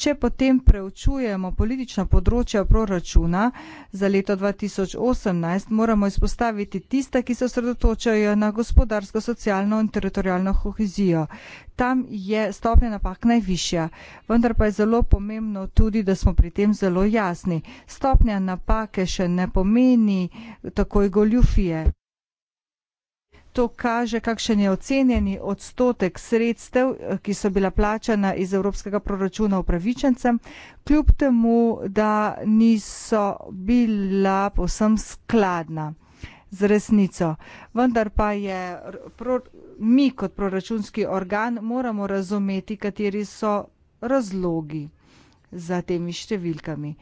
Če potem preučujemo politična področja proračuna za leto 2018, moramo izpostaviti tista, ki se osredotočajo na gospodarsko, socialno in teritorijalno kohezijo. Tam je stopnja napak najvišja, vendar pa je zelo pomembno tudi, da smo pri tem zelo jasni. Stopnja napake še ne pomeni takoj goljufije to kaže, kakšen je ocenjeni odstotek sredstev, eh, ki so bila plačana iz evropskega proračuna upravičencem, kljub temu, da niso bila posem skladna z resnico. Vendar pa je mi kot proračunski organ moramo razumeti, kateri so razlogi za temi številkami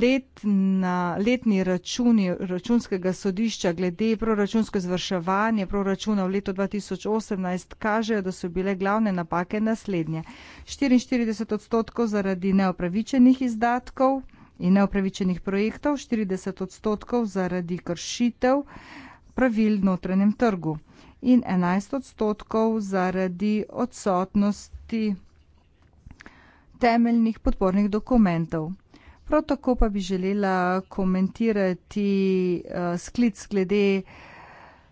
letna, letni računi računskega sodišča glede proračunsko izvrševanje proračuna v letu 2018 kažejo, da so bile glavne napake naslednje. 44 odstotkov zaradi neopravičenih izdatkov in neopravičenih projektov, 40 odstotkov zaradi kršitev pravil notranjem trgu in 11 odstotkov zaradi odsotnosti temeljnih podpornih dokumentov. Prav tako pa bi želela komentirati uh, sklic glede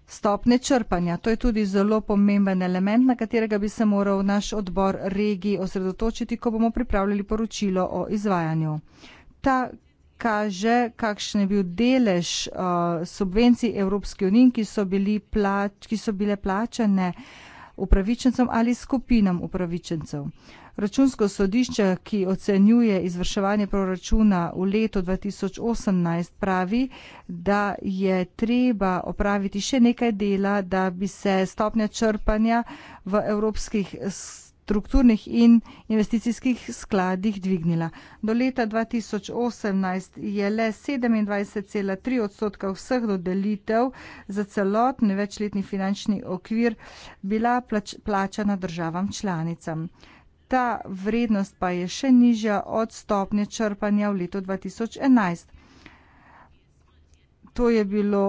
stopne črpanja. To je tudi zelo pomemben element, na katerega bi se moral naš odbor regij osredotočiti, ko bomo pripravljali poročilo o izvajanju. Ta kaže, kakšen je bil delež uh, subvencij Evropske unije, ki, ki so bile plačane upravičencem ali skupinam upravičencev. Uh, Računsko sodišče, ki ocenjuje izvrševanje proračuna v letu 2018, pravi, da je treba opraviti še nekaj dela, da bi se stopnja črpanja v evropskih strukturnih in investicijskih skladih dvignila. Do leta 2018 je le 27,3 odstotka vseh dodelitev za celotni večletni finančni okvir bila plač plačana državam članicam ta vrednost pa je še nižja od stopnje črpanja v letu 2011. To je bilo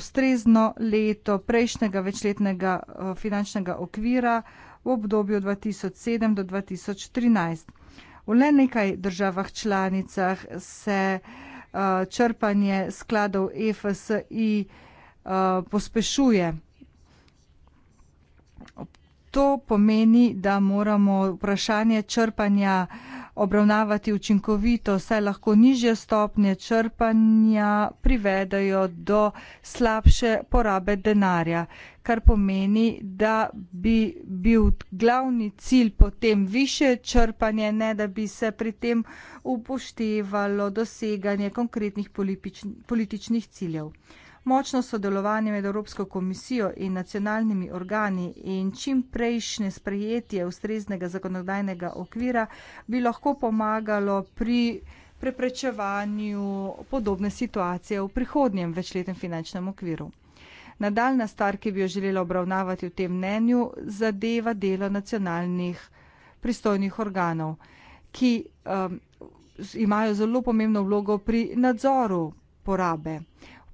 ustrezno leto prejšnjega večletnega eh, finančnega okvira v obdobju 2007 do 2013. V le nekaj državah članicah se eh, črpanje skladov e FSI eh, pospešuje to pomeni, da moramo vprašanje črpanja obravnavati učinkovito, saj lahko nižje stopnje črpanja privedajo do slabše porabe denarja, kar pomeni, da bi bil glavni cilj potem više črpanje, ne da bi se pri tem upoštevalo doseganje konkretnih politični, političnih ciljev. Močno sodelovanje med Evropsko komisijo in nacionalnimi organi in čim prejšnje sprejetje ustreznega zakonodajnega okvira bi lahko pomagalo pri preprečevanju podobne situacije v prihodnjem večletnem finančnem okviru. Nadaljna star, ki bi jo želela obravnavati v tem mnenju, zadeva delo nacionalnih pristojnih organov, ki um, imajo zelo pomembno vlogo pri nadzoru porabe.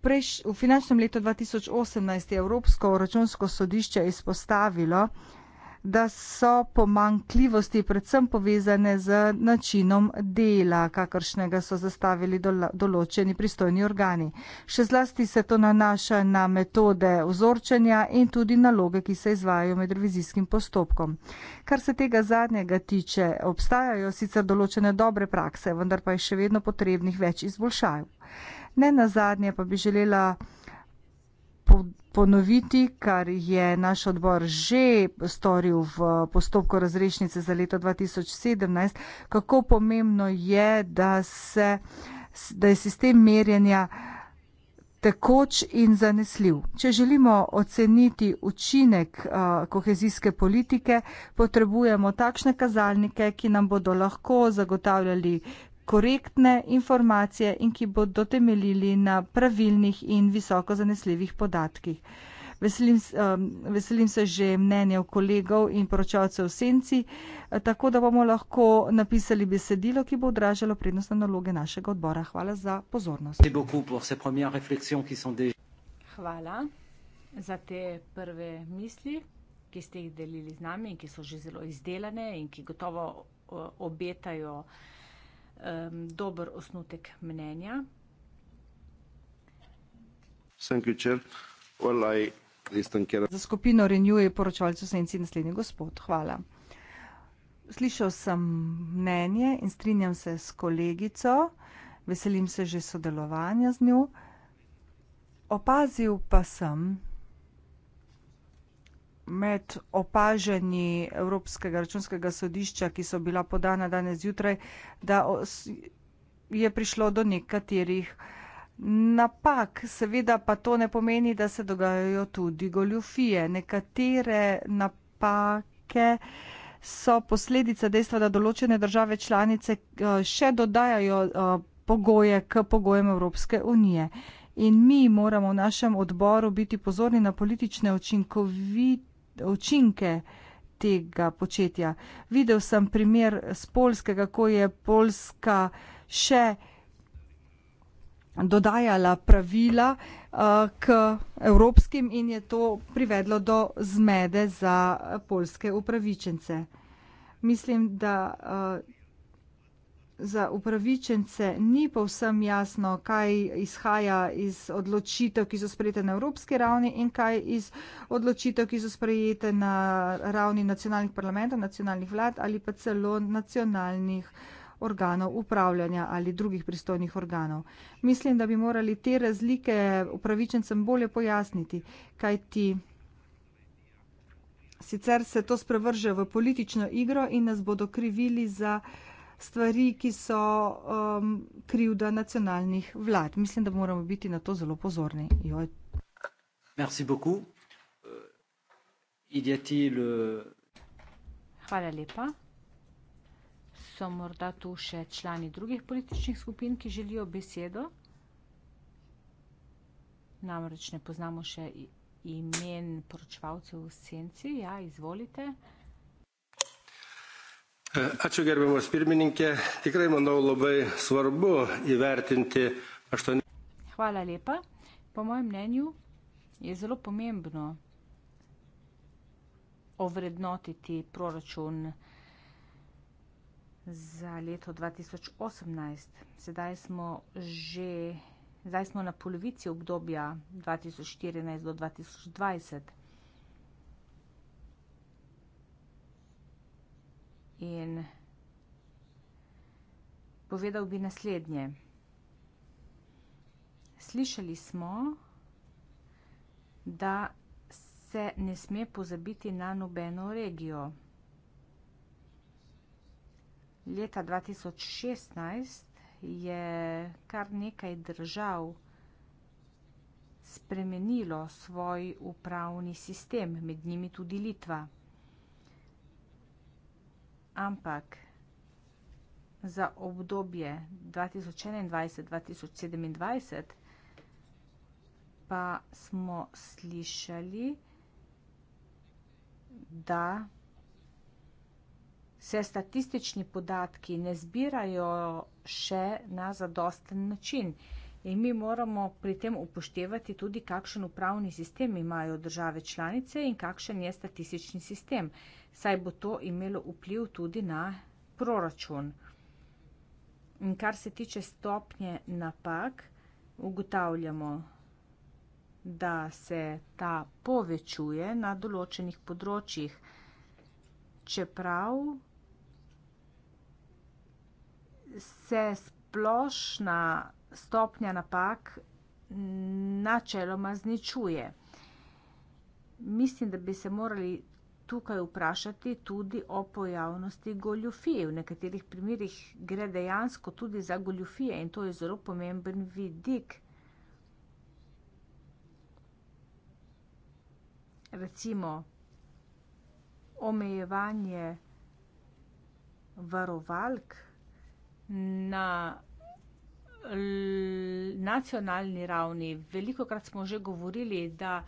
Prejš, v finančnem letu 2018 je Evropsko računsko sodišče izpostavilo, da so pomankljivosti predvsem povezane z načinom dela, kakršnega so zastavili dola, določeni pristojni organi. Še zlasti se to nanaša na metode ozorčenja in tudi naloge, ki se izvajajo med revizijskim postopkom. Kar se tega zadnjega tiče, obstajajo sicer določene dobre prakse, vendar pa je še vedno potrebnih več izboljšav. Ne na zadnje pa bi želela ponoviti, kar je naš odbor že storil v postopku razrešnice za leto 2017, kako pomembno je, da, se, da je sistem merjenja tekoč in zanesljiv. Če želimo oceniti učinek a, kohezijske politike, potrebujemo takšne kazalnike, ki nam bodo lahko zagotavljali korektne informacije in ki bodo temeljili na pravilnih in visoko zanesljivih podatkih. Veselim, um, veselim se že mnenja kolegov in poročalcev v senci, eh, tako da bomo lahko napisali besedilo, ki bo odražalo prednostne naloge našega odbora. Hvala za pozornost. Hvala za te prve misli, ki ste jih delili z nami in ki so že zelo izdelane in ki gotovo eh, obetajo uh, um, dober osnutek mnenja. You, well, I... Za skupino Renew je poročalcu senci naslednji gospod. Hvala. Slišal sem mnenje in strinjam se s kolegico, veselim se že sodelovanja z njo. Opazil pa sem, med opaženji Evropskega računskega sodišča, ki so bila podana danes zjutraj, da je prišlo do nekaterih napak. Seveda pa to ne pomeni, da se dogajajo tudi goljufije. Nekatere napake so posledica dejstva, da določene države članice eh, še dodajajo eh, pogoje k pogojem Evropske unije. In mi moramo v našem odboru biti pozorni na politične učinkovite učinke tega početja. Videl sem primer z Polske, kako je Polska še dodajala pravila uh, k evropskim in je to privedlo do zmede za polske upravičence. Mislim, da uh, za upravičence ni povsem jasno, kaj izhaja iz odločitev, ki so sprejete na evropski ravni in kaj iz odločitev, ki so sprejete na ravni nacionalnih parlamentov, nacionalnih vlad ali pa celo nacionalnih organov upravljanja ali drugih pristojnih organov. Mislim, da bi morali te razlike upravičencem bolje pojasniti, kaj ti sicer se to sprevrže v politično igro in nas bodo krivili za stvari, ki so um, krivda nacionalnih vlad. Mislim, da moramo biti na to zelo pozorni. Joj. Merci beaucoup. Idiotil. Uh, uh, Hvala lepa. So morda tu še člani drugih političnih skupin, ki želijo besedo? Namreč ne poznamo še imen poročevalcev v senci. Ja, izvolite. Ačiū gerbiamas pirmininkė. Tikrai, manau, labai svarbu įvertinti aštuoni. Hvala lepa. Po mojem mnenju je zelo pomembno ovrednotiti proračun za leto 2018. Sedaj smo že, zdaj smo na polovici obdobja 2014 do 2020. In povedal bi naslednje. Slišali smo, da se ne sme pozabiti na nobeno regijo. Leta 2016 je kar nekaj držav spremenilo svoj upravni sistem, med njimi tudi Litva ampak za obdobje 2021-2027 pa smo slišali, da se statistični podatki ne zbirajo še na zadosten način. In mi moramo pri tem upoštevati tudi, kakšen upravni sistem imajo države članice in kakšen je statistični sistem, saj bo to imelo vpliv tudi na proračun. In kar se tiče stopnje napak, ugotavljamo, da se ta povečuje na določenih področjih, čeprav se splošna stopnja napak načeloma zničuje. Mislim, da bi se morali tukaj vprašati tudi o pojavnosti goljufije. V nekaterih primerjih gre dejansko tudi za goljufije in to je zelo pomemben vidik. Recimo omejevanje varovalk na nacionalni ravni. Veliko krat smo že govorili, da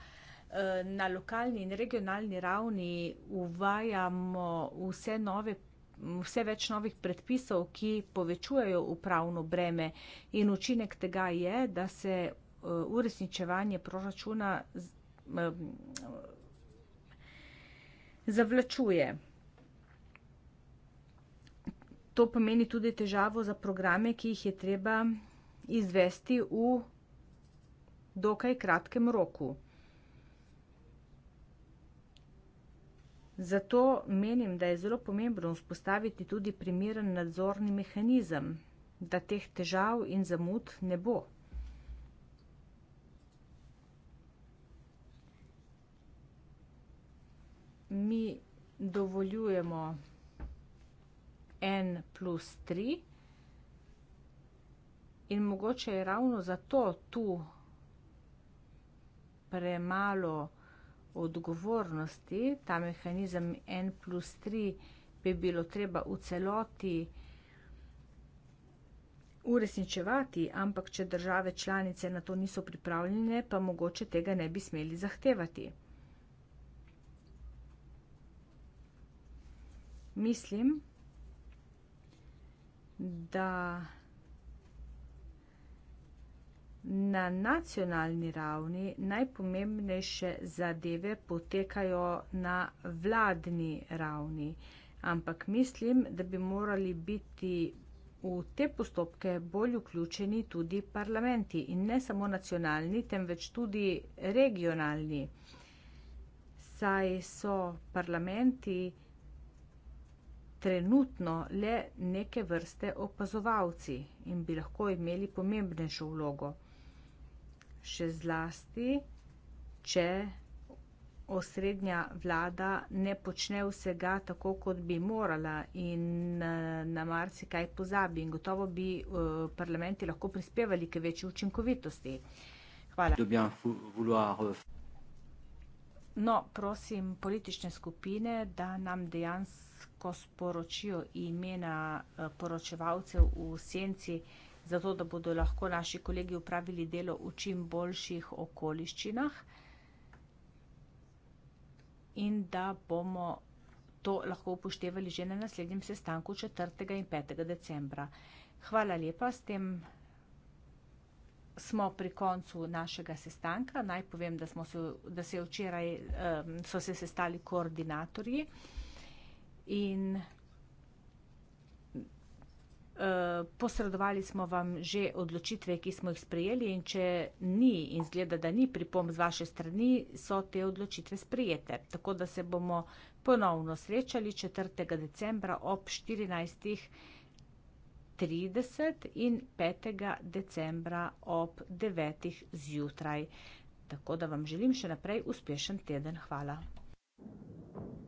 eh, na lokalni in regionalni ravni uvajamo vse nove. Vse več novih predpisov, ki povečujejo upravno breme, in učinek tega je, da se eh, uresničevanje proračuna eh, zavlačuje. To pomeni tudi težavo za programe, ki jih je treba izvesti v dokaj kratkem roku. Zato menim, da je zelo pomembno vzpostaviti tudi primeren nadzorni mehanizem, da teh težav in zamud ne bo. Mi dovoljujemo en plus tri. In mogoče je ravno zato tu premalo odgovornosti, ta mehanizem N plus 3 bi bilo treba v celoti uresničevati, ampak če države članice na to niso pripravljene, pa mogoče tega ne bi smeli zahtevati. Mislim, da na nacionalni ravni najpomembnejše zadeve potekajo na vladni ravni, ampak mislim, da bi morali biti v te postopke bolj vključeni tudi parlamenti in ne samo nacionalni, temveč tudi regionalni. Saj so parlamenti trenutno le neke vrste opazovalci in bi lahko imeli pomembnejšo vlogo še zlasti, če osrednja vlada ne počne vsega tako, kot bi morala in eh, na marsikaj pozabi. In gotovo bi eh, parlamenti lahko prispevali k večji učinkovitosti. Hvala. Euh, no, prosim politične skupine, da nam dejansko sporočijo imena eh, poročevalcev v senci zato da bodo lahko naši kolegi upravili delo v čim boljših okoliščinah in da bomo to lahko upoštevali že na naslednjem sestanku 4. in 5. decembra. Hvala lepa, s tem smo pri koncu našega sestanka. Naj povem, da, smo se, da se včeraj um, so se sestali koordinatorji in Eh, posredovali smo vam že odločitve, ki smo jih sprejeli in če ni in zgleda, da ni pripomb z vaše strani, so te odločitve sprijete. Tako da se bomo ponovno srečali 4. decembra ob 14.30 in 5. decembra ob 9. zjutraj. Tako da vam želim še naprej uspešen teden. Hvala. thank you